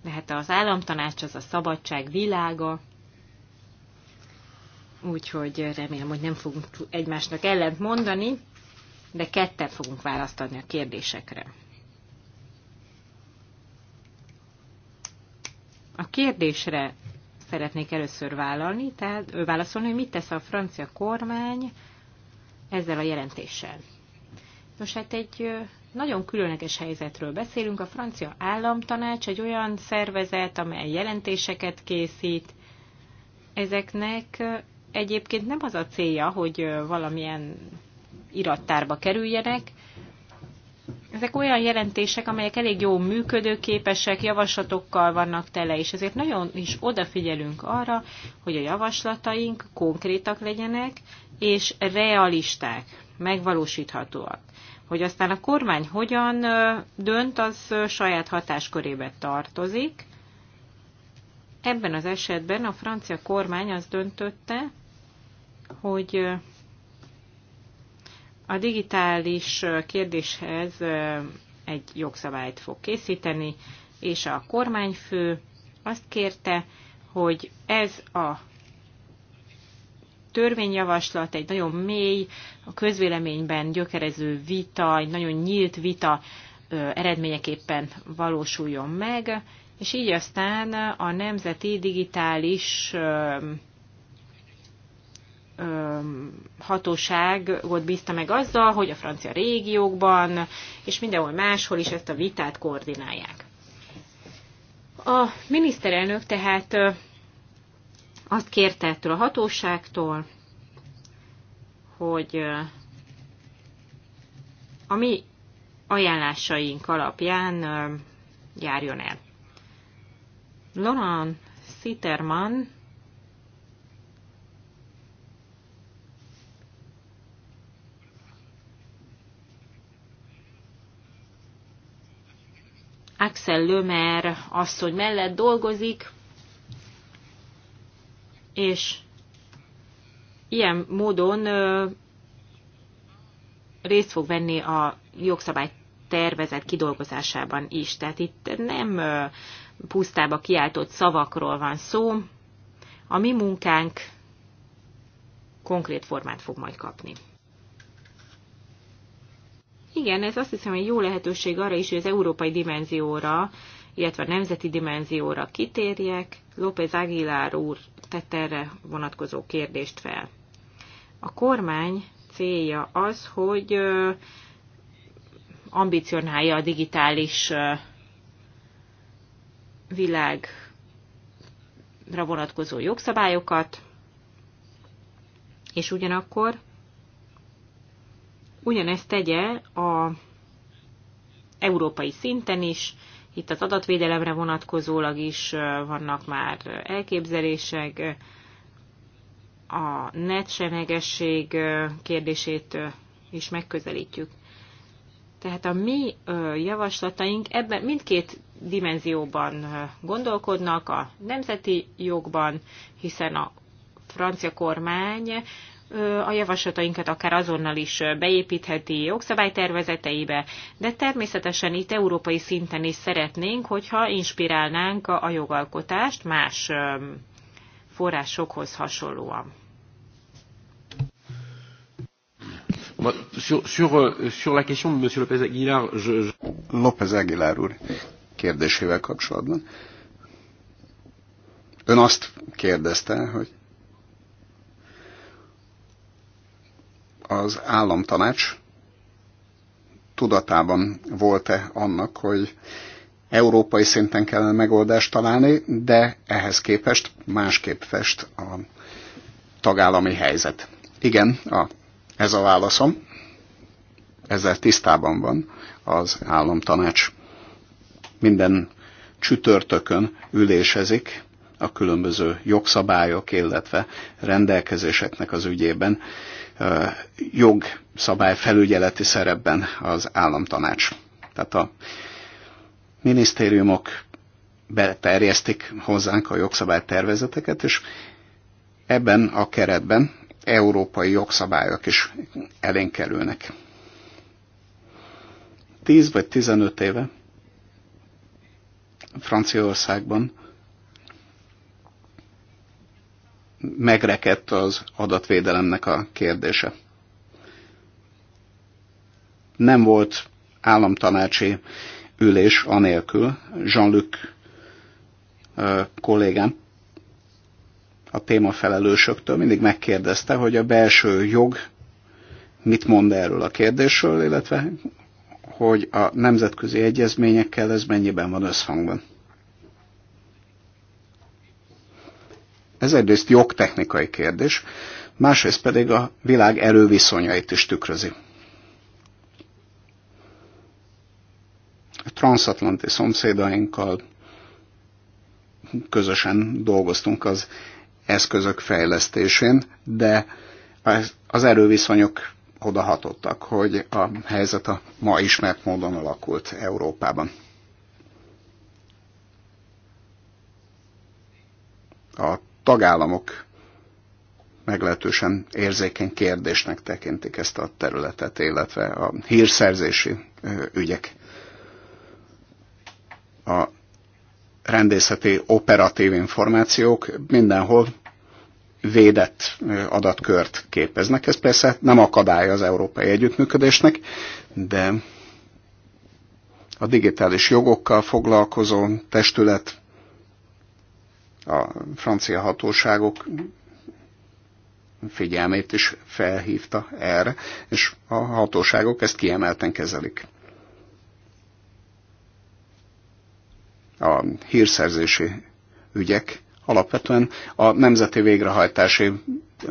de hát az államtanács az a szabadság világa, úgyhogy remélem, hogy nem fogunk egymásnak ellent mondani, de ketten fogunk választani a kérdésekre. A kérdésre szeretnék először vállalni, tehát ő válaszolni, hogy mit tesz a francia kormány ezzel a jelentéssel. Nos, hát egy nagyon különleges helyzetről beszélünk. A francia államtanács egy olyan szervezet, amely jelentéseket készít. Ezeknek egyébként nem az a célja, hogy valamilyen irattárba kerüljenek. Ezek olyan jelentések, amelyek elég jó működőképesek, javaslatokkal vannak tele, és ezért nagyon is odafigyelünk arra, hogy a javaslataink konkrétak legyenek, és realisták, megvalósíthatóak. Hogy aztán a kormány hogyan dönt, az saját hatáskörébe tartozik. Ebben az esetben a francia kormány az döntötte, hogy a digitális kérdéshez egy jogszabályt fog készíteni, és a kormányfő azt kérte, hogy ez a törvényjavaslat, egy nagyon mély, a közvéleményben gyökerező vita, egy nagyon nyílt vita eredményeképpen valósuljon meg, és így aztán a nemzeti digitális hatóságot bízta meg azzal, hogy a francia régiókban és mindenhol máshol is ezt a vitát koordinálják. A miniszterelnök tehát azt kérte ettől a hatóságtól, hogy a mi ajánlásaink alapján járjon el. Loran Sitterman Axel Lömer asszony mellett dolgozik, és ilyen módon részt fog venni a jogszabály tervezet kidolgozásában is. Tehát itt nem pusztába kiáltott szavakról van szó, a mi munkánk konkrét formát fog majd kapni. Igen, ez azt hiszem egy jó lehetőség arra is, hogy az európai dimenzióra, illetve a nemzeti dimenzióra kitérjek. López Aguilar úr tette erre vonatkozó kérdést fel. A kormány célja az, hogy ambicionálja a digitális világra vonatkozó jogszabályokat, és ugyanakkor ugyanezt tegye a európai szinten is, itt az adatvédelemre vonatkozólag is vannak már elképzelések. A netsemegesség kérdését is megközelítjük. Tehát a mi javaslataink ebben mindkét dimenzióban gondolkodnak, a nemzeti jogban, hiszen a francia kormány a javaslatainkat akár azonnal is beépítheti jogszabálytervezeteibe, de természetesen itt európai szinten is szeretnénk, hogyha inspirálnánk a jogalkotást más forrásokhoz hasonlóan. Sur, sur, euh, sur la question de M. López Aguilar, je, je... López Aguilar úr kérdésével kapcsolatban. Ön azt kérdezte, hogy az államtanács tudatában volt-e annak, hogy európai szinten kellene megoldást találni, de ehhez képest másképp fest a tagállami helyzet. Igen, a, ez a válaszom. Ezzel tisztában van az államtanács. Minden csütörtökön ülésezik a különböző jogszabályok, illetve rendelkezéseknek az ügyében jogszabály felügyeleti szerepben az államtanács. Tehát a minisztériumok beterjesztik hozzánk a jogszabálytervezeteket, és ebben a keretben európai jogszabályok is elénk kerülnek. 10 vagy 15 éve Franciaországban megrekedt az adatvédelemnek a kérdése. Nem volt államtanácsi ülés anélkül, Jean-Luc kollégám a témafelelősöktől mindig megkérdezte, hogy a belső jog mit mond erről a kérdésről, illetve hogy a nemzetközi egyezményekkel ez mennyiben van összhangban. Ez egyrészt jogtechnikai kérdés, másrészt pedig a világ erőviszonyait is tükrözi. A transatlanti szomszédainkkal közösen dolgoztunk az eszközök fejlesztésén, de az erőviszonyok odahatottak, hogy a helyzet a ma ismert módon alakult Európában. A tagállamok meglehetősen érzékeny kérdésnek tekintik ezt a területet, illetve a hírszerzési ügyek. A rendészeti operatív információk mindenhol védett adatkört képeznek. Ez persze nem akadály az európai együttműködésnek, de a digitális jogokkal foglalkozó testület a francia hatóságok figyelmét is felhívta erre, és a hatóságok ezt kiemelten kezelik. A hírszerzési ügyek alapvetően a nemzeti végrehajtási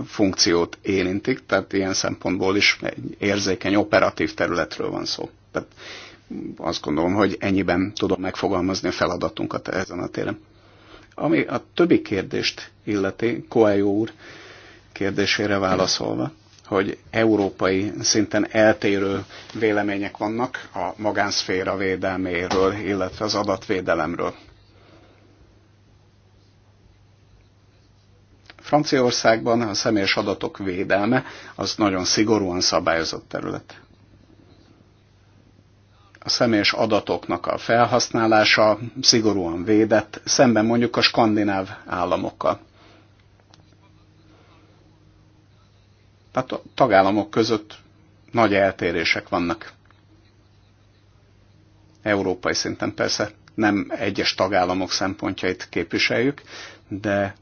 funkciót érintik, tehát ilyen szempontból is egy érzékeny operatív területről van szó. Tehát azt gondolom, hogy ennyiben tudom megfogalmazni a feladatunkat ezen a téren. Ami a többi kérdést illeti, Koelyó úr kérdésére válaszolva, hogy európai szinten eltérő vélemények vannak a magánszféra védelméről, illetve az adatvédelemről. Franciaországban a személyes adatok védelme az nagyon szigorúan szabályozott terület a személyes adatoknak a felhasználása szigorúan védett, szemben mondjuk a skandináv államokkal. Tehát a tagállamok között nagy eltérések vannak. Európai szinten persze nem egyes tagállamok szempontjait képviseljük, de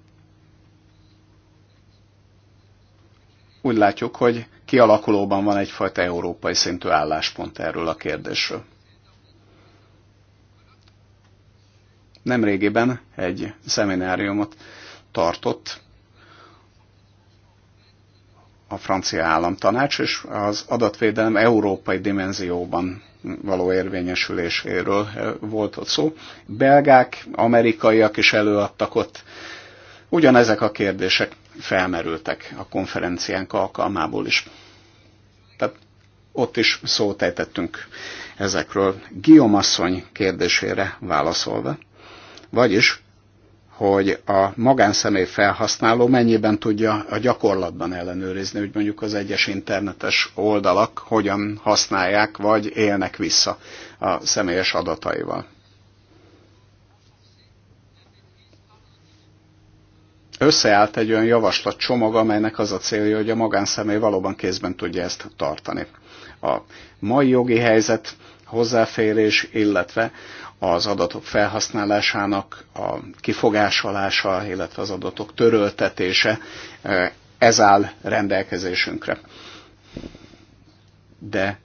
úgy látjuk, hogy kialakulóban van egyfajta európai szintű álláspont erről a kérdésről. Nemrégiben egy szemináriumot tartott a francia államtanács, és az adatvédelem európai dimenzióban való érvényesüléséről volt ott szó. Belgák, amerikaiak is előadtak ott. Ugyanezek a kérdések felmerültek a konferenciánk alkalmából is. Tehát ott is szót ejtettünk ezekről. Guillaume asszony kérdésére válaszolva vagyis, hogy a magánszemély felhasználó mennyiben tudja a gyakorlatban ellenőrizni, hogy mondjuk az egyes internetes oldalak hogyan használják, vagy élnek vissza a személyes adataival. összeállt egy olyan javaslat csomag, amelynek az a célja, hogy a magánszemély valóban kézben tudja ezt tartani. A mai jogi helyzet, hozzáférés, illetve az adatok felhasználásának a kifogásolása, illetve az adatok töröltetése, eh, ez áll rendelkezésünkre. De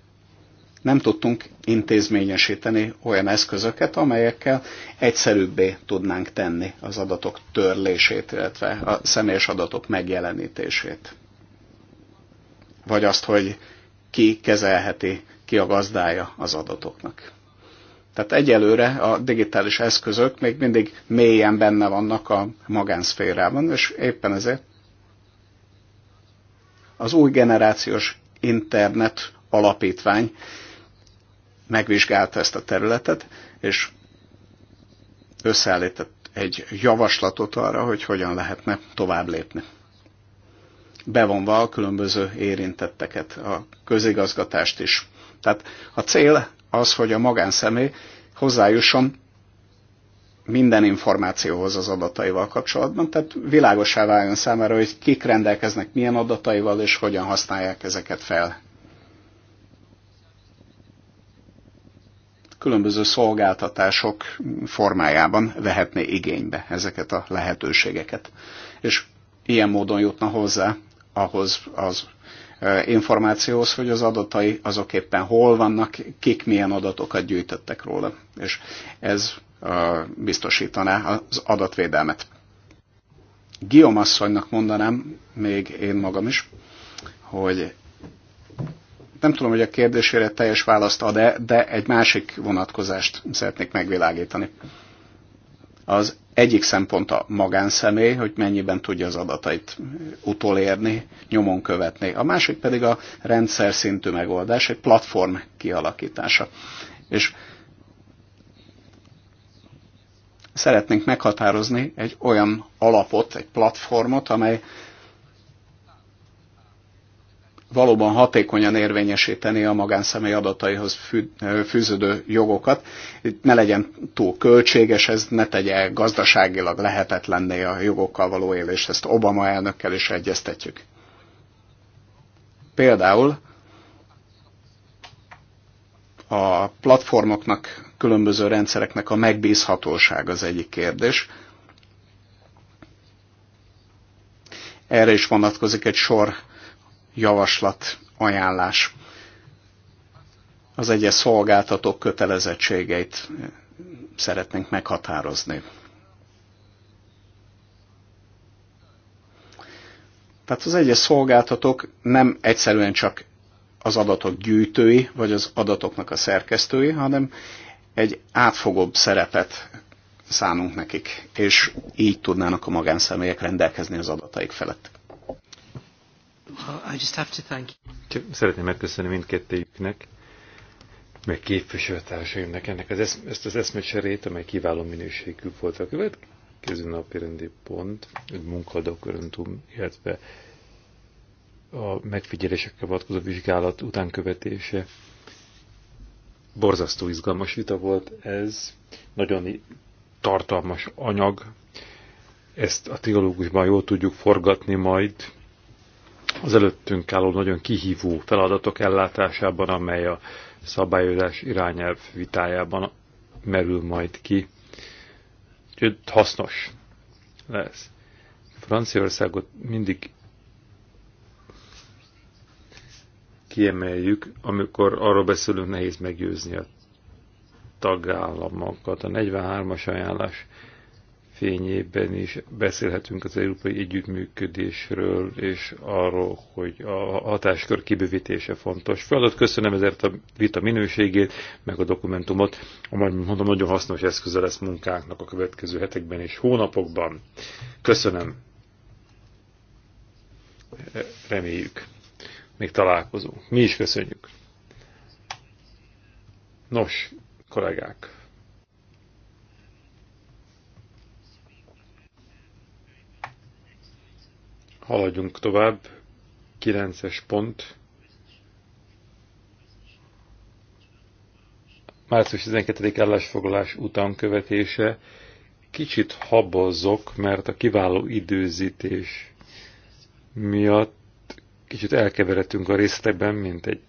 nem tudtunk intézményesíteni olyan eszközöket, amelyekkel egyszerűbbé tudnánk tenni az adatok törlését, illetve a személyes adatok megjelenítését. Vagy azt, hogy ki kezelheti, ki a gazdája az adatoknak. Tehát egyelőre a digitális eszközök még mindig mélyen benne vannak a magánszférában, és éppen ezért az új generációs internet alapítvány megvizsgálta ezt a területet, és összeállított egy javaslatot arra, hogy hogyan lehetne tovább lépni. Bevonva a különböző érintetteket, a közigazgatást is. Tehát a cél az, hogy a magánszemély hozzájusson minden információhoz az adataival kapcsolatban, tehát világosá váljon számára, hogy kik rendelkeznek milyen adataival, és hogyan használják ezeket fel. Különböző szolgáltatások formájában vehetné igénybe ezeket a lehetőségeket. És ilyen módon jutna hozzá ahhoz az információhoz, hogy az adatai azok éppen hol vannak, kik milyen adatokat gyűjtöttek róla. És ez biztosítaná az adatvédelmet. Guillaume asszonynak mondanám, még én magam is, hogy nem tudom, hogy a kérdésére teljes választ ad-e, de egy másik vonatkozást szeretnék megvilágítani. Az egyik szempont a magánszemély, hogy mennyiben tudja az adatait utolérni, nyomon követni. A másik pedig a rendszer szintű megoldás, egy platform kialakítása. És szeretnénk meghatározni egy olyan alapot, egy platformot, amely valóban hatékonyan érvényesíteni a magánszemély adataihoz fűződő jogokat. Itt ne legyen túl költséges, ez ne tegye gazdaságilag lehetetlenné a jogokkal való élést, ezt Obama elnökkel is egyeztetjük. Például a platformoknak, különböző rendszereknek a megbízhatóság az egyik kérdés. Erre is vonatkozik egy sor javaslat, ajánlás az egyes szolgáltatók kötelezettségeit szeretnénk meghatározni. Tehát az egyes szolgáltatók nem egyszerűen csak az adatok gyűjtői, vagy az adatoknak a szerkesztői, hanem egy átfogóbb szerepet szánunk nekik, és így tudnának a magánszemélyek rendelkezni az adataik felett. Csak szeretném megköszönni mindkettőjüknek, meg képviselőtársaimnak ennek az esz, ezt az eszmecserét, amely kiváló minőségű volt a következő napi rendi pont, egy munkadoköröntum, illetve a megfigyelésekkel vonatkozó vizsgálat utánkövetése. Borzasztó izgalmas vita volt ez, nagyon tartalmas anyag, ezt a teológusban jól tudjuk forgatni majd, az előttünk álló nagyon kihívó feladatok ellátásában, amely a szabályozás irányelv vitájában merül majd ki. Úgyhogy hasznos lesz. Franciaországot mindig kiemeljük, amikor arról beszélünk, nehéz meggyőzni a tagállamokat. A 43-as ajánlás fényében is beszélhetünk az európai együttműködésről, és arról, hogy a hatáskör kibővítése fontos feladat. Köszönöm ezért a vita minőségét, meg a dokumentumot, majd mondom, nagyon hasznos eszköze lesz munkánknak a következő hetekben és hónapokban. Köszönöm. Reméljük. Még találkozunk. Mi is köszönjük. Nos, kollégák. Haladjunk tovább. 9-es pont. Március 12. állásfoglalás után követése. Kicsit habozok, mert a kiváló időzítés miatt kicsit elkeveredtünk a részletekben, mint egy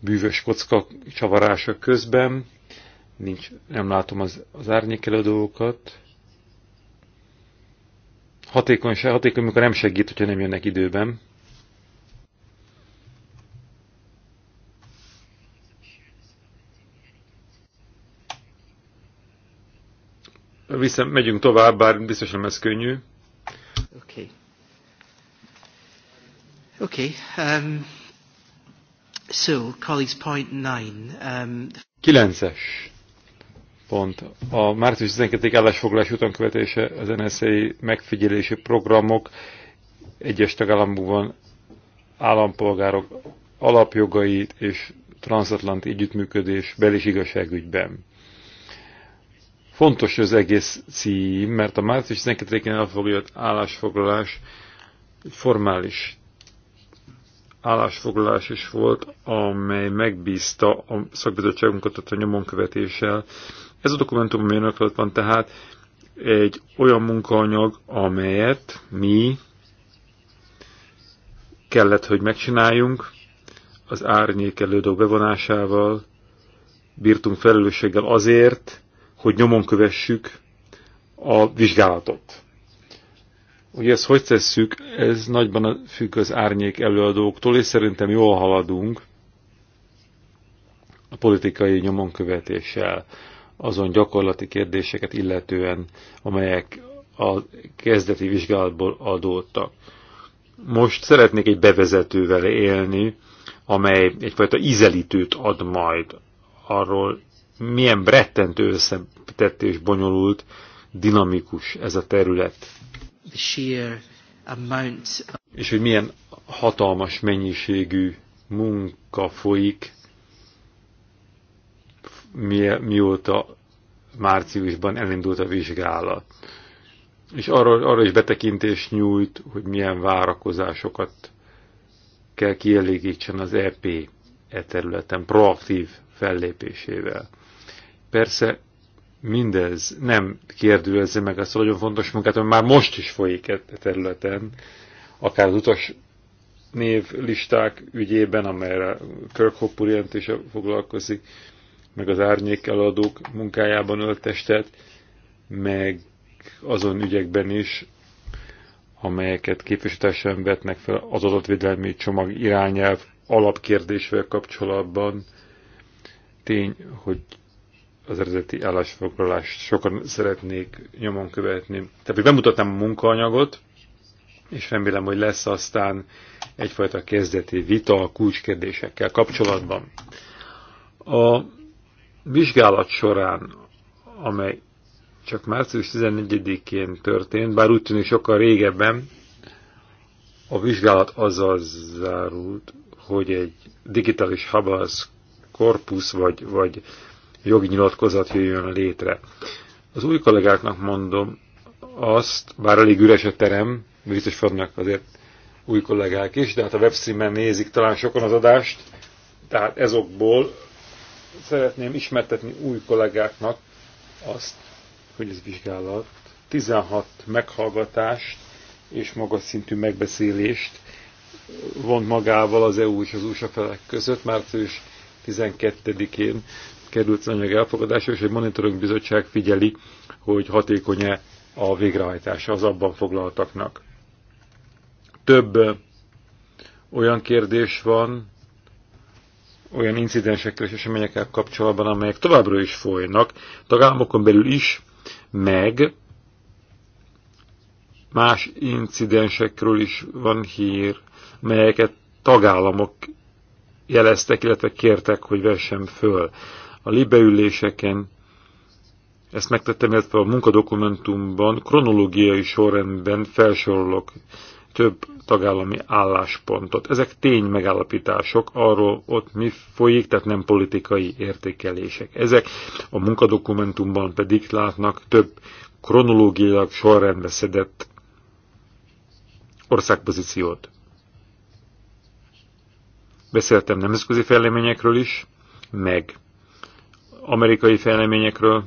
bűvös kocka csavarása közben. Nincs, nem látom az, az dolgokat hatékonyság, hatékony, amikor nem segít, hogyha nem jönnek időben. Vissza, megyünk tovább, bár biztos nem ez könnyű. Oké. Okay. Okay. Um, so, colleagues, point nine. Um... Kilences pont. A március 12. állásfoglalás követése, az NSA megfigyelési programok egyes tagállamokban állampolgárok alapjogait és transatlanti együttműködés belis igazságügyben. Fontos az egész cím, mert a március 12-én elfoglalt állásfoglalás formális állásfoglalás is volt, amely megbízta a szakbizottságunkat a nyomonkövetéssel ez a dokumentum, ami önök van tehát, egy olyan munkaanyag, amelyet mi kellett, hogy megcsináljunk, az árnyék elődő bevonásával, bírtunk felelősséggel azért, hogy nyomon kövessük a vizsgálatot. Ugye ezt hogy tesszük, ez nagyban függ az árnyék előadóktól, és szerintem jól haladunk a politikai nyomon követéssel azon gyakorlati kérdéseket illetően, amelyek a kezdeti vizsgálatból adódtak. Most szeretnék egy bevezetővel élni, amely egyfajta ízelítőt ad majd arról, milyen rettentő összetett és bonyolult, dinamikus ez a terület. És hogy milyen hatalmas mennyiségű munka folyik mi, mióta márciusban elindult a vizsgálat. És arra, arra is betekintést nyújt, hogy milyen várakozásokat kell kielégítsen az EP e területen proaktív fellépésével. Persze mindez nem kérdőjelzi meg azt a nagyon fontos munkát, ami már most is folyik e területen, akár az utas névlisták ügyében, amelyre Kirk Hoppur jelentése foglalkozik, meg az árnyék eladók munkájában öltestet, meg azon ügyekben is, amelyeket képviselősen vetnek fel az adatvédelmi csomag irányelv alapkérdésvel kapcsolatban. Tény, hogy az eredeti állásfoglalást sokan szeretnék nyomon követni. Tehát, hogy bemutatnám a munkaanyagot, és remélem, hogy lesz aztán egyfajta kezdeti vita a kulcskérdésekkel kapcsolatban. A vizsgálat során, amely csak március 14-én történt, bár úgy tűnik sokkal régebben, a vizsgálat azzal zárult, hogy egy digitális habasz korpusz vagy, vagy jogi nyilatkozat jöjjön létre. Az új kollégáknak mondom azt, bár elég üres a terem, biztos vannak azért új kollégák is, de hát a webszínben nézik talán sokan az adást, tehát ezokból szeretném ismertetni új kollégáknak azt, hogy ez vizsgálat 16 meghallgatást és magas szintű megbeszélést vont magával az EU és az USA felek között. Március 12-én került az anyag elfogadása, és egy monitoring bizottság figyeli, hogy hatékony-e a végrehajtása az abban foglaltaknak. Több olyan kérdés van, olyan incidensekkel és eseményekkel kapcsolatban, amelyek továbbra is folynak, tagállamokon belül is, meg más incidensekről is van hír, melyeket tagállamok jeleztek, illetve kértek, hogy vessem föl. A libeüléseken ezt megtettem, illetve a munkadokumentumban kronológiai sorrendben felsorolok több tagállami álláspontot. Ezek tény megállapítások, arról ott mi folyik, tehát nem politikai értékelések. Ezek a munkadokumentumban pedig látnak több kronológiailag sorrendbe szedett országpozíciót. Beszéltem nemzetközi fejleményekről is, meg amerikai fejleményekről,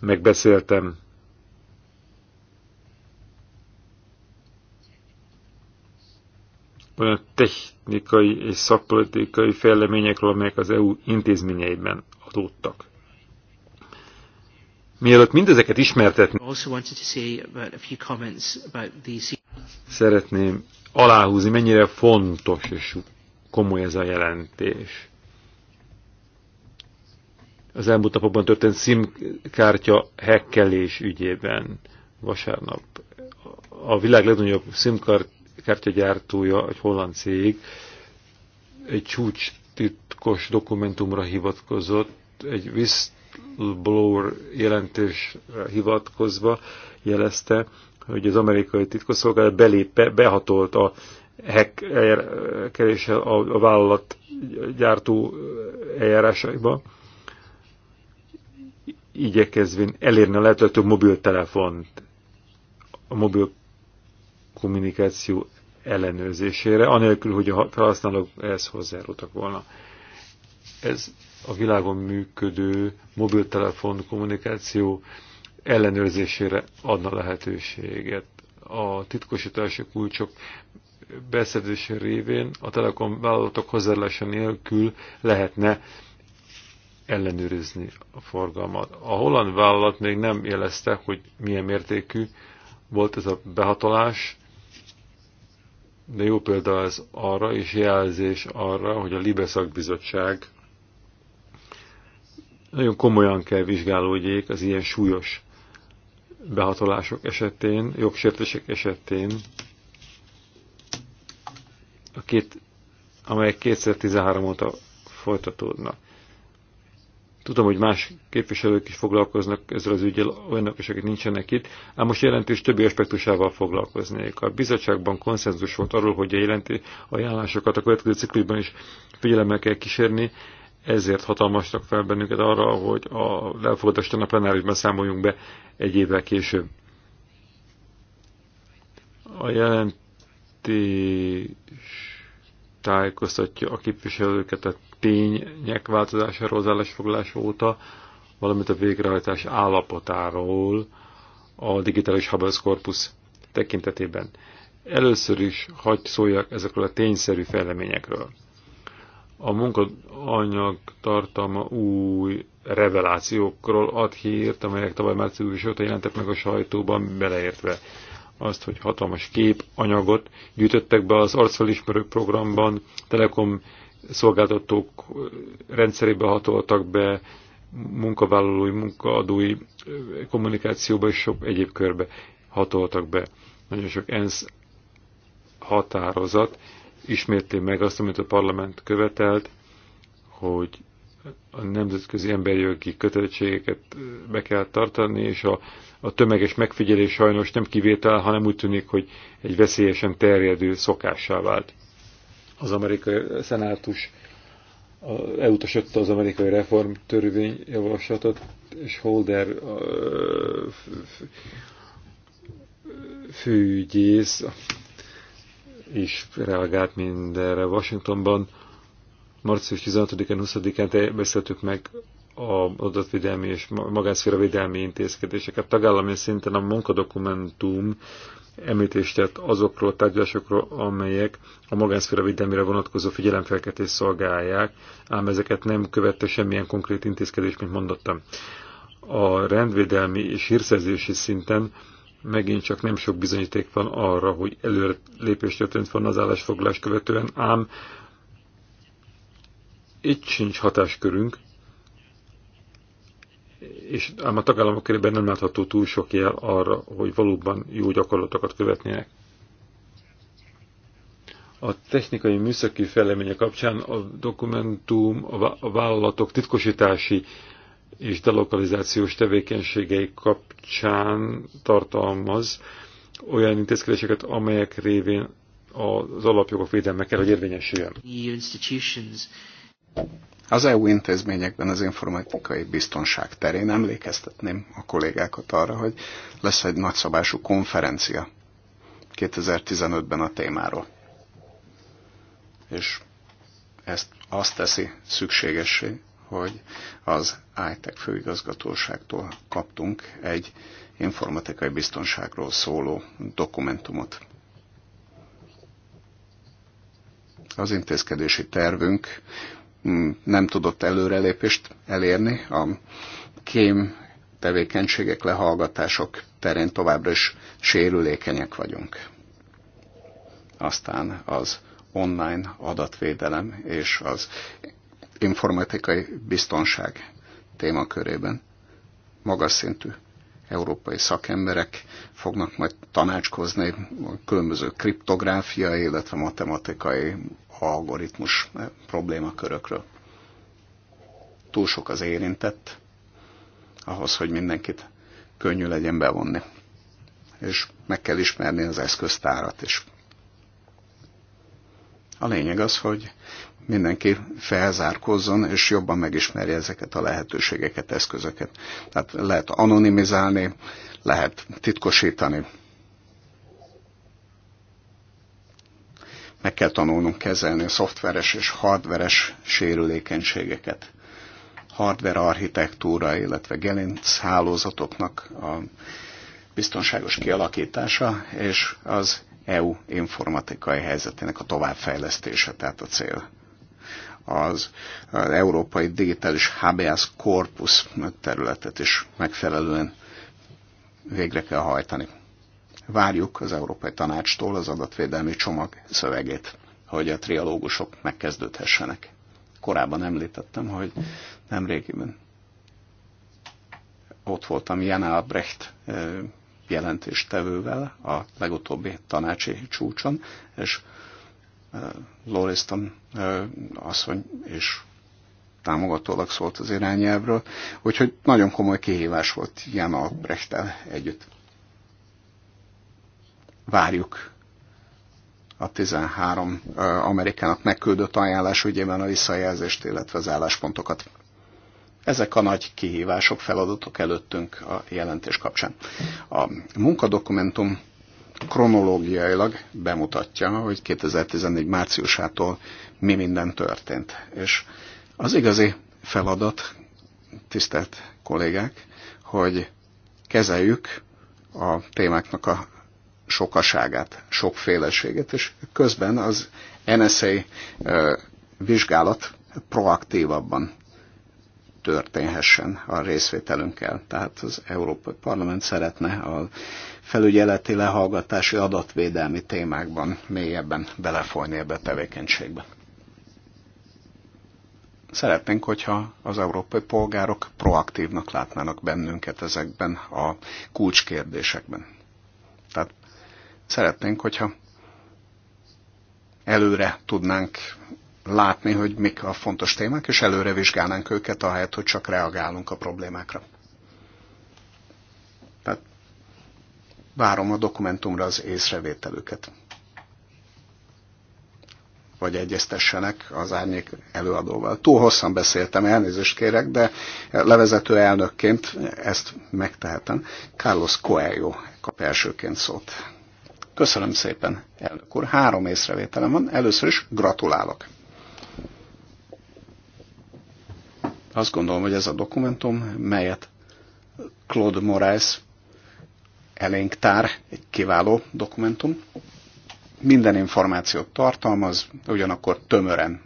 megbeszéltem olyan technikai és szakpolitikai fejleményekről, amelyek az EU intézményeiben adódtak. Mielőtt mindezeket ismertetni, szeretném aláhúzni, mennyire fontos és komoly ez a jelentés. Az elmúlt napokban történt SIM-kártya hekkelés ügyében vasárnap. A világ legnagyobb SIM-kártya kártyagyártója, egy holland cég, egy csúcs titkos dokumentumra hivatkozott, egy whistleblower jelentésre hivatkozva jelezte, hogy az amerikai titkosszolgálat belépe, behatolt a hack a, a vállalat gyártó eljárásaiba, igyekezvén elérni a lehető mobiltelefont, a mobil kommunikáció ellenőrzésére, anélkül, hogy a felhasználók ehhez hozzájárultak volna. Ez a világon működő mobiltelefon kommunikáció ellenőrzésére adna lehetőséget. A titkosítási kulcsok beszedése révén a telekom vállalatok hozzáállása nélkül lehetne ellenőrizni a forgalmat. A holland vállalat még nem jelezte, hogy milyen mértékű volt ez a behatolás, de jó példa az arra, és jelzés arra, hogy a Libe szakbizottság nagyon komolyan kell vizsgálódjék az ilyen súlyos behatolások esetén, jogsértések esetén, a két, amelyek 2013 óta folytatódnak. Tudom, hogy más képviselők is foglalkoznak ezzel az ügyel, olyanok is, akik nincsenek itt, ám most jelentős többi aspektusával foglalkoznék. A bizottságban konszenzus volt arról, hogy a jelenti ajánlásokat a következő ciklusban is figyelemmel kell kísérni, ezért hatalmasnak fel bennünket arra, hogy a elfogadástán a plenárisban számoljunk be egy évvel később. A jelentés tájékoztatja a képviselőket a tények változásáról az állásfoglalás óta, valamint a végrehajtás állapotáról a digitális habeas corpus tekintetében. Először is hagy szóljak ezekről a tényszerű fejleményekről. A munkaanyag tartalma új revelációkról ad hírt, amelyek tavaly március óta jelentek meg a sajtóban, beleértve azt, hogy hatalmas kép, anyagot gyűjtöttek be az arcfelismerő programban, telekom szolgáltatók rendszerébe hatoltak be, munkavállalói, munkaadói kommunikációba és sok egyéb körbe hatoltak be. Nagyon sok ENSZ határozat ismétli meg azt, amit a parlament követelt, hogy a nemzetközi emberi jogi kötelezettségeket be kell tartani, és a, a tömeges megfigyelés sajnos nem kivétel, hanem úgy tűnik, hogy egy veszélyesen terjedő szokássá vált. Az amerikai szenátus elutasította az amerikai reformtörvény javaslatot, és Holder a, főügyész is reagált mindenre Washingtonban március 16-án, 20-án beszéltük meg a adatvédelmi és magánszféra védelmi intézkedéseket. Tagállami szinten a munkadokumentum említést tett azokról a tárgyalásokról, amelyek a magánszféra védelmére vonatkozó figyelemfelkeltést szolgálják, ám ezeket nem követte semmilyen konkrét intézkedés, mint mondottam. A rendvédelmi és hírszerzési szinten megint csak nem sok bizonyíték van arra, hogy előre lépés történt volna az állásfoglalás követően, ám itt sincs hatáskörünk, és ám a tagállamok körében nem látható túl sok jel arra, hogy valóban jó gyakorlatokat követnének. A technikai műszaki fejlemények kapcsán a dokumentum a vállalatok titkosítási és delokalizációs tevékenységei kapcsán tartalmaz olyan intézkedéseket, amelyek révén az alapjogok védelme kell, hogy érvényesüljön. Az EU intézményekben az informatikai biztonság terén emlékeztetném a kollégákat arra, hogy lesz egy nagyszabású konferencia 2015-ben a témáról. És ezt azt teszi szükségessé, hogy az ITEC főigazgatóságtól kaptunk egy informatikai biztonságról szóló dokumentumot. Az intézkedési tervünk Mm, nem tudott előrelépést elérni. A kém tevékenységek, lehallgatások terén továbbra is sérülékenyek vagyunk. Aztán az online adatvédelem és az informatikai biztonság témakörében magas szintű európai szakemberek fognak majd tanácskozni különböző kriptográfiai, illetve matematikai algoritmus eh, problémakörökről. Túl sok az érintett, ahhoz, hogy mindenkit könnyű legyen bevonni. És meg kell ismerni az eszköztárat is. A lényeg az, hogy mindenki felzárkozzon, és jobban megismerje ezeket a lehetőségeket, eszközöket. Tehát lehet anonimizálni, lehet titkosítani, meg kell tanulnunk kezelni a szoftveres és hardveres sérülékenységeket. Hardware architektúra, illetve gelinc hálózatoknak a biztonságos kialakítása és az EU informatikai helyzetének a továbbfejlesztése, tehát a cél. Az, az Európai Digitális HBS Corpus területet is megfelelően végre kell hajtani várjuk az Európai Tanácstól az adatvédelmi csomag szövegét, hogy a trialógusok megkezdődhessenek. Korábban említettem, hogy nem régiben ott voltam Jan Albrecht jelentéstevővel a legutóbbi tanácsi csúcson, és Loriston asszony és támogatólag szólt az irányelvről, úgyhogy nagyon komoly kihívás volt Jan Albrechtel együtt várjuk a 13 Amerikának megküldött ajánlás ügyében a visszajelzést, illetve az álláspontokat. Ezek a nagy kihívások, feladatok előttünk a jelentés kapcsán. A munkadokumentum kronológiailag bemutatja, hogy 2014 márciusától mi minden történt. És az igazi feladat, tisztelt kollégák, hogy kezeljük a témáknak a sokaságát, sokféleséget, és közben az NSA eh, vizsgálat proaktívabban történhessen a részvételünkkel. Tehát az Európai Parlament szeretne a felügyeleti lehallgatási adatvédelmi témákban mélyebben belefolyni ebbe a tevékenységbe. Szeretnénk, hogyha az európai polgárok proaktívnak látnának bennünket ezekben a kulcskérdésekben. Szeretnénk, hogyha előre tudnánk látni, hogy mik a fontos témák, és előre vizsgálnánk őket, ahelyett, hogy csak reagálunk a problémákra. Tehát várom a dokumentumra az észrevételüket. Vagy egyeztessenek az árnyék előadóval. Túl hosszan beszéltem, elnézést kérek, de levezető elnökként ezt megtehetem. Carlos Coelho kap elsőként szót. Köszönöm szépen, elnök úr. Három észrevételem van. Először is gratulálok. Azt gondolom, hogy ez a dokumentum, melyet Claude Moraes elénk tár, egy kiváló dokumentum. Minden információt tartalmaz, ugyanakkor tömören.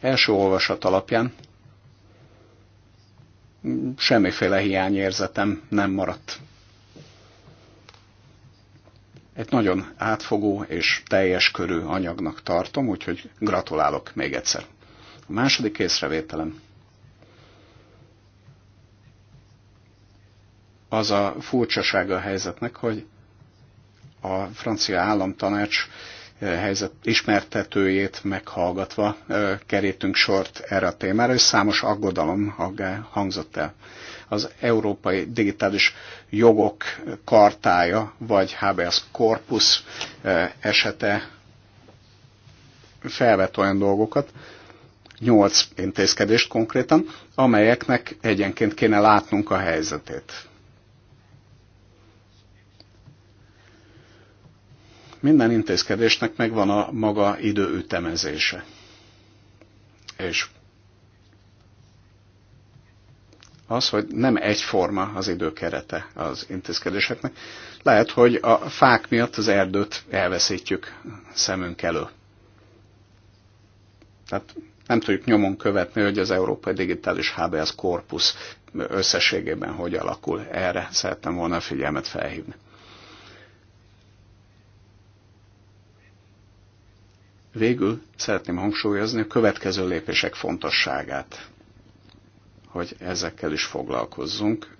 Első olvasat alapján semmiféle hiányérzetem nem maradt egy nagyon átfogó és teljes körű anyagnak tartom, úgyhogy gratulálok még egyszer. A második észrevételem. Az a furcsasága a helyzetnek, hogy a francia államtanács eh, helyzet ismertetőjét meghallgatva eh, kerítünk sort erre a témára, és számos aggodalom hangzott el az Európai Digitális Jogok Kartája, vagy HBS Corpus eh, esete felvet olyan dolgokat, nyolc intézkedést konkrétan, amelyeknek egyenként kéne látnunk a helyzetét. Minden intézkedésnek megvan a maga időütemezése. És az, hogy nem egyforma az időkerete az intézkedéseknek. Lehet, hogy a fák miatt az erdőt elveszítjük szemünk elő. Tehát nem tudjuk nyomon követni, hogy az Európai Digitális HBS korpusz összességében hogy alakul. Erre szerettem volna a figyelmet felhívni. Végül szeretném hangsúlyozni a következő lépések fontosságát hogy ezekkel is foglalkozzunk.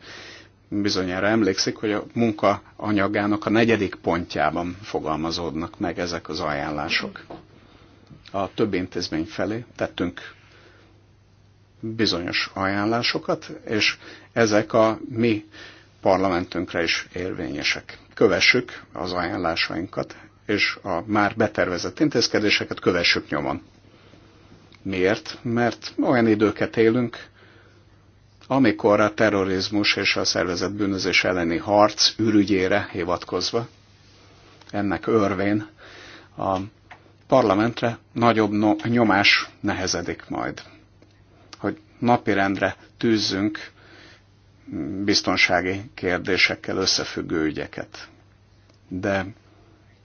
Bizonyára emlékszik, hogy a munka anyagának a negyedik pontjában fogalmazódnak meg ezek az ajánlások. A több intézmény felé tettünk bizonyos ajánlásokat, és ezek a mi parlamentünkre is érvényesek. Kövessük az ajánlásainkat, és a már betervezett intézkedéseket kövessük nyomon. Miért? Mert olyan időket élünk, amikor a terrorizmus és a szervezett bűnözés elleni harc ürügyére hivatkozva, ennek örvén a parlamentre nagyobb no nyomás nehezedik majd, hogy napirendre tűzzünk biztonsági kérdésekkel összefüggő ügyeket. De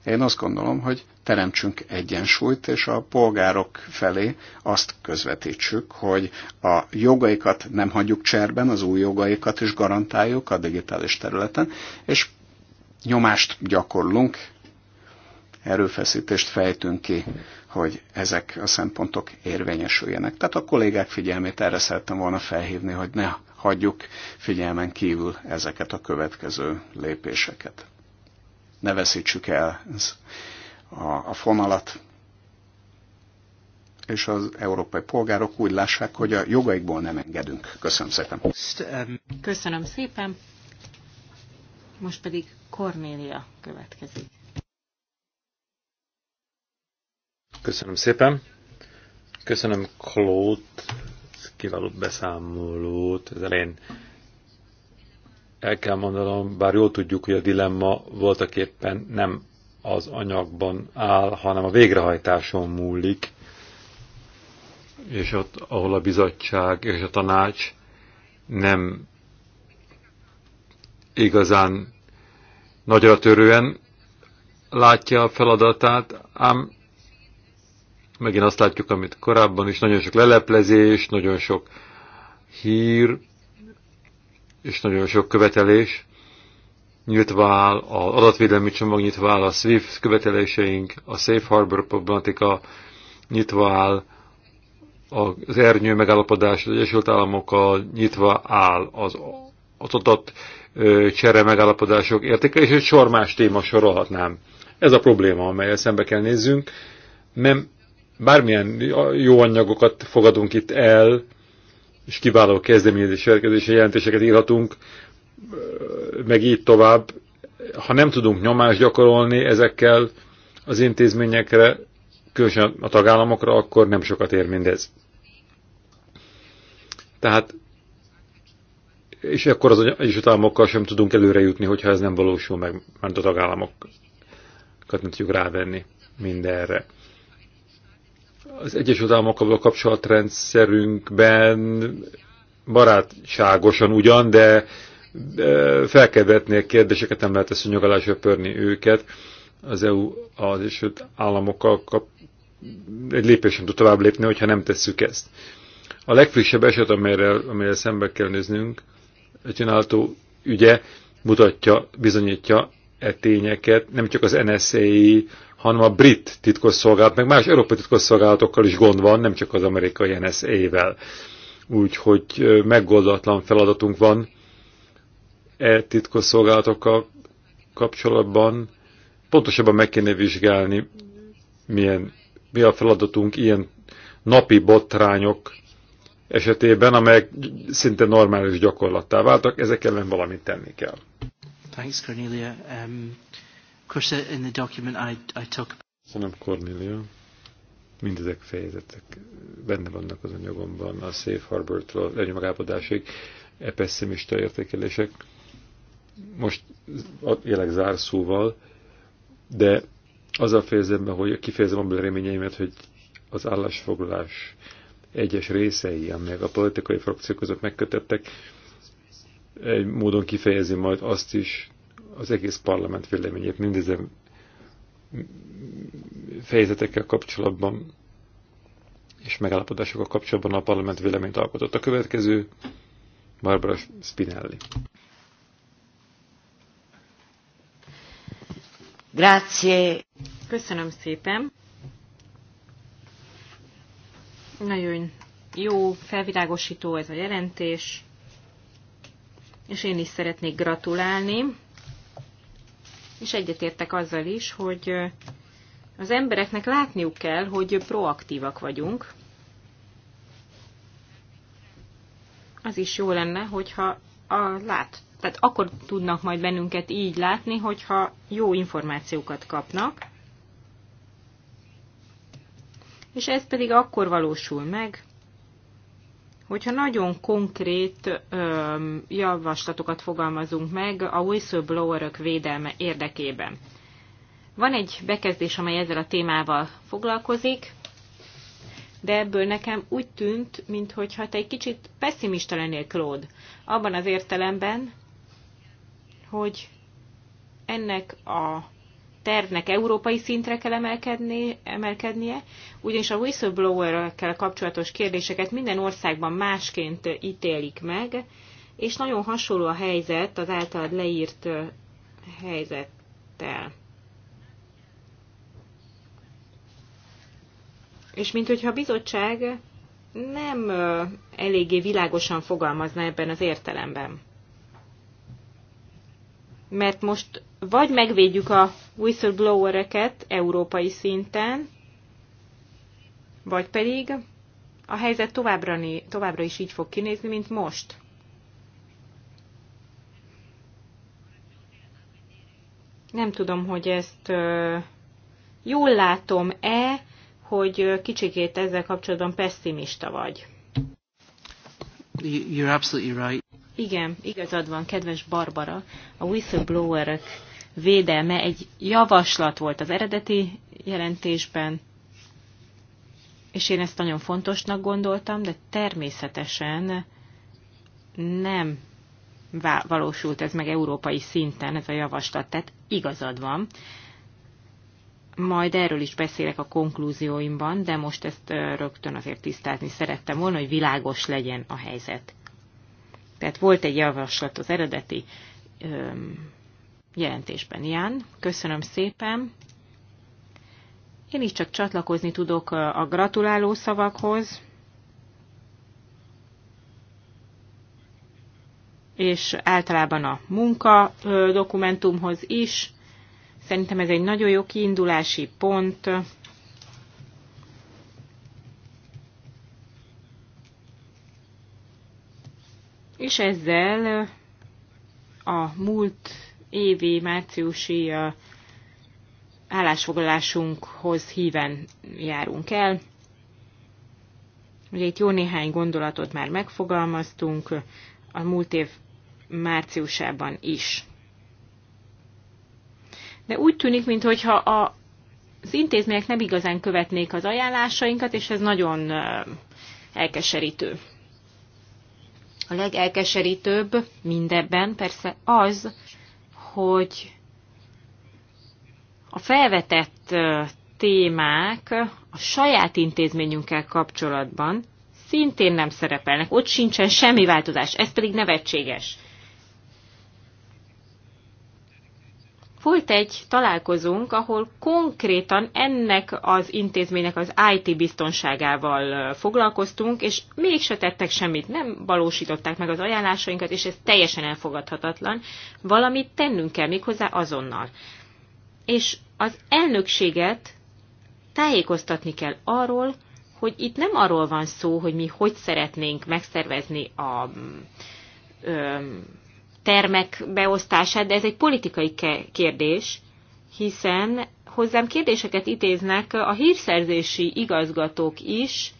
én azt gondolom, hogy teremtsünk egyensúlyt, és a polgárok felé azt közvetítsük, hogy a jogaikat nem hagyjuk cserben, az új jogaikat is garantáljuk a digitális területen, és nyomást gyakorlunk, erőfeszítést fejtünk ki, hogy ezek a szempontok érvényesüljenek. Tehát a kollégák figyelmét erre szerettem volna felhívni, hogy ne hagyjuk figyelmen kívül ezeket a következő lépéseket. Ne veszítsük el a, a fonalat, és az európai polgárok úgy lássák, hogy a jogaikból nem engedünk. Köszönöm szépen. Köszönöm szépen. Most pedig Kornélia következik. Köszönöm szépen. Köszönöm Klót, kiváló beszámolót. Az elején el kell mondanom, bár jól tudjuk, hogy a dilemma voltak éppen nem az anyagban áll, hanem a végrehajtáson múlik, és ott, ahol a bizottság és a tanács nem igazán nagyra törően látja a feladatát, ám megint azt látjuk, amit korábban is, nagyon sok leleplezés, nagyon sok hír, és nagyon sok követelés, nyitva áll, az adatvédelmi csomag nyitva áll, a SWIFT követeléseink, a Safe Harbor problematika nyitva áll, az ernyő megállapodás az Egyesült Államokkal nyitva áll, az, az adat csere megállapodások értéke, és egy sor más téma sorolhatnám. Ez a probléma, amelyel szembe kell nézzünk. Nem bármilyen jó anyagokat fogadunk itt el, és kiváló kezdeményezés, jelentéseket írhatunk, meg így tovább, ha nem tudunk nyomást gyakorolni ezekkel az intézményekre, különösen a tagállamokra, akkor nem sokat ér mindez. Tehát, és akkor az Egyesült Államokkal sem tudunk előre jutni, hogyha ez nem valósul meg, mert a tagállamokat nem tudjuk rávenni mindenre. Az Egyesült Államokkal való kapcsolatrendszerünkben barátságosan ugyan, de fel kell vetni a kérdéseket, nem lehet ezt nyugalásra pörni őket. Az EU az hogy Államokkal kap, egy lépésen tud tovább lépni, hogyha nem tesszük ezt. A legfrissebb eset, amelyel, amelyel szembe kell néznünk, a csináltó ügye mutatja, bizonyítja e tényeket, nem csak az NSA-i, hanem a brit titkosszolgálat, meg más európai titkosszolgálatokkal is gond van, nem csak az amerikai NSA-vel. Úgyhogy megoldatlan feladatunk van, e titkosszolgálatokkal kapcsolatban pontosabban meg kéne vizsgálni, milyen, mi a feladatunk ilyen napi botrányok esetében, amelyek szinte normális gyakorlattá váltak, ezek ellen valamit tenni kell. Thanks, Cornelia. Um, of course, uh, in the document I, I talk Köszönöm, Cornelia. Mindezek fejezetek benne vannak az anyagomban, a Safe Harbor-tól a megállapodásig, e pessimista értékelések most jelenleg zárszóval, de azzal fejezem be, hogy kifejezem abban a reményeimet, hogy az állásfoglalás egyes részei, amelyek a politikai frakciók között megkötettek, egy módon kifejezi majd azt is, az egész parlament véleményét mindezen fejezetekkel kapcsolatban és megállapodásokkal kapcsolatban a parlament véleményt alkotott. A következő Barbara Spinelli. Grazie. Köszönöm szépen. Nagyon jó, felvilágosító ez a jelentés, és én is szeretnék gratulálni, és egyetértek azzal is, hogy az embereknek látniuk kell, hogy proaktívak vagyunk. Az is jó lenne, hogyha a lát, tehát akkor tudnak majd bennünket így látni, hogyha jó információkat kapnak. És ez pedig akkor valósul meg, hogyha nagyon konkrét ö, javaslatokat fogalmazunk meg a whistleblowerök védelme érdekében. Van egy bekezdés, amely ezzel a témával foglalkozik, de ebből nekem úgy tűnt, mintha te egy kicsit pessimista lennél, Claude, abban az értelemben, hogy ennek a tervnek európai szintre kell emelkedni, emelkednie, ugyanis a whistleblower-ekkel kapcsolatos kérdéseket minden országban másként ítélik meg, és nagyon hasonló a helyzet az általad leírt helyzettel. És mint hogyha a bizottság nem eléggé világosan fogalmazna ebben az értelemben mert most vagy megvédjük a whistleblowereket európai szinten, vagy pedig a helyzet továbbra, továbbra is így fog kinézni, mint most. Nem tudom, hogy ezt jól látom-e, hogy kicsikét ezzel kapcsolatban pessimista vagy. You're absolutely right. Igen, igazad van, kedves Barbara. A whistleblowerek védelme egy javaslat volt az eredeti jelentésben, és én ezt nagyon fontosnak gondoltam, de természetesen nem valósult ez meg európai szinten, ez a javaslat, tehát igazad van majd erről is beszélek a konklúzióimban, de most ezt rögtön azért tisztázni szerettem volna, hogy világos legyen a helyzet. Tehát volt egy javaslat az eredeti öm, jelentésben. Ján, köszönöm szépen. Én is csak csatlakozni tudok a gratuláló szavakhoz, és általában a munka dokumentumhoz is Szerintem ez egy nagyon jó kiindulási pont. És ezzel a múlt évi márciusi állásfoglalásunkhoz híven járunk el. Ugye itt jó néhány gondolatot már megfogalmaztunk a múlt év márciusában is de úgy tűnik, mintha a, az intézmények nem igazán követnék az ajánlásainkat, és ez nagyon elkeserítő. A legelkeserítőbb mindebben persze az, hogy a felvetett témák a saját intézményünkkel kapcsolatban szintén nem szerepelnek. Ott sincsen semmi változás, ez pedig nevetséges. volt egy találkozónk, ahol konkrétan ennek az intézménynek az IT biztonságával foglalkoztunk, és mégse tettek semmit, nem valósították meg az ajánlásainkat, és ez teljesen elfogadhatatlan. Valamit tennünk kell méghozzá azonnal. És az elnökséget tájékoztatni kell arról, hogy itt nem arról van szó, hogy mi hogy szeretnénk megszervezni a termek beosztását, de ez egy politikai kérdés, hiszen hozzám kérdéseket intéznek a hírszerzési igazgatók is,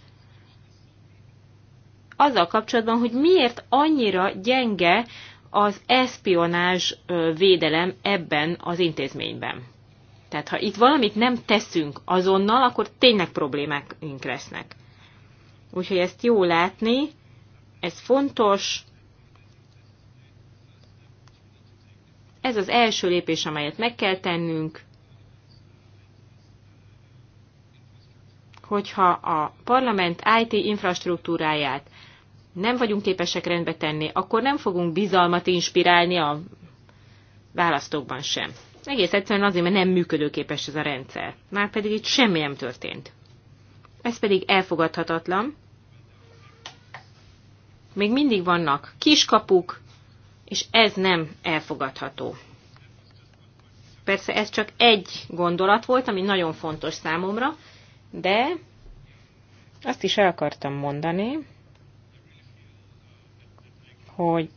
azzal kapcsolatban, hogy miért annyira gyenge az eszpionázs védelem ebben az intézményben. Tehát ha itt valamit nem teszünk azonnal, akkor tényleg problémák lesznek. Úgyhogy ezt jó látni, ez fontos, Ez az első lépés, amelyet meg kell tennünk, hogyha a parlament IT infrastruktúráját nem vagyunk képesek rendbe tenni, akkor nem fogunk bizalmat inspirálni a választókban sem. Egész egyszerűen azért, mert nem működőképes ez a rendszer. Már pedig itt semmi nem történt. Ez pedig elfogadhatatlan. Még mindig vannak kiskapuk, és ez nem elfogadható. Persze ez csak egy gondolat volt, ami nagyon fontos számomra, de azt is el akartam mondani, hogy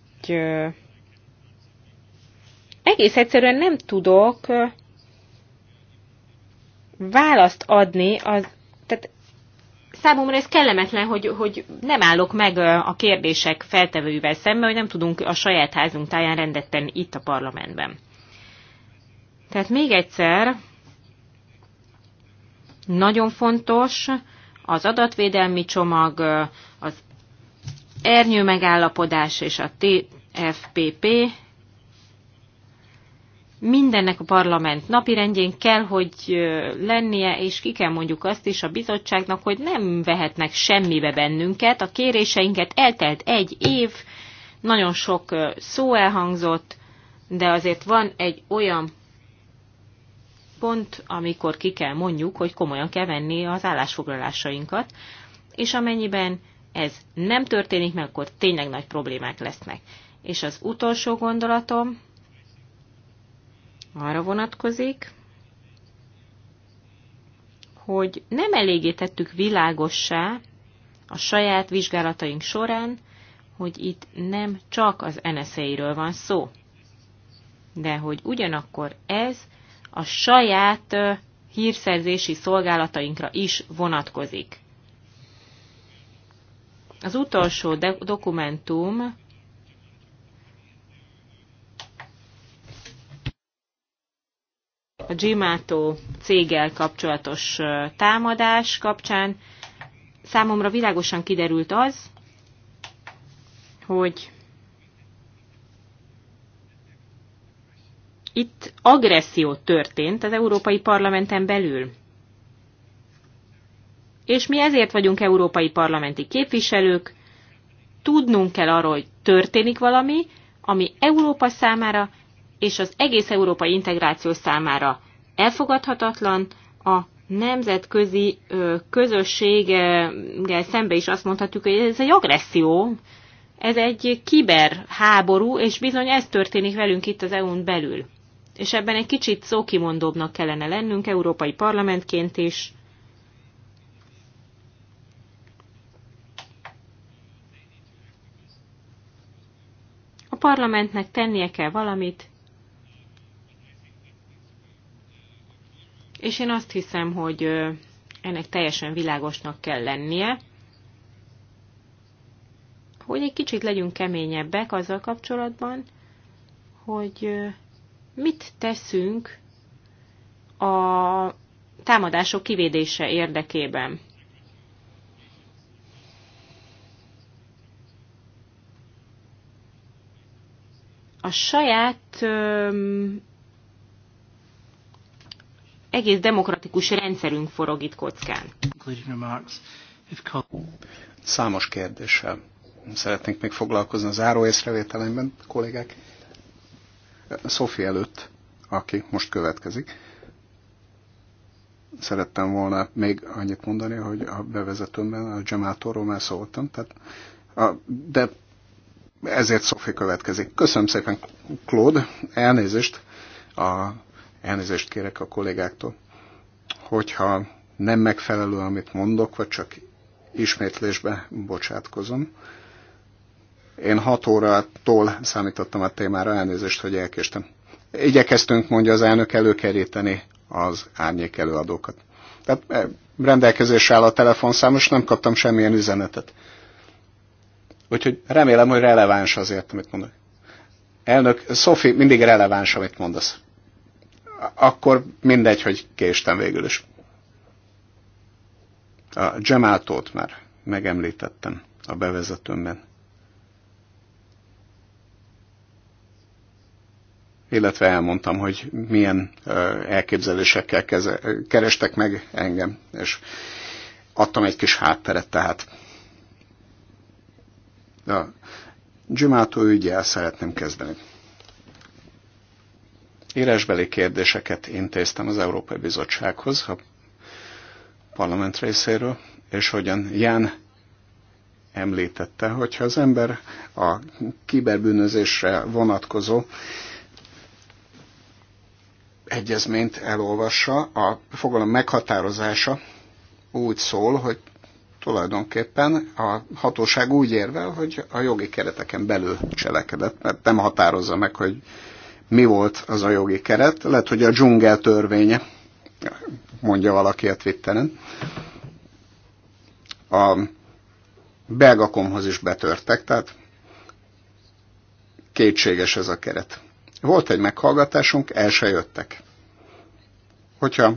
egész egyszerűen nem tudok választ adni az számomra ez kellemetlen, hogy, hogy nem állok meg a kérdések feltevőivel szemben, hogy nem tudunk a saját házunk táján rendet tenni itt a parlamentben. Tehát még egyszer, nagyon fontos az adatvédelmi csomag, az ernyő megállapodás és a TFPP mindennek a parlament napirendjén kell, hogy lennie, és ki kell mondjuk azt is a bizottságnak, hogy nem vehetnek semmibe bennünket, a kéréseinket eltelt egy év, nagyon sok szó elhangzott, de azért van egy olyan pont, amikor ki kell mondjuk, hogy komolyan kell venni az állásfoglalásainkat, és amennyiben ez nem történik meg, akkor tényleg nagy problémák lesznek. És az utolsó gondolatom, arra vonatkozik, hogy nem eléggé tettük világossá a saját vizsgálataink során, hogy itt nem csak az nsz van szó, de hogy ugyanakkor ez a saját hírszerzési szolgálatainkra is vonatkozik. Az utolsó dokumentum a Gimato céggel kapcsolatos támadás kapcsán számomra világosan kiderült az, hogy itt agresszió történt az Európai Parlamenten belül. És mi ezért vagyunk európai parlamenti képviselők, tudnunk kell arról, hogy történik valami, ami Európa számára és az egész európai integráció számára elfogadhatatlan, a nemzetközi közösséggel szembe is azt mondhatjuk, hogy ez egy agresszió, ez egy kiberháború, és bizony ez történik velünk itt az EU-n belül. És ebben egy kicsit szókimondóbbnak kellene lennünk, európai parlamentként is. A parlamentnek tennie kell valamit, és én azt hiszem, hogy ennek teljesen világosnak kell lennie, hogy egy kicsit legyünk keményebbek azzal kapcsolatban, hogy mit teszünk a támadások kivédése érdekében. A saját egész demokratikus rendszerünk forog itt kockán. Számos kérdéssel szeretnénk még foglalkozni a záró észrevételemben, kollégák. Szofi előtt, aki most következik, szerettem volna még annyit mondani, hogy a bevezetőmben a Gemátorról már szóltam, tehát a, de ezért Szofi következik. Köszönöm szépen, Claude, elnézést a elnézést kérek a kollégáktól, hogyha nem megfelelő, amit mondok, vagy csak ismétlésbe bocsátkozom. Én 6 órától számítottam a témára, elnézést, hogy elkéstem. Igyekeztünk, mondja az elnök, előkeríteni az árnyék előadókat. Tehát eh, rendelkezés áll a telefonszám, és nem kaptam semmilyen üzenetet. Úgyhogy remélem, hogy releváns azért, amit mondok. Elnök, Szofi, mindig releváns, amit mondasz akkor mindegy, hogy késtem végül is. A Gemátót már megemlítettem a bevezetőmben. Illetve elmondtam, hogy milyen elképzelésekkel keze, kerestek meg engem, és adtam egy kis hátteret, tehát a Gemátó ügyel szeretném kezdeni írásbeli kérdéseket intéztem az Európai Bizottsághoz a parlament részéről, és hogyan Ján említette, hogyha az ember a kiberbűnözésre vonatkozó egyezményt elolvassa, a fogalom meghatározása úgy szól, hogy tulajdonképpen a hatóság úgy érvel, hogy a jogi kereteken belül cselekedett, mert nem határozza meg, hogy mi volt az a jogi keret, lehet, hogy a dzsungel törvénye, mondja valaki a Twitteren. A belgakomhoz is betörtek, tehát kétséges ez a keret. Volt egy meghallgatásunk, el se jöttek. Hogyha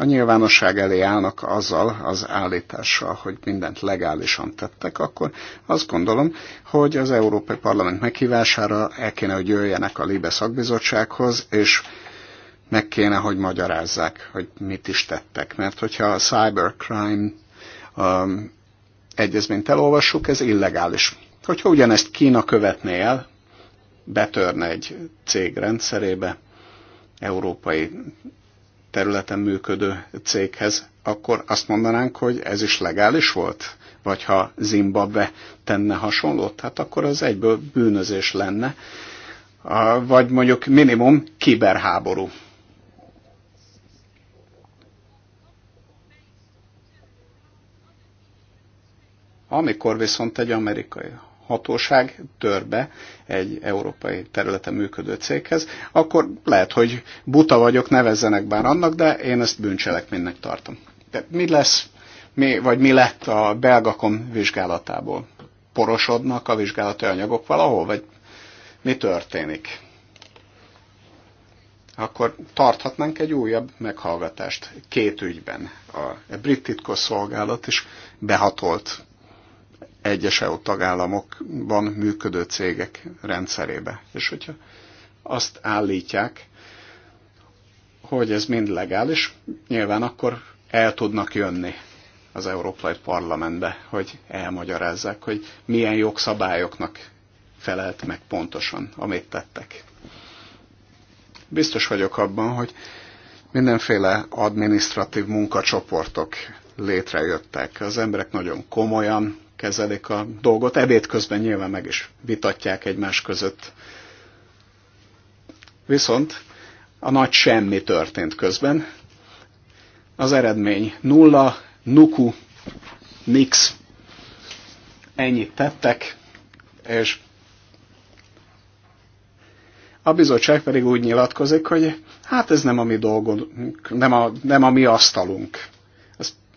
a nyilvánosság elé állnak azzal az állítással, hogy mindent legálisan tettek, akkor azt gondolom, hogy az Európai Parlament meghívására el kéne, hogy jöjjenek a Libe szakbizottsághoz, és meg kéne, hogy magyarázzák, hogy mit is tettek. Mert hogyha a cybercrime um, egyezményt elolvassuk, ez illegális. Hogyha ugyanezt Kína követné el, betörne egy cég rendszerébe, európai területen működő céghez, akkor azt mondanánk, hogy ez is legális volt? Vagy ha Zimbabwe tenne hasonlót, hát akkor az egyből bűnözés lenne, vagy mondjuk minimum kiberháború. Amikor viszont egy amerikai hatóság törbe egy európai területen működő céghez, akkor lehet, hogy buta vagyok, nevezzenek bár annak, de én ezt bűncselekménynek tartom. De mi lesz, mi, vagy mi lett a belgakom vizsgálatából? Porosodnak a vizsgálati anyagok valahol, vagy mi történik? akkor tarthatnánk egy újabb meghallgatást két ügyben. A brit titkosszolgálat is behatolt egyes EU tagállamokban működő cégek rendszerébe. És hogyha azt állítják, hogy ez mind legális, nyilván akkor el tudnak jönni az Európai Parlamentbe, hogy elmagyarázzák, hogy milyen jogszabályoknak felelt meg pontosan, amit tettek. Biztos vagyok abban, hogy mindenféle administratív munkacsoportok létrejöttek. Az emberek nagyon komolyan kezelik a dolgot. Ebéd közben nyilván meg is vitatják egymás között. Viszont a nagy semmi történt közben. Az eredmény nulla, nuku, nix. Ennyit tettek, és a bizottság pedig úgy nyilatkozik, hogy hát ez nem a mi dolgunk, nem a, nem a mi asztalunk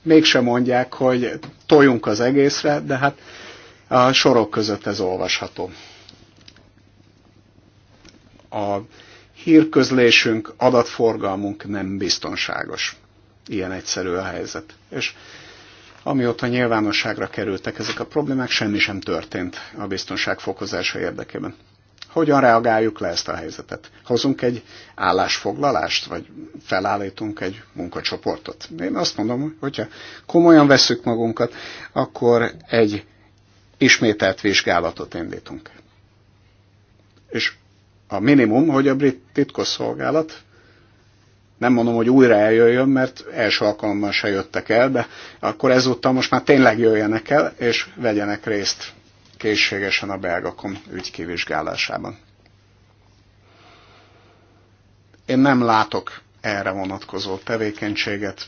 mégsem mondják, hogy toljunk az egészre, de hát a sorok között ez olvasható. A hírközlésünk, adatforgalmunk nem biztonságos. Ilyen egyszerű a helyzet. És amióta nyilvánosságra kerültek ezek a problémák, semmi sem történt a biztonság fokozása érdekében. Hogyan reagáljuk le ezt a helyzetet? Hozunk egy állásfoglalást, vagy felállítunk egy munkacsoportot? Én azt mondom, hogyha komolyan vesszük magunkat, akkor egy ismételt vizsgálatot indítunk. És a minimum, hogy a brit titkosszolgálat, nem mondom, hogy újra eljöjjön, mert első alkalommal se jöttek el, de akkor ezúttal most már tényleg jöjjenek el, és vegyenek részt készségesen a belgakom ügykivizsgálásában. Én nem látok erre vonatkozó tevékenységet.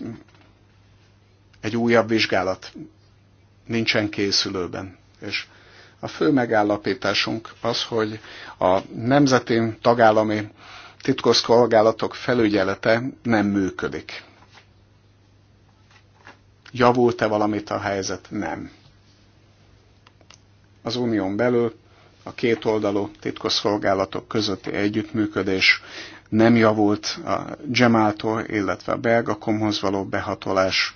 Egy újabb vizsgálat nincsen készülőben. És a fő megállapításunk az, hogy a nemzeti tagállami titkosszolgálatok felügyelete nem működik. Javult-e valamit a helyzet? Nem. Az unión belül a kétoldalú titkosszolgálatok közötti együttműködés nem javult a Gemától, illetve a Belgakomhoz való behatolás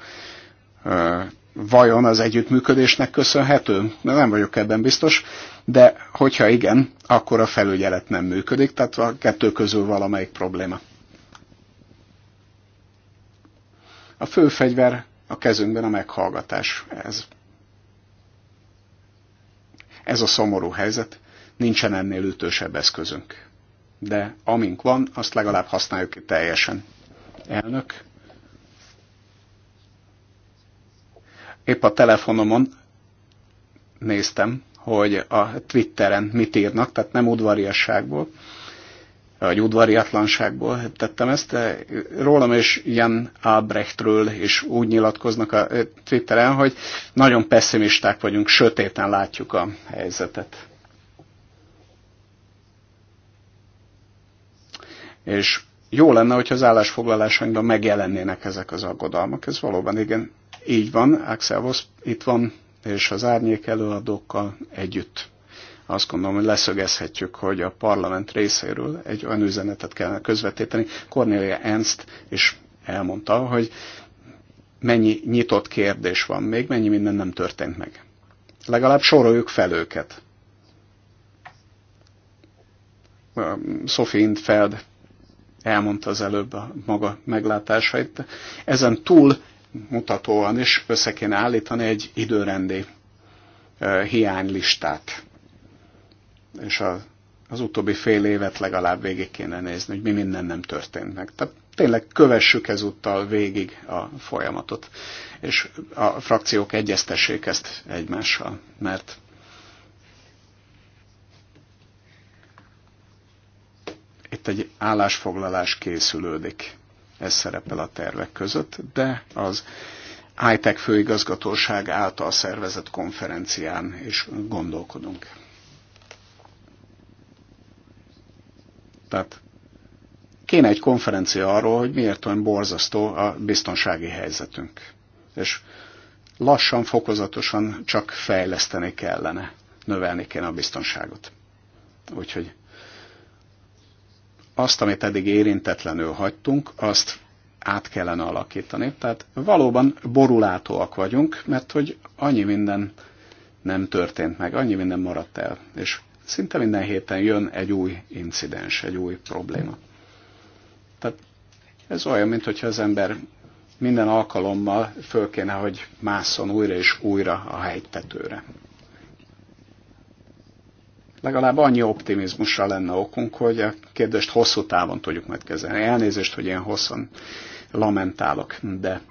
vajon az együttműködésnek köszönhető? De nem vagyok ebben biztos, de hogyha igen, akkor a felügyelet nem működik, tehát a kettő közül valamelyik probléma. A fő a kezünkben a meghallgatás. Ez ez a szomorú helyzet, nincsen ennél ütősebb eszközünk. De amink van, azt legalább használjuk teljesen. Elnök, épp a telefonomon néztem, hogy a Twitteren mit írnak, tehát nem udvariasságból, vagy udvariatlanságból tettem ezt. Rólam és Jan Albrechtről is úgy nyilatkoznak a Twitteren, hogy nagyon pessimisták vagyunk, sötéten látjuk a helyzetet. És jó lenne, hogyha az állásfoglalásainkban megjelennének ezek az aggodalmak. Ez valóban igen, így van. Axel Vosz itt van, és az árnyék előadókkal együtt azt gondolom, hogy leszögezhetjük, hogy a parlament részéről egy olyan üzenetet kellene közvetíteni. Cornelia Ernst is elmondta, hogy mennyi nyitott kérdés van még, mennyi minden nem történt meg. Legalább soroljuk fel őket. Sophie Indfeld elmondta az előbb a maga meglátásait. Ezen túl mutatóan is össze kéne állítani egy időrendi eh, hiánylistát és a, az utóbbi fél évet legalább végig kéne nézni, hogy mi minden nem történt meg. Tehát tényleg kövessük ezúttal végig a folyamatot, és a frakciók egyeztessék ezt egymással, mert itt egy állásfoglalás készülődik, ez szerepel a tervek között, de az ITEC főigazgatóság által szervezett konferencián is gondolkodunk. Tehát kéne egy konferencia arról, hogy miért olyan borzasztó a biztonsági helyzetünk. És lassan, fokozatosan csak fejleszteni kellene, növelni kéne a biztonságot. Úgyhogy azt, amit eddig érintetlenül hagytunk, azt át kellene alakítani. Tehát valóban borulátóak vagyunk, mert hogy annyi minden nem történt meg, annyi minden maradt el. És Szinte minden héten jön egy új incidens, egy új probléma. Tehát ez olyan, mintha az ember minden alkalommal föl kéne, hogy másszon újra és újra a hegytetőre. Legalább annyi optimizmusra lenne okunk, hogy a kérdést hosszú távon tudjuk megkezelni. Elnézést, hogy ilyen hosszan lamentálok, de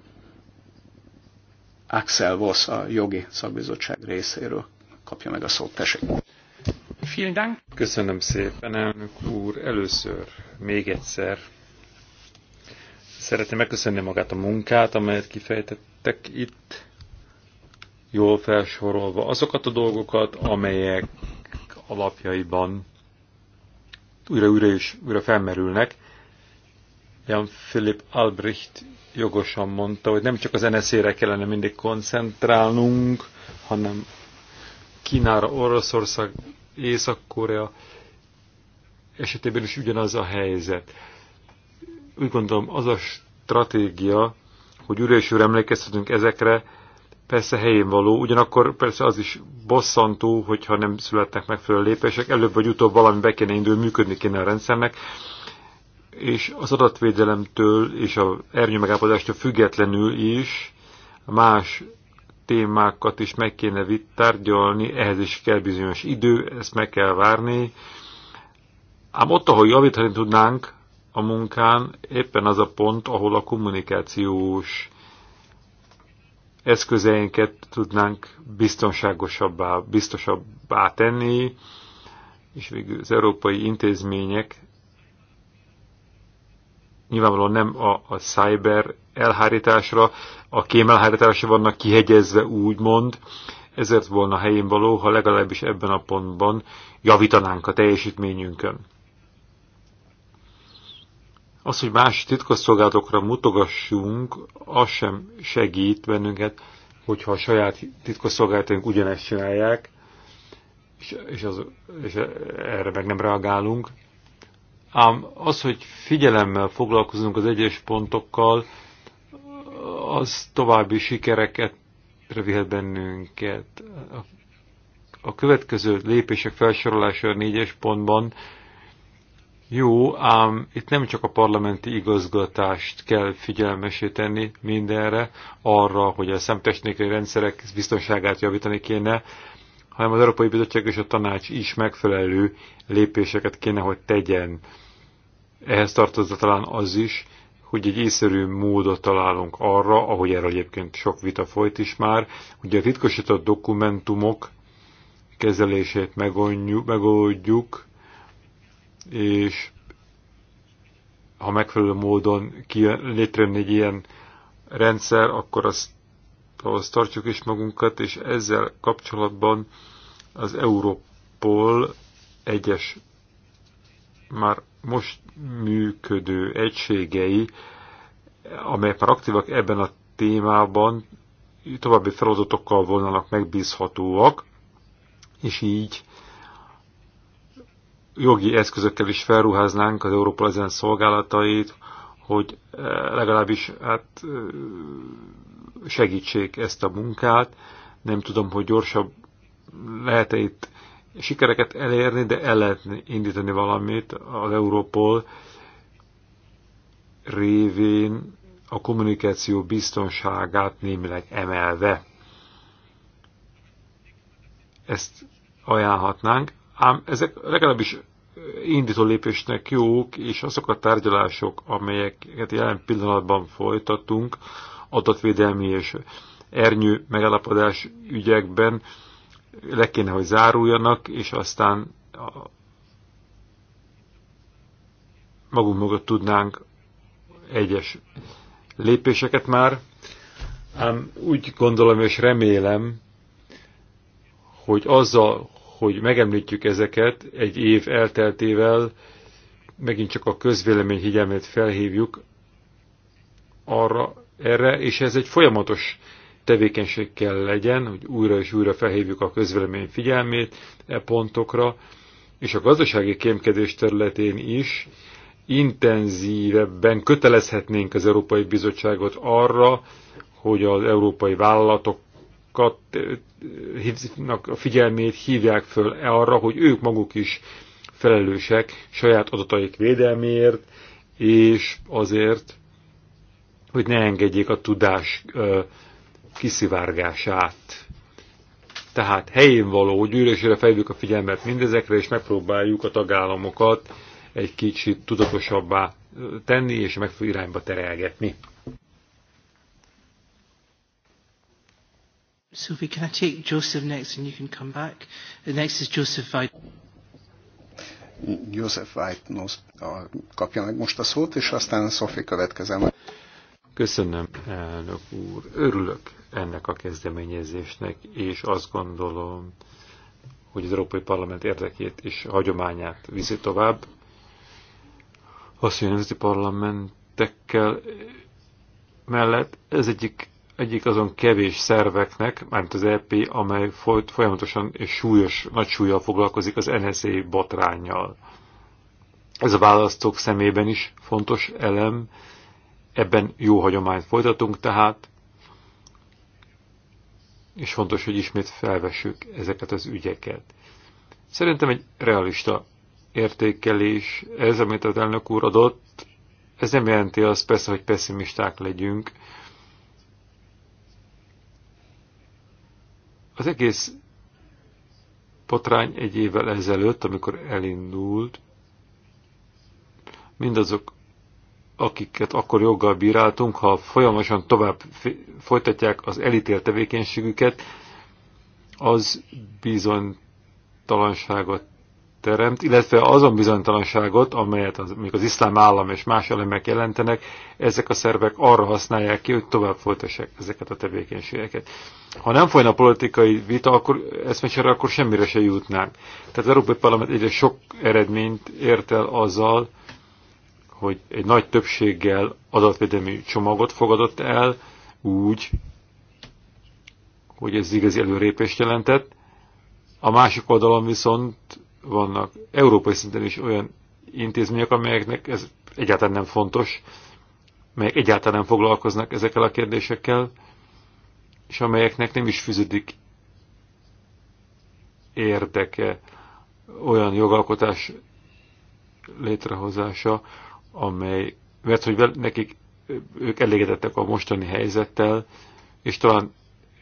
Axel Voss a jogi szakbizottság részéről kapja meg a szót. Tessék! Vielen Dank. Köszönöm szépen, elnök úr. Először még egyszer szeretném megköszönni magát a munkát, amelyet kifejtettek itt, jól felsorolva azokat a dolgokat, amelyek alapjaiban újra-újra és újra felmerülnek. Jan Philip Albrecht jogosan mondta, hogy nem csak az NSZ-re kellene mindig koncentrálnunk, hanem Kínára, Oroszország, Észak-Korea esetében is ugyanaz a helyzet. Úgy gondolom, az a stratégia, hogy ülésűre emlékeztetünk ezekre, persze helyén való, ugyanakkor persze az is bosszantó, hogyha nem születnek meg a lépések, előbb vagy utóbb valami be kéne indul, működni kéne a rendszernek, és az adatvédelemtől és a ernyő megállapodástól függetlenül is más témákat is meg kéne tárgyalni, ehhez is kell bizonyos idő, ezt meg kell várni. Ám ott, ahol javítani tudnánk a munkán, éppen az a pont, ahol a kommunikációs eszközeinket tudnánk biztonságosabbá, biztosabbá tenni, és végül az európai intézmények nyilvánvalóan nem a, a cyber elhárításra, a kémelhárításra vannak kihegyezve úgymond, ezért volna helyén való, ha legalábbis ebben a pontban javítanánk a teljesítményünkön. Az, hogy más titkosszolgálatokra mutogassunk, az sem segít bennünket, hogyha a saját titkosszolgálatunk ugyanezt csinálják, és, és, az, és erre meg nem reagálunk. Ám az, hogy figyelemmel foglalkozunk az egyes pontokkal, az további sikereket revihet bennünket. A, a következő lépések felsorolása a négyes pontban jó, ám itt nem csak a parlamenti igazgatást kell figyelmesíteni mindenre, arra, hogy a szemtechnikai rendszerek biztonságát javítani kéne, hanem az Európai Bizottság és a Tanács is megfelelő lépéseket kéne, hogy tegyen. Ehhez tartozza talán az is, hogy egy észszerű módot találunk arra, ahogy erről egyébként sok vita folyt is már, hogy a titkosított dokumentumok kezelését megoldjuk, és ha megfelelő módon létrejön egy ilyen rendszer, akkor azt, azt tartjuk is magunkat, és ezzel kapcsolatban az Europol egyes már most működő egységei, amelyek már aktívak ebben a témában, további feladatokkal volnának megbízhatóak, és így jogi eszközökkel is felruháznánk az Európa ezen szolgálatait, hogy eh, legalábbis hát, eh, segítsék ezt a munkát. Nem tudom, hogy gyorsabb lehet-e itt sikereket elérni, de el lehet indítani valamit az Europol révén a kommunikáció biztonságát némileg emelve. Ezt ajánlhatnánk, ám ezek legalábbis indító lépésnek jók, és azok a tárgyalások, amelyeket jelen pillanatban folytatunk, adatvédelmi és ernyő megállapodás ügyekben, le kéne, hogy záruljanak, és aztán magunk mögött tudnánk egyes lépéseket már, ám úgy gondolom és remélem, hogy azzal, hogy megemlítjük ezeket egy év elteltével, megint csak a közvélemény figyelmét felhívjuk arra, erre, és ez egy folyamatos tevékenység kell legyen, hogy újra és újra felhívjuk a közvélemény figyelmét e pontokra, és a gazdasági kémkedés területén is intenzívebben kötelezhetnénk az Európai Bizottságot arra, hogy az európai vállalatokat a figyelmét hívják föl e arra, hogy ők maguk is felelősek saját adataik védelméért, és azért, hogy ne engedjék a tudás kiszivárgását. Tehát helyén való, hogy ülésére fejlődjük a figyelmet mindezekre, és megpróbáljuk a tagállamokat egy kicsit tudatosabbá tenni, és megfelelő irányba terelgetni. Sophie, can I take Joseph next and you can come back? The next is Joseph White. Joseph White kapja meg most a szót, és aztán Sophie következem. Köszönöm, elnök úr. Örülök ennek a kezdeményezésnek, és azt gondolom, hogy az Európai Parlament érdekét és hagyományát viszi tovább. Azt, hogy a nemzeti parlamentekkel mellett ez egyik, egyik azon kevés szerveknek, mármint az EP, amely folyt, folyamatosan és súlyos, nagy súlyjal foglalkozik az NSA botrányjal. Ez a választók szemében is fontos elem, Ebben jó hagyományt folytatunk tehát, és fontos, hogy ismét felvessük ezeket az ügyeket. Szerintem egy realista értékelés, ez, amit az elnök úr adott, ez nem jelenti azt persze, hogy pessimisták legyünk. Az egész potrány egy évvel ezelőtt, amikor elindult, mindazok akiket akkor joggal bíráltunk, ha folyamatosan tovább folytatják az elítélt tevékenységüket, az bizonytalanságot teremt, illetve azon bizonytalanságot, amelyet az, még az iszlám állam és más elemek jelentenek, ezek a szervek arra használják ki, hogy tovább folytassák ezeket a tevékenységeket. Ha nem folyna politikai vita, akkor eszmecsere, akkor semmire se jutnánk. Tehát az Európai Parlament egyre sok eredményt ért el azzal, hogy egy nagy többséggel adatvédelmi csomagot fogadott el, úgy, hogy ez igazi előrépést jelentett. A másik oldalon viszont vannak európai szinten is olyan intézmények, amelyeknek ez egyáltalán nem fontos, melyek egyáltalán nem foglalkoznak ezekkel a kérdésekkel, és amelyeknek nem is fűződik érdeke olyan jogalkotás létrehozása, amely, mert hogy nekik ők elégedettek a mostani helyzettel, és talán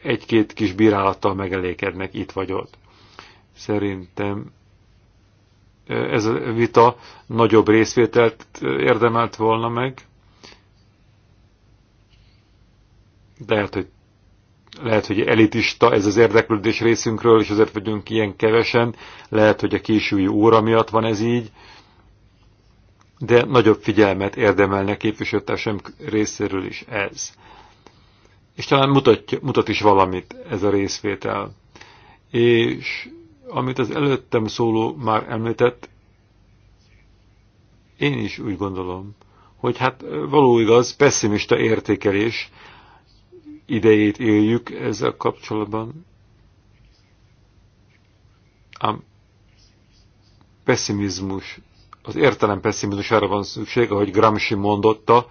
egy-két kis bírálattal megelékednek itt vagy ott. Szerintem ez a vita nagyobb részvételt érdemelt volna meg. Lehet, hogy, lehet, hogy elitista ez az érdeklődés részünkről, és azért vagyunk ilyen kevesen. Lehet, hogy a késői óra miatt van ez így de nagyobb figyelmet érdemelne képviselőtársam részéről is ez. És talán mutat, mutat is valamit ez a részvétel. És amit az előttem szóló már említett, én is úgy gondolom, hogy hát való igaz, pessimista értékelés idejét éljük ezzel kapcsolatban. Ám pessimizmus az értelem pessimizmusára van szükség, ahogy Gramsci mondotta,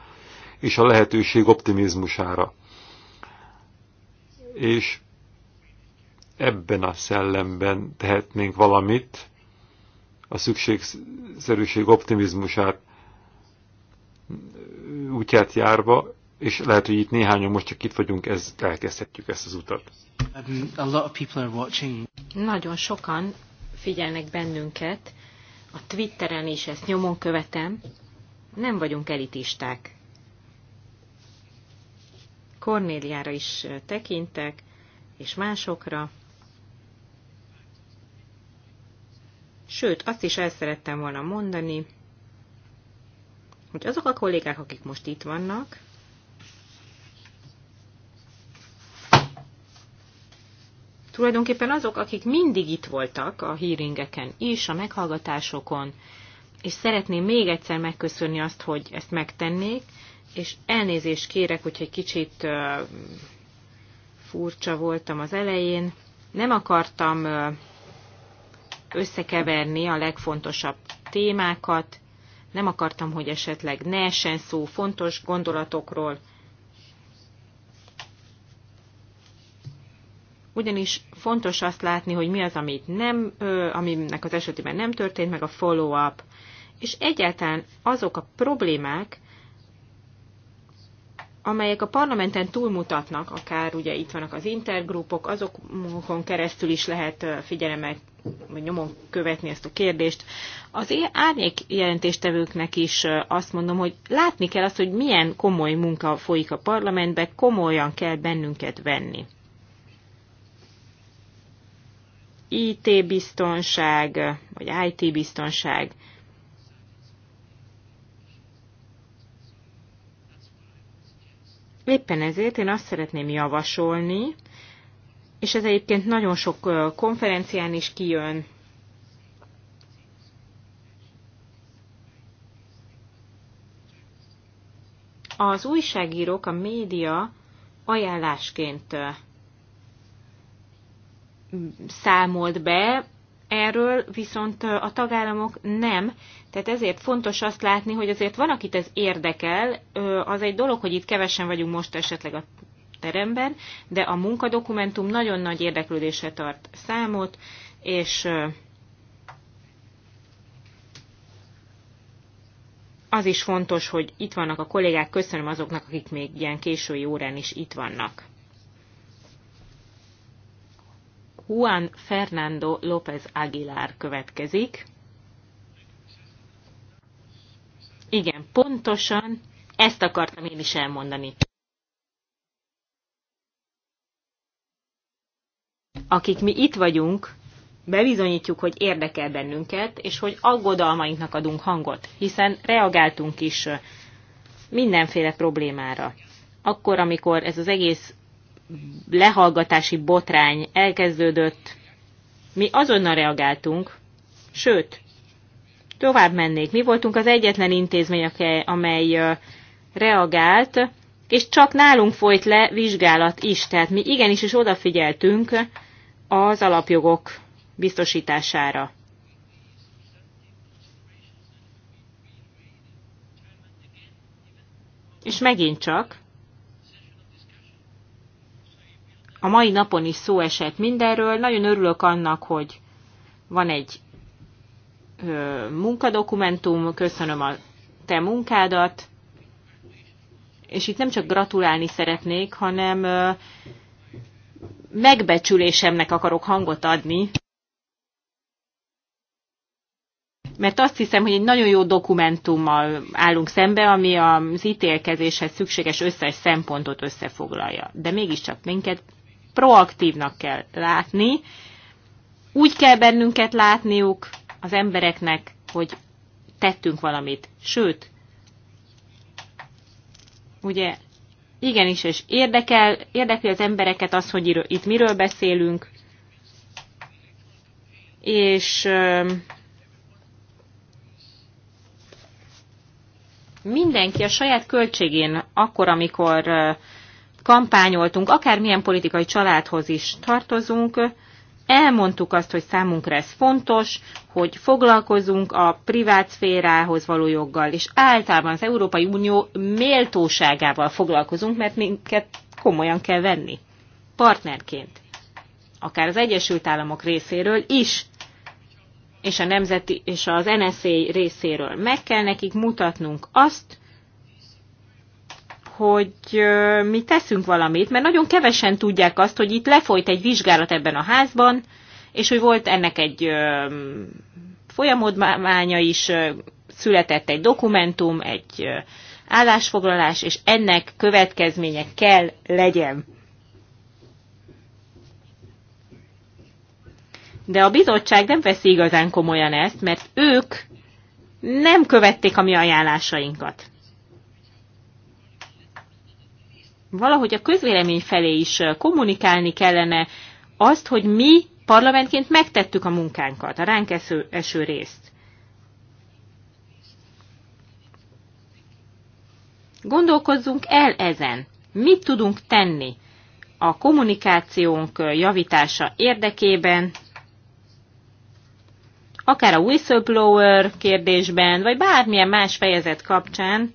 és a lehetőség optimizmusára. És ebben a szellemben tehetnénk valamit, a szükségszerűség optimizmusát útját járva, és lehet, hogy itt néhányan most csak itt vagyunk, ez, elkezdhetjük ezt az utat. Um, Nagyon sokan figyelnek bennünket, a Twitteren is ezt nyomon követem, nem vagyunk elitisták. Kornéliára is tekintek, és másokra. Sőt, azt is el szerettem volna mondani, hogy azok a kollégák, akik most itt vannak, tulajdonképpen azok, akik mindig itt voltak a híringeken, is, a meghallgatásokon, és szeretném még egyszer megköszönni azt, hogy ezt megtennék, és elnézést kérek, hogyha egy kicsit uh, furcsa voltam az elején. Nem akartam uh, összekeverni a legfontosabb témákat, nem akartam, hogy esetleg ne essen szó fontos gondolatokról, ugyanis fontos azt látni, hogy mi az, amit nem, aminek az esetében nem történt, meg a follow-up, és egyáltalán azok a problémák, amelyek a parlamenten túlmutatnak, akár ugye itt vannak az intergrupok, azokon keresztül is lehet figyelemmel vagy nyomon követni ezt a kérdést. Az árnyék jelentéstevőknek is azt mondom, hogy látni kell azt, hogy milyen komoly munka folyik a parlamentben, komolyan kell bennünket venni. IT-biztonság, vagy IT-biztonság. Éppen ezért én azt szeretném javasolni, és ez egyébként nagyon sok konferencián is kijön, az újságírók a média ajánlásként számolt be, erről viszont a tagállamok nem. Tehát ezért fontos azt látni, hogy azért van, akit ez érdekel. Az egy dolog, hogy itt kevesen vagyunk most esetleg a teremben, de a munkadokumentum nagyon nagy érdeklődésre tart számot, és az is fontos, hogy itt vannak a kollégák, köszönöm azoknak, akik még ilyen késői órán is itt vannak. Juan Fernando López Aguilar következik. Igen, pontosan ezt akartam én is elmondani. Akik mi itt vagyunk, bebizonyítjuk, hogy érdekel bennünket, és hogy aggodalmainknak adunk hangot, hiszen reagáltunk is mindenféle problémára. Akkor, amikor ez az egész lehallgatási botrány elkezdődött, mi azonnal reagáltunk, sőt, tovább mennék. Mi voltunk az egyetlen intézmény, amely reagált, és csak nálunk folyt le vizsgálat is, tehát mi igenis is odafigyeltünk az alapjogok biztosítására. És megint csak A mai napon is szó esett mindenről. Nagyon örülök annak, hogy van egy ö, munkadokumentum, köszönöm a te munkádat, és itt nem csak gratulálni szeretnék, hanem ö, megbecsülésemnek akarok hangot adni, mert azt hiszem, hogy egy nagyon jó dokumentummal állunk szembe, ami az ítélkezéshez szükséges összes szempontot összefoglalja. De mégiscsak minket proaktívnak kell látni, úgy kell bennünket látniuk az embereknek, hogy tettünk valamit. Sőt, ugye igenis, és érdekel, érdekli az embereket az, hogy itt miről beszélünk, és mindenki a saját költségén, akkor, amikor kampányoltunk, akármilyen politikai családhoz is tartozunk, elmondtuk azt, hogy számunkra ez fontos, hogy foglalkozunk a privát szférához való joggal, és általában az Európai Unió méltóságával foglalkozunk, mert minket komolyan kell venni. Partnerként. Akár az Egyesült Államok részéről is, és, a nemzeti, és az NSA részéről. Meg kell nekik mutatnunk azt, hogy mi teszünk valamit, mert nagyon kevesen tudják azt, hogy itt lefolyt egy vizsgálat ebben a házban, és hogy volt ennek egy folyamodmánya is, született egy dokumentum, egy állásfoglalás, és ennek következménye kell legyen. De a bizottság nem veszi igazán komolyan ezt, mert ők nem követték a mi ajánlásainkat. valahogy a közvélemény felé is kommunikálni kellene azt, hogy mi parlamentként megtettük a munkánkat, a ránk eső, eső részt. Gondolkozzunk el ezen, mit tudunk tenni a kommunikációnk javítása érdekében, akár a whistleblower kérdésben, vagy bármilyen más fejezet kapcsán,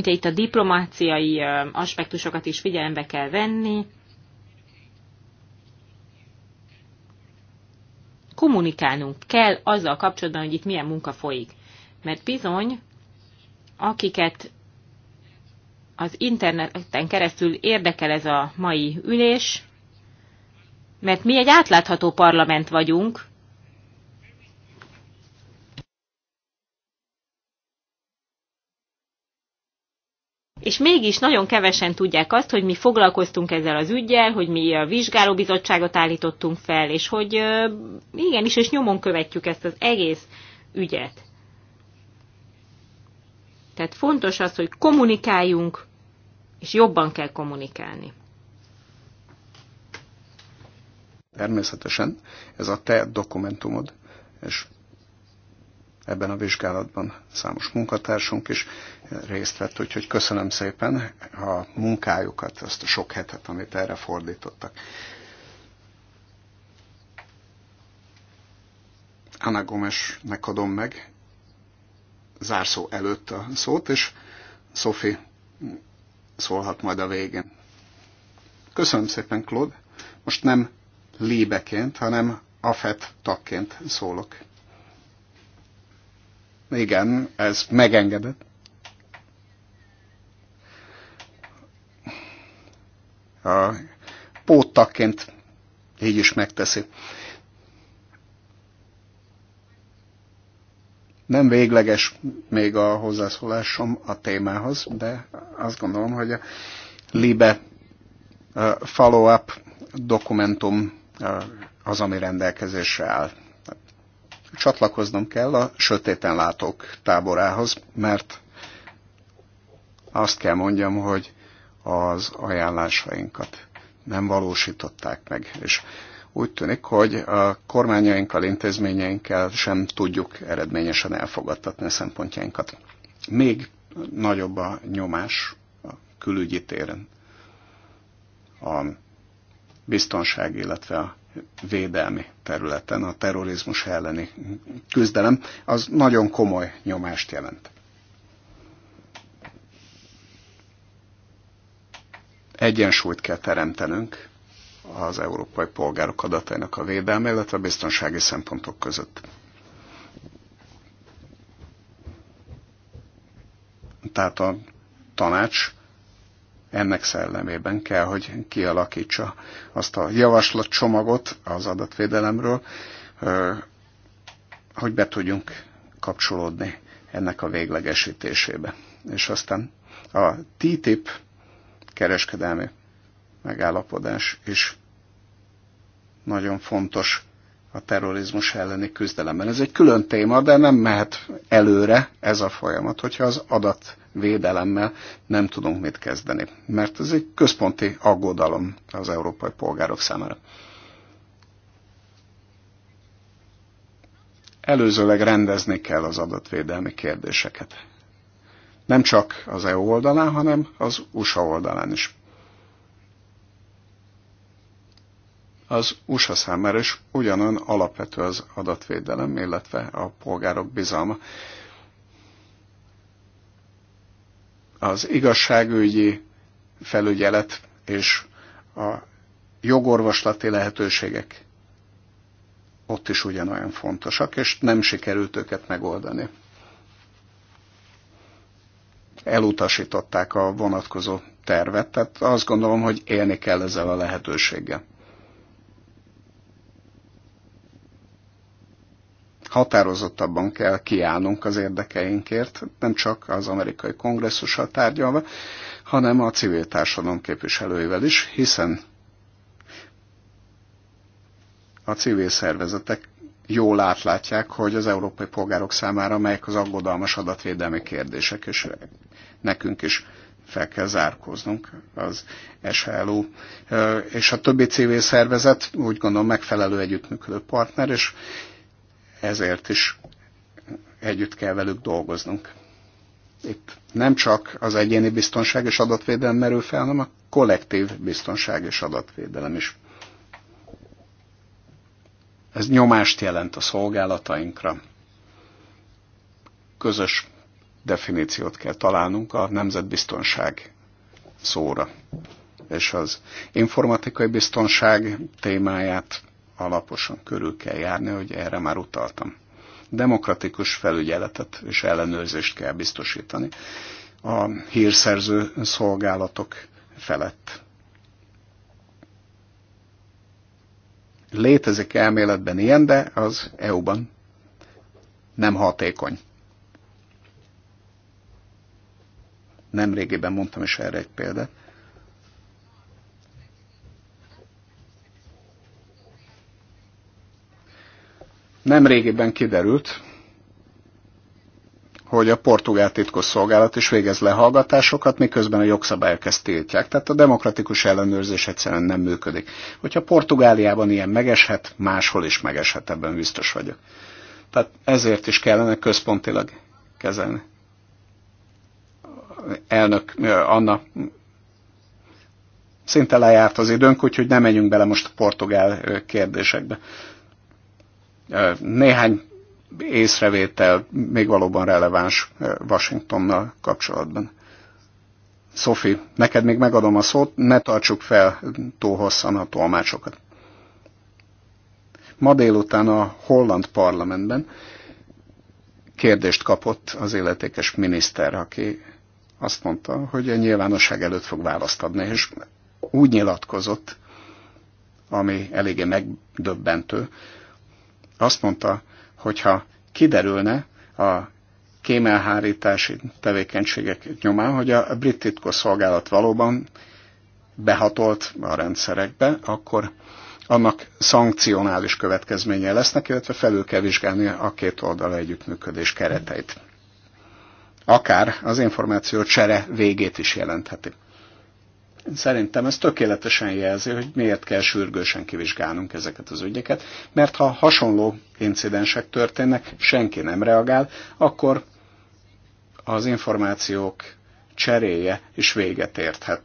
Ugye itt a diplomáciai aspektusokat is figyelembe kell venni. Kommunikálnunk kell azzal kapcsolatban, hogy itt milyen munka folyik. Mert bizony, akiket az interneten keresztül érdekel ez a mai ülés, mert mi egy átlátható parlament vagyunk, és mégis nagyon kevesen tudják azt, hogy mi foglalkoztunk ezzel az ügyel, hogy mi a vizsgálóbizottságot állítottunk fel, és hogy igenis, és nyomon követjük ezt az egész ügyet. Tehát fontos az, hogy kommunikáljunk, és jobban kell kommunikálni. Természetesen ez a te dokumentumod, és ebben a vizsgálatban számos munkatársunk is részt vett, úgyhogy köszönöm szépen a munkájukat, azt a sok hetet, amit erre fordítottak. Anna Gomesnek adom meg zárszó előtt a szót, és Sophie szólhat majd a végén. Köszönöm szépen, Claude. Most nem líbeként, hanem AFET tagként szólok. Igen, ez megengedett. A póttakként így is megteszi. Nem végleges még a hozzászólásom a témához, de azt gondolom, hogy a Libe follow-up dokumentum az, ami rendelkezésre áll csatlakoznom kell a sötéten látók táborához, mert azt kell mondjam, hogy az ajánlásainkat nem valósították meg, és úgy tűnik, hogy a kormányainkkal, intézményeinkkel sem tudjuk eredményesen elfogadtatni a szempontjainkat. Még nagyobb a nyomás a külügyi téren. A biztonság, illetve a védelmi területen, a terrorizmus elleni küzdelem, az nagyon komoly nyomást jelent. Egyensúlyt kell teremtenünk az európai polgárok adatainak a védelme, illetve a biztonsági szempontok között. Tehát a tanács ennek szellemében kell, hogy kialakítsa azt a javaslatcsomagot az adatvédelemről, hogy be tudjunk kapcsolódni ennek a véglegesítésébe. És aztán a TTIP kereskedelmi megállapodás is nagyon fontos a terrorizmus elleni küzdelemben. Ez egy külön téma, de nem mehet előre ez a folyamat, hogyha az adatvédelemmel nem tudunk mit kezdeni. Mert ez egy központi aggodalom az európai polgárok számára. Előzőleg rendezni kell az adatvédelmi kérdéseket. Nem csak az EU oldalán, hanem az USA oldalán is. az USA számára is ugyanolyan alapvető az adatvédelem, illetve a polgárok bizalma. Az igazságügyi felügyelet és a jogorvoslati lehetőségek ott is ugyanolyan fontosak, és nem sikerült őket megoldani. Elutasították a vonatkozó tervet, tehát azt gondolom, hogy élni kell ezzel a lehetőséggel. határozottabban kell kiállnunk az érdekeinkért, nem csak az amerikai kongresszussal tárgyalva, hanem a civil társadalom képviselőivel is, hiszen a civil szervezetek jól átlátják, hogy az európai polgárok számára melyek az aggodalmas adatvédelmi kérdések, és nekünk is fel kell zárkóznunk az SHLU. És a többi civil szervezet úgy gondolom megfelelő együttműködő partner, és ezért is együtt kell velük dolgoznunk. Itt nem csak az egyéni biztonság és adatvédelem merül fel, hanem a kollektív biztonság és adatvédelem is. Ez nyomást jelent a szolgálatainkra. Közös definíciót kell találnunk a nemzetbiztonság szóra. És az informatikai biztonság témáját alaposan körül kell járni, hogy erre már utaltam. Demokratikus felügyeletet és ellenőrzést kell biztosítani a hírszerző szolgálatok felett. Létezik elméletben ilyen, de az EU-ban nem hatékony. Nemrégiben mondtam is erre egy példát. Nem régiben kiderült, hogy a portugál titkosszolgálat is végez lehallgatásokat, miközben a jogszabályok ezt tiltják. Tehát a demokratikus ellenőrzés egyszerűen nem működik. Hogyha Portugáliában ilyen megeshet, máshol is megeshet, ebben biztos vagyok. Tehát ezért is kellene központilag kezelni. Elnök Anna szinte lejárt az időnk, úgyhogy nem menjünk bele most a portugál kérdésekbe. Néhány észrevétel még valóban releváns Washingtonnal kapcsolatban. Szofi, neked még megadom a szót, ne tartsuk fel túl hosszan a tolmácsokat. Ma délután a holland parlamentben kérdést kapott az életékes miniszter, aki azt mondta, hogy a nyilvánosság előtt fog választ adni, és úgy nyilatkozott, ami eléggé megdöbbentő, azt mondta, hogyha kiderülne a kémelhárítási tevékenységek nyomán, hogy a brit titkosszolgálat valóban behatolt a rendszerekbe, akkor annak szankcionális következménye lesznek, illetve felül kell vizsgálni a két oldal együttműködés kereteit. Akár az információ csere végét is jelentheti. Szerintem ez tökéletesen jelzi, hogy miért kell sürgősen kivizsgálnunk ezeket az ügyeket, mert ha hasonló incidensek történnek, senki nem reagál, akkor az információk cseréje is véget érthet.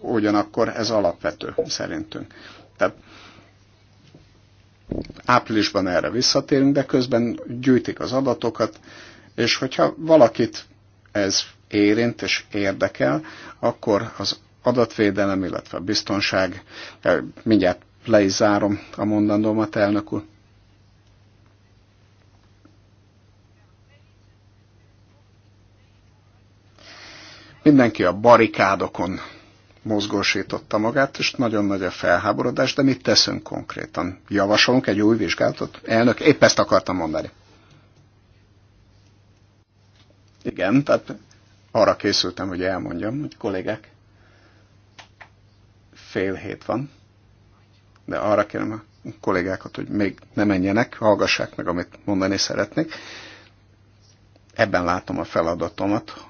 Ugyanakkor ez alapvető szerintünk. Tehát áprilisban erre visszatérünk, de közben gyűjtik az adatokat, és hogyha valakit ez érint és érdekel, akkor az adatvédelem, illetve a biztonság. Eh, mindjárt le is zárom a mondandómat, elnök úr. Mindenki a barikádokon mozgósította magát, és nagyon nagy a felháborodás, de mit teszünk konkrétan? Javasolunk egy új vizsgálatot? Elnök, épp ezt akartam mondani. Igen, tehát arra készültem, hogy elmondjam, hogy kollégák, fél hét van, de arra kérem a kollégákat, hogy még ne menjenek, hallgassák meg, amit mondani szeretnék. Ebben látom a feladatomat.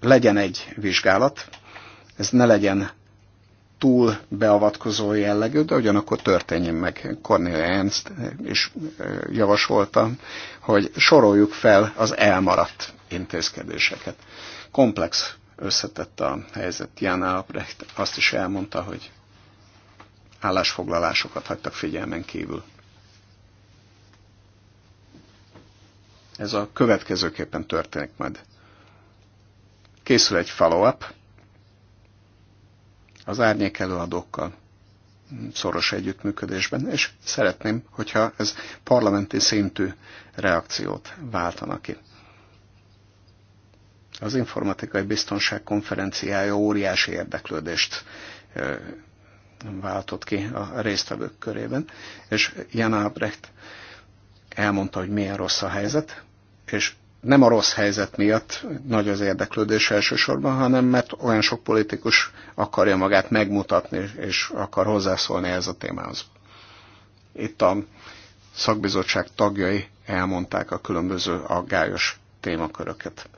Legyen egy vizsgálat, ez ne legyen túl beavatkozó jellegű, de ugyanakkor történjen meg. Cornelia Ernst is javasolta, hogy soroljuk fel az elmaradt intézkedéseket. Komplex összetett a helyzet. Jan Albrecht azt is elmondta, hogy állásfoglalásokat hagytak figyelmen kívül. Ez a következőképpen történik majd. Készül egy follow-up az árnyék előadókkal szoros együttműködésben, és szeretném, hogyha ez parlamenti szintű reakciót váltana ki. Az informatikai biztonság konferenciája óriási érdeklődést váltott ki a résztvevők körében, és Jan Albrecht elmondta, hogy milyen rossz a helyzet, és nem a rossz helyzet miatt nagy az érdeklődés elsősorban, hanem mert olyan sok politikus akarja magát megmutatni, és akar hozzászólni ez a témához. Itt a szakbizottság tagjai elmondták a különböző aggályos témaköröket.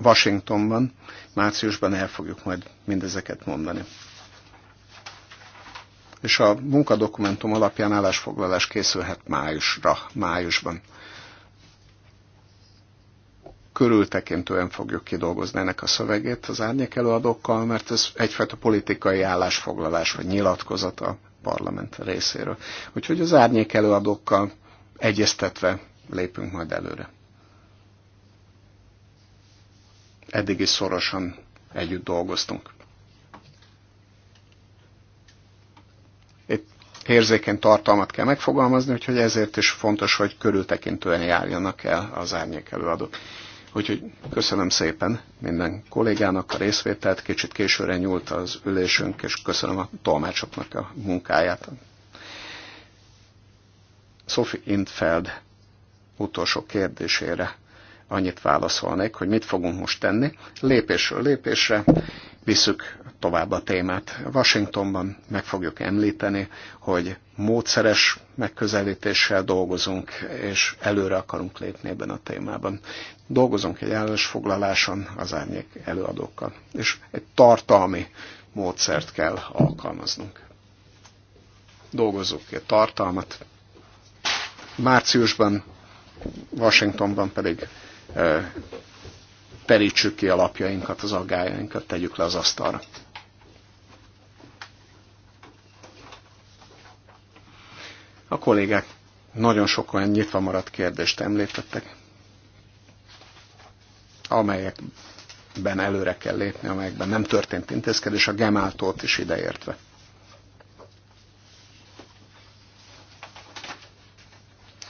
Washingtonban, márciusban el fogjuk majd mindezeket mondani és a munkadokumentum alapján állásfoglalás készülhet májusra, májusban. Körültekintően fogjuk kidolgozni ennek a szövegét az árnyék előadókkal, mert ez egyfajta politikai állásfoglalás vagy nyilatkozat a parlament részéről. Úgyhogy az árnyék előadókkal egyeztetve lépünk majd előre. Eddig is szorosan együtt dolgoztunk. érzékeny tartalmat kell megfogalmazni, úgyhogy ezért is fontos, hogy körültekintően járjanak el az árnyék előadók. Úgyhogy köszönöm szépen minden kollégának a részvételt, kicsit későre nyúlt az ülésünk, és köszönöm a tolmácsoknak a munkáját. Sophie Intfeld utolsó kérdésére annyit válaszolnék, hogy mit fogunk most tenni. Lépésről lépésre visszük tovább a témát. Washingtonban meg fogjuk említeni, hogy módszeres megközelítéssel dolgozunk, és előre akarunk lépni ebben a témában. Dolgozunk egy foglaláson az árnyék előadókkal, és egy tartalmi módszert kell alkalmaznunk. Dolgozzuk egy tartalmat. Márciusban, Washingtonban pedig eh, terítsük ki alapjainkat, az aggájainkat, tegyük le az asztalra. A kollégák nagyon sok olyan nyitva maradt kérdést említettek, amelyekben előre kell lépni, amelyekben nem történt intézkedés, a gemáltót is ideértve.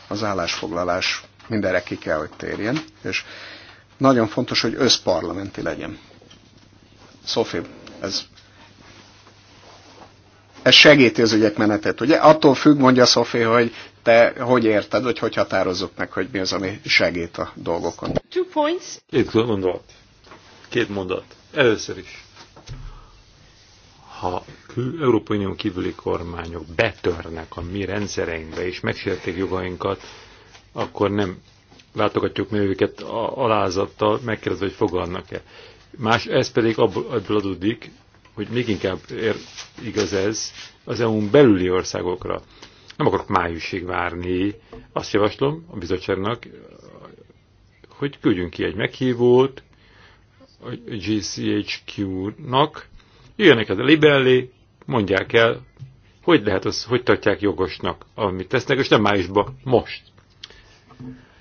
Az állásfoglalás mindenre ki kell, hogy térjen, és nagyon fontos, hogy összparlamenti legyen. Sophie, ez, ez segíti az ügyek menetét. Ugye attól függ, mondja Sophie, hogy te hogy érted, hogy hogy határozzuk meg, hogy mi az, ami segít a dolgokon. Two points. Két mondat. Két mondat. Először is. Ha Európai Unió kívüli kormányok betörnek a mi rendszereinkbe és megsértik jogainkat, akkor nem látogatjuk mi őket alázattal, megkérdezve, hogy fogadnak-e. Más, ez pedig abból, abból adódik, hogy még inkább ér, igaz ez az EU-n belüli országokra. Nem akarok májusig várni. Azt javaslom a bizottságnak, hogy küldjünk ki egy meghívót a GCHQ-nak, jöjjenek ez a libellé, mondják el, hogy lehet az, hogy tartják jogosnak, amit tesznek, és nem májusban, most.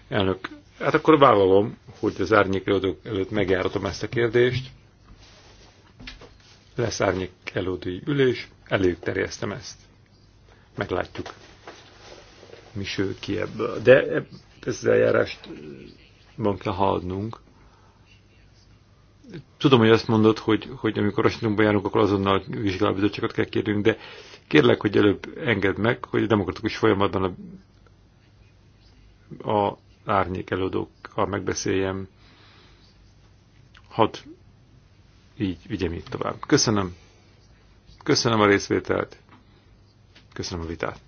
Elnök, hát akkor vállalom, hogy az árnyék előadók előtt megjáratom ezt a kérdést. Lesz árnyék előadói ülés, előtt terjesztem ezt. Meglátjuk, mi ső ki ebből. De ezt az eljárást van kell haladnunk. Tudom, hogy azt mondod, hogy, hogy amikor Washingtonban járunk, akkor azonnal vizsgálóbizottságot kell kérnünk, de kérlek, hogy előbb engedd meg, hogy a demokratikus folyamatban a, a árnyék előadókkal megbeszéljem, hadd így vigyem így tovább. Köszönöm. Köszönöm a részvételt. Köszönöm a vitát.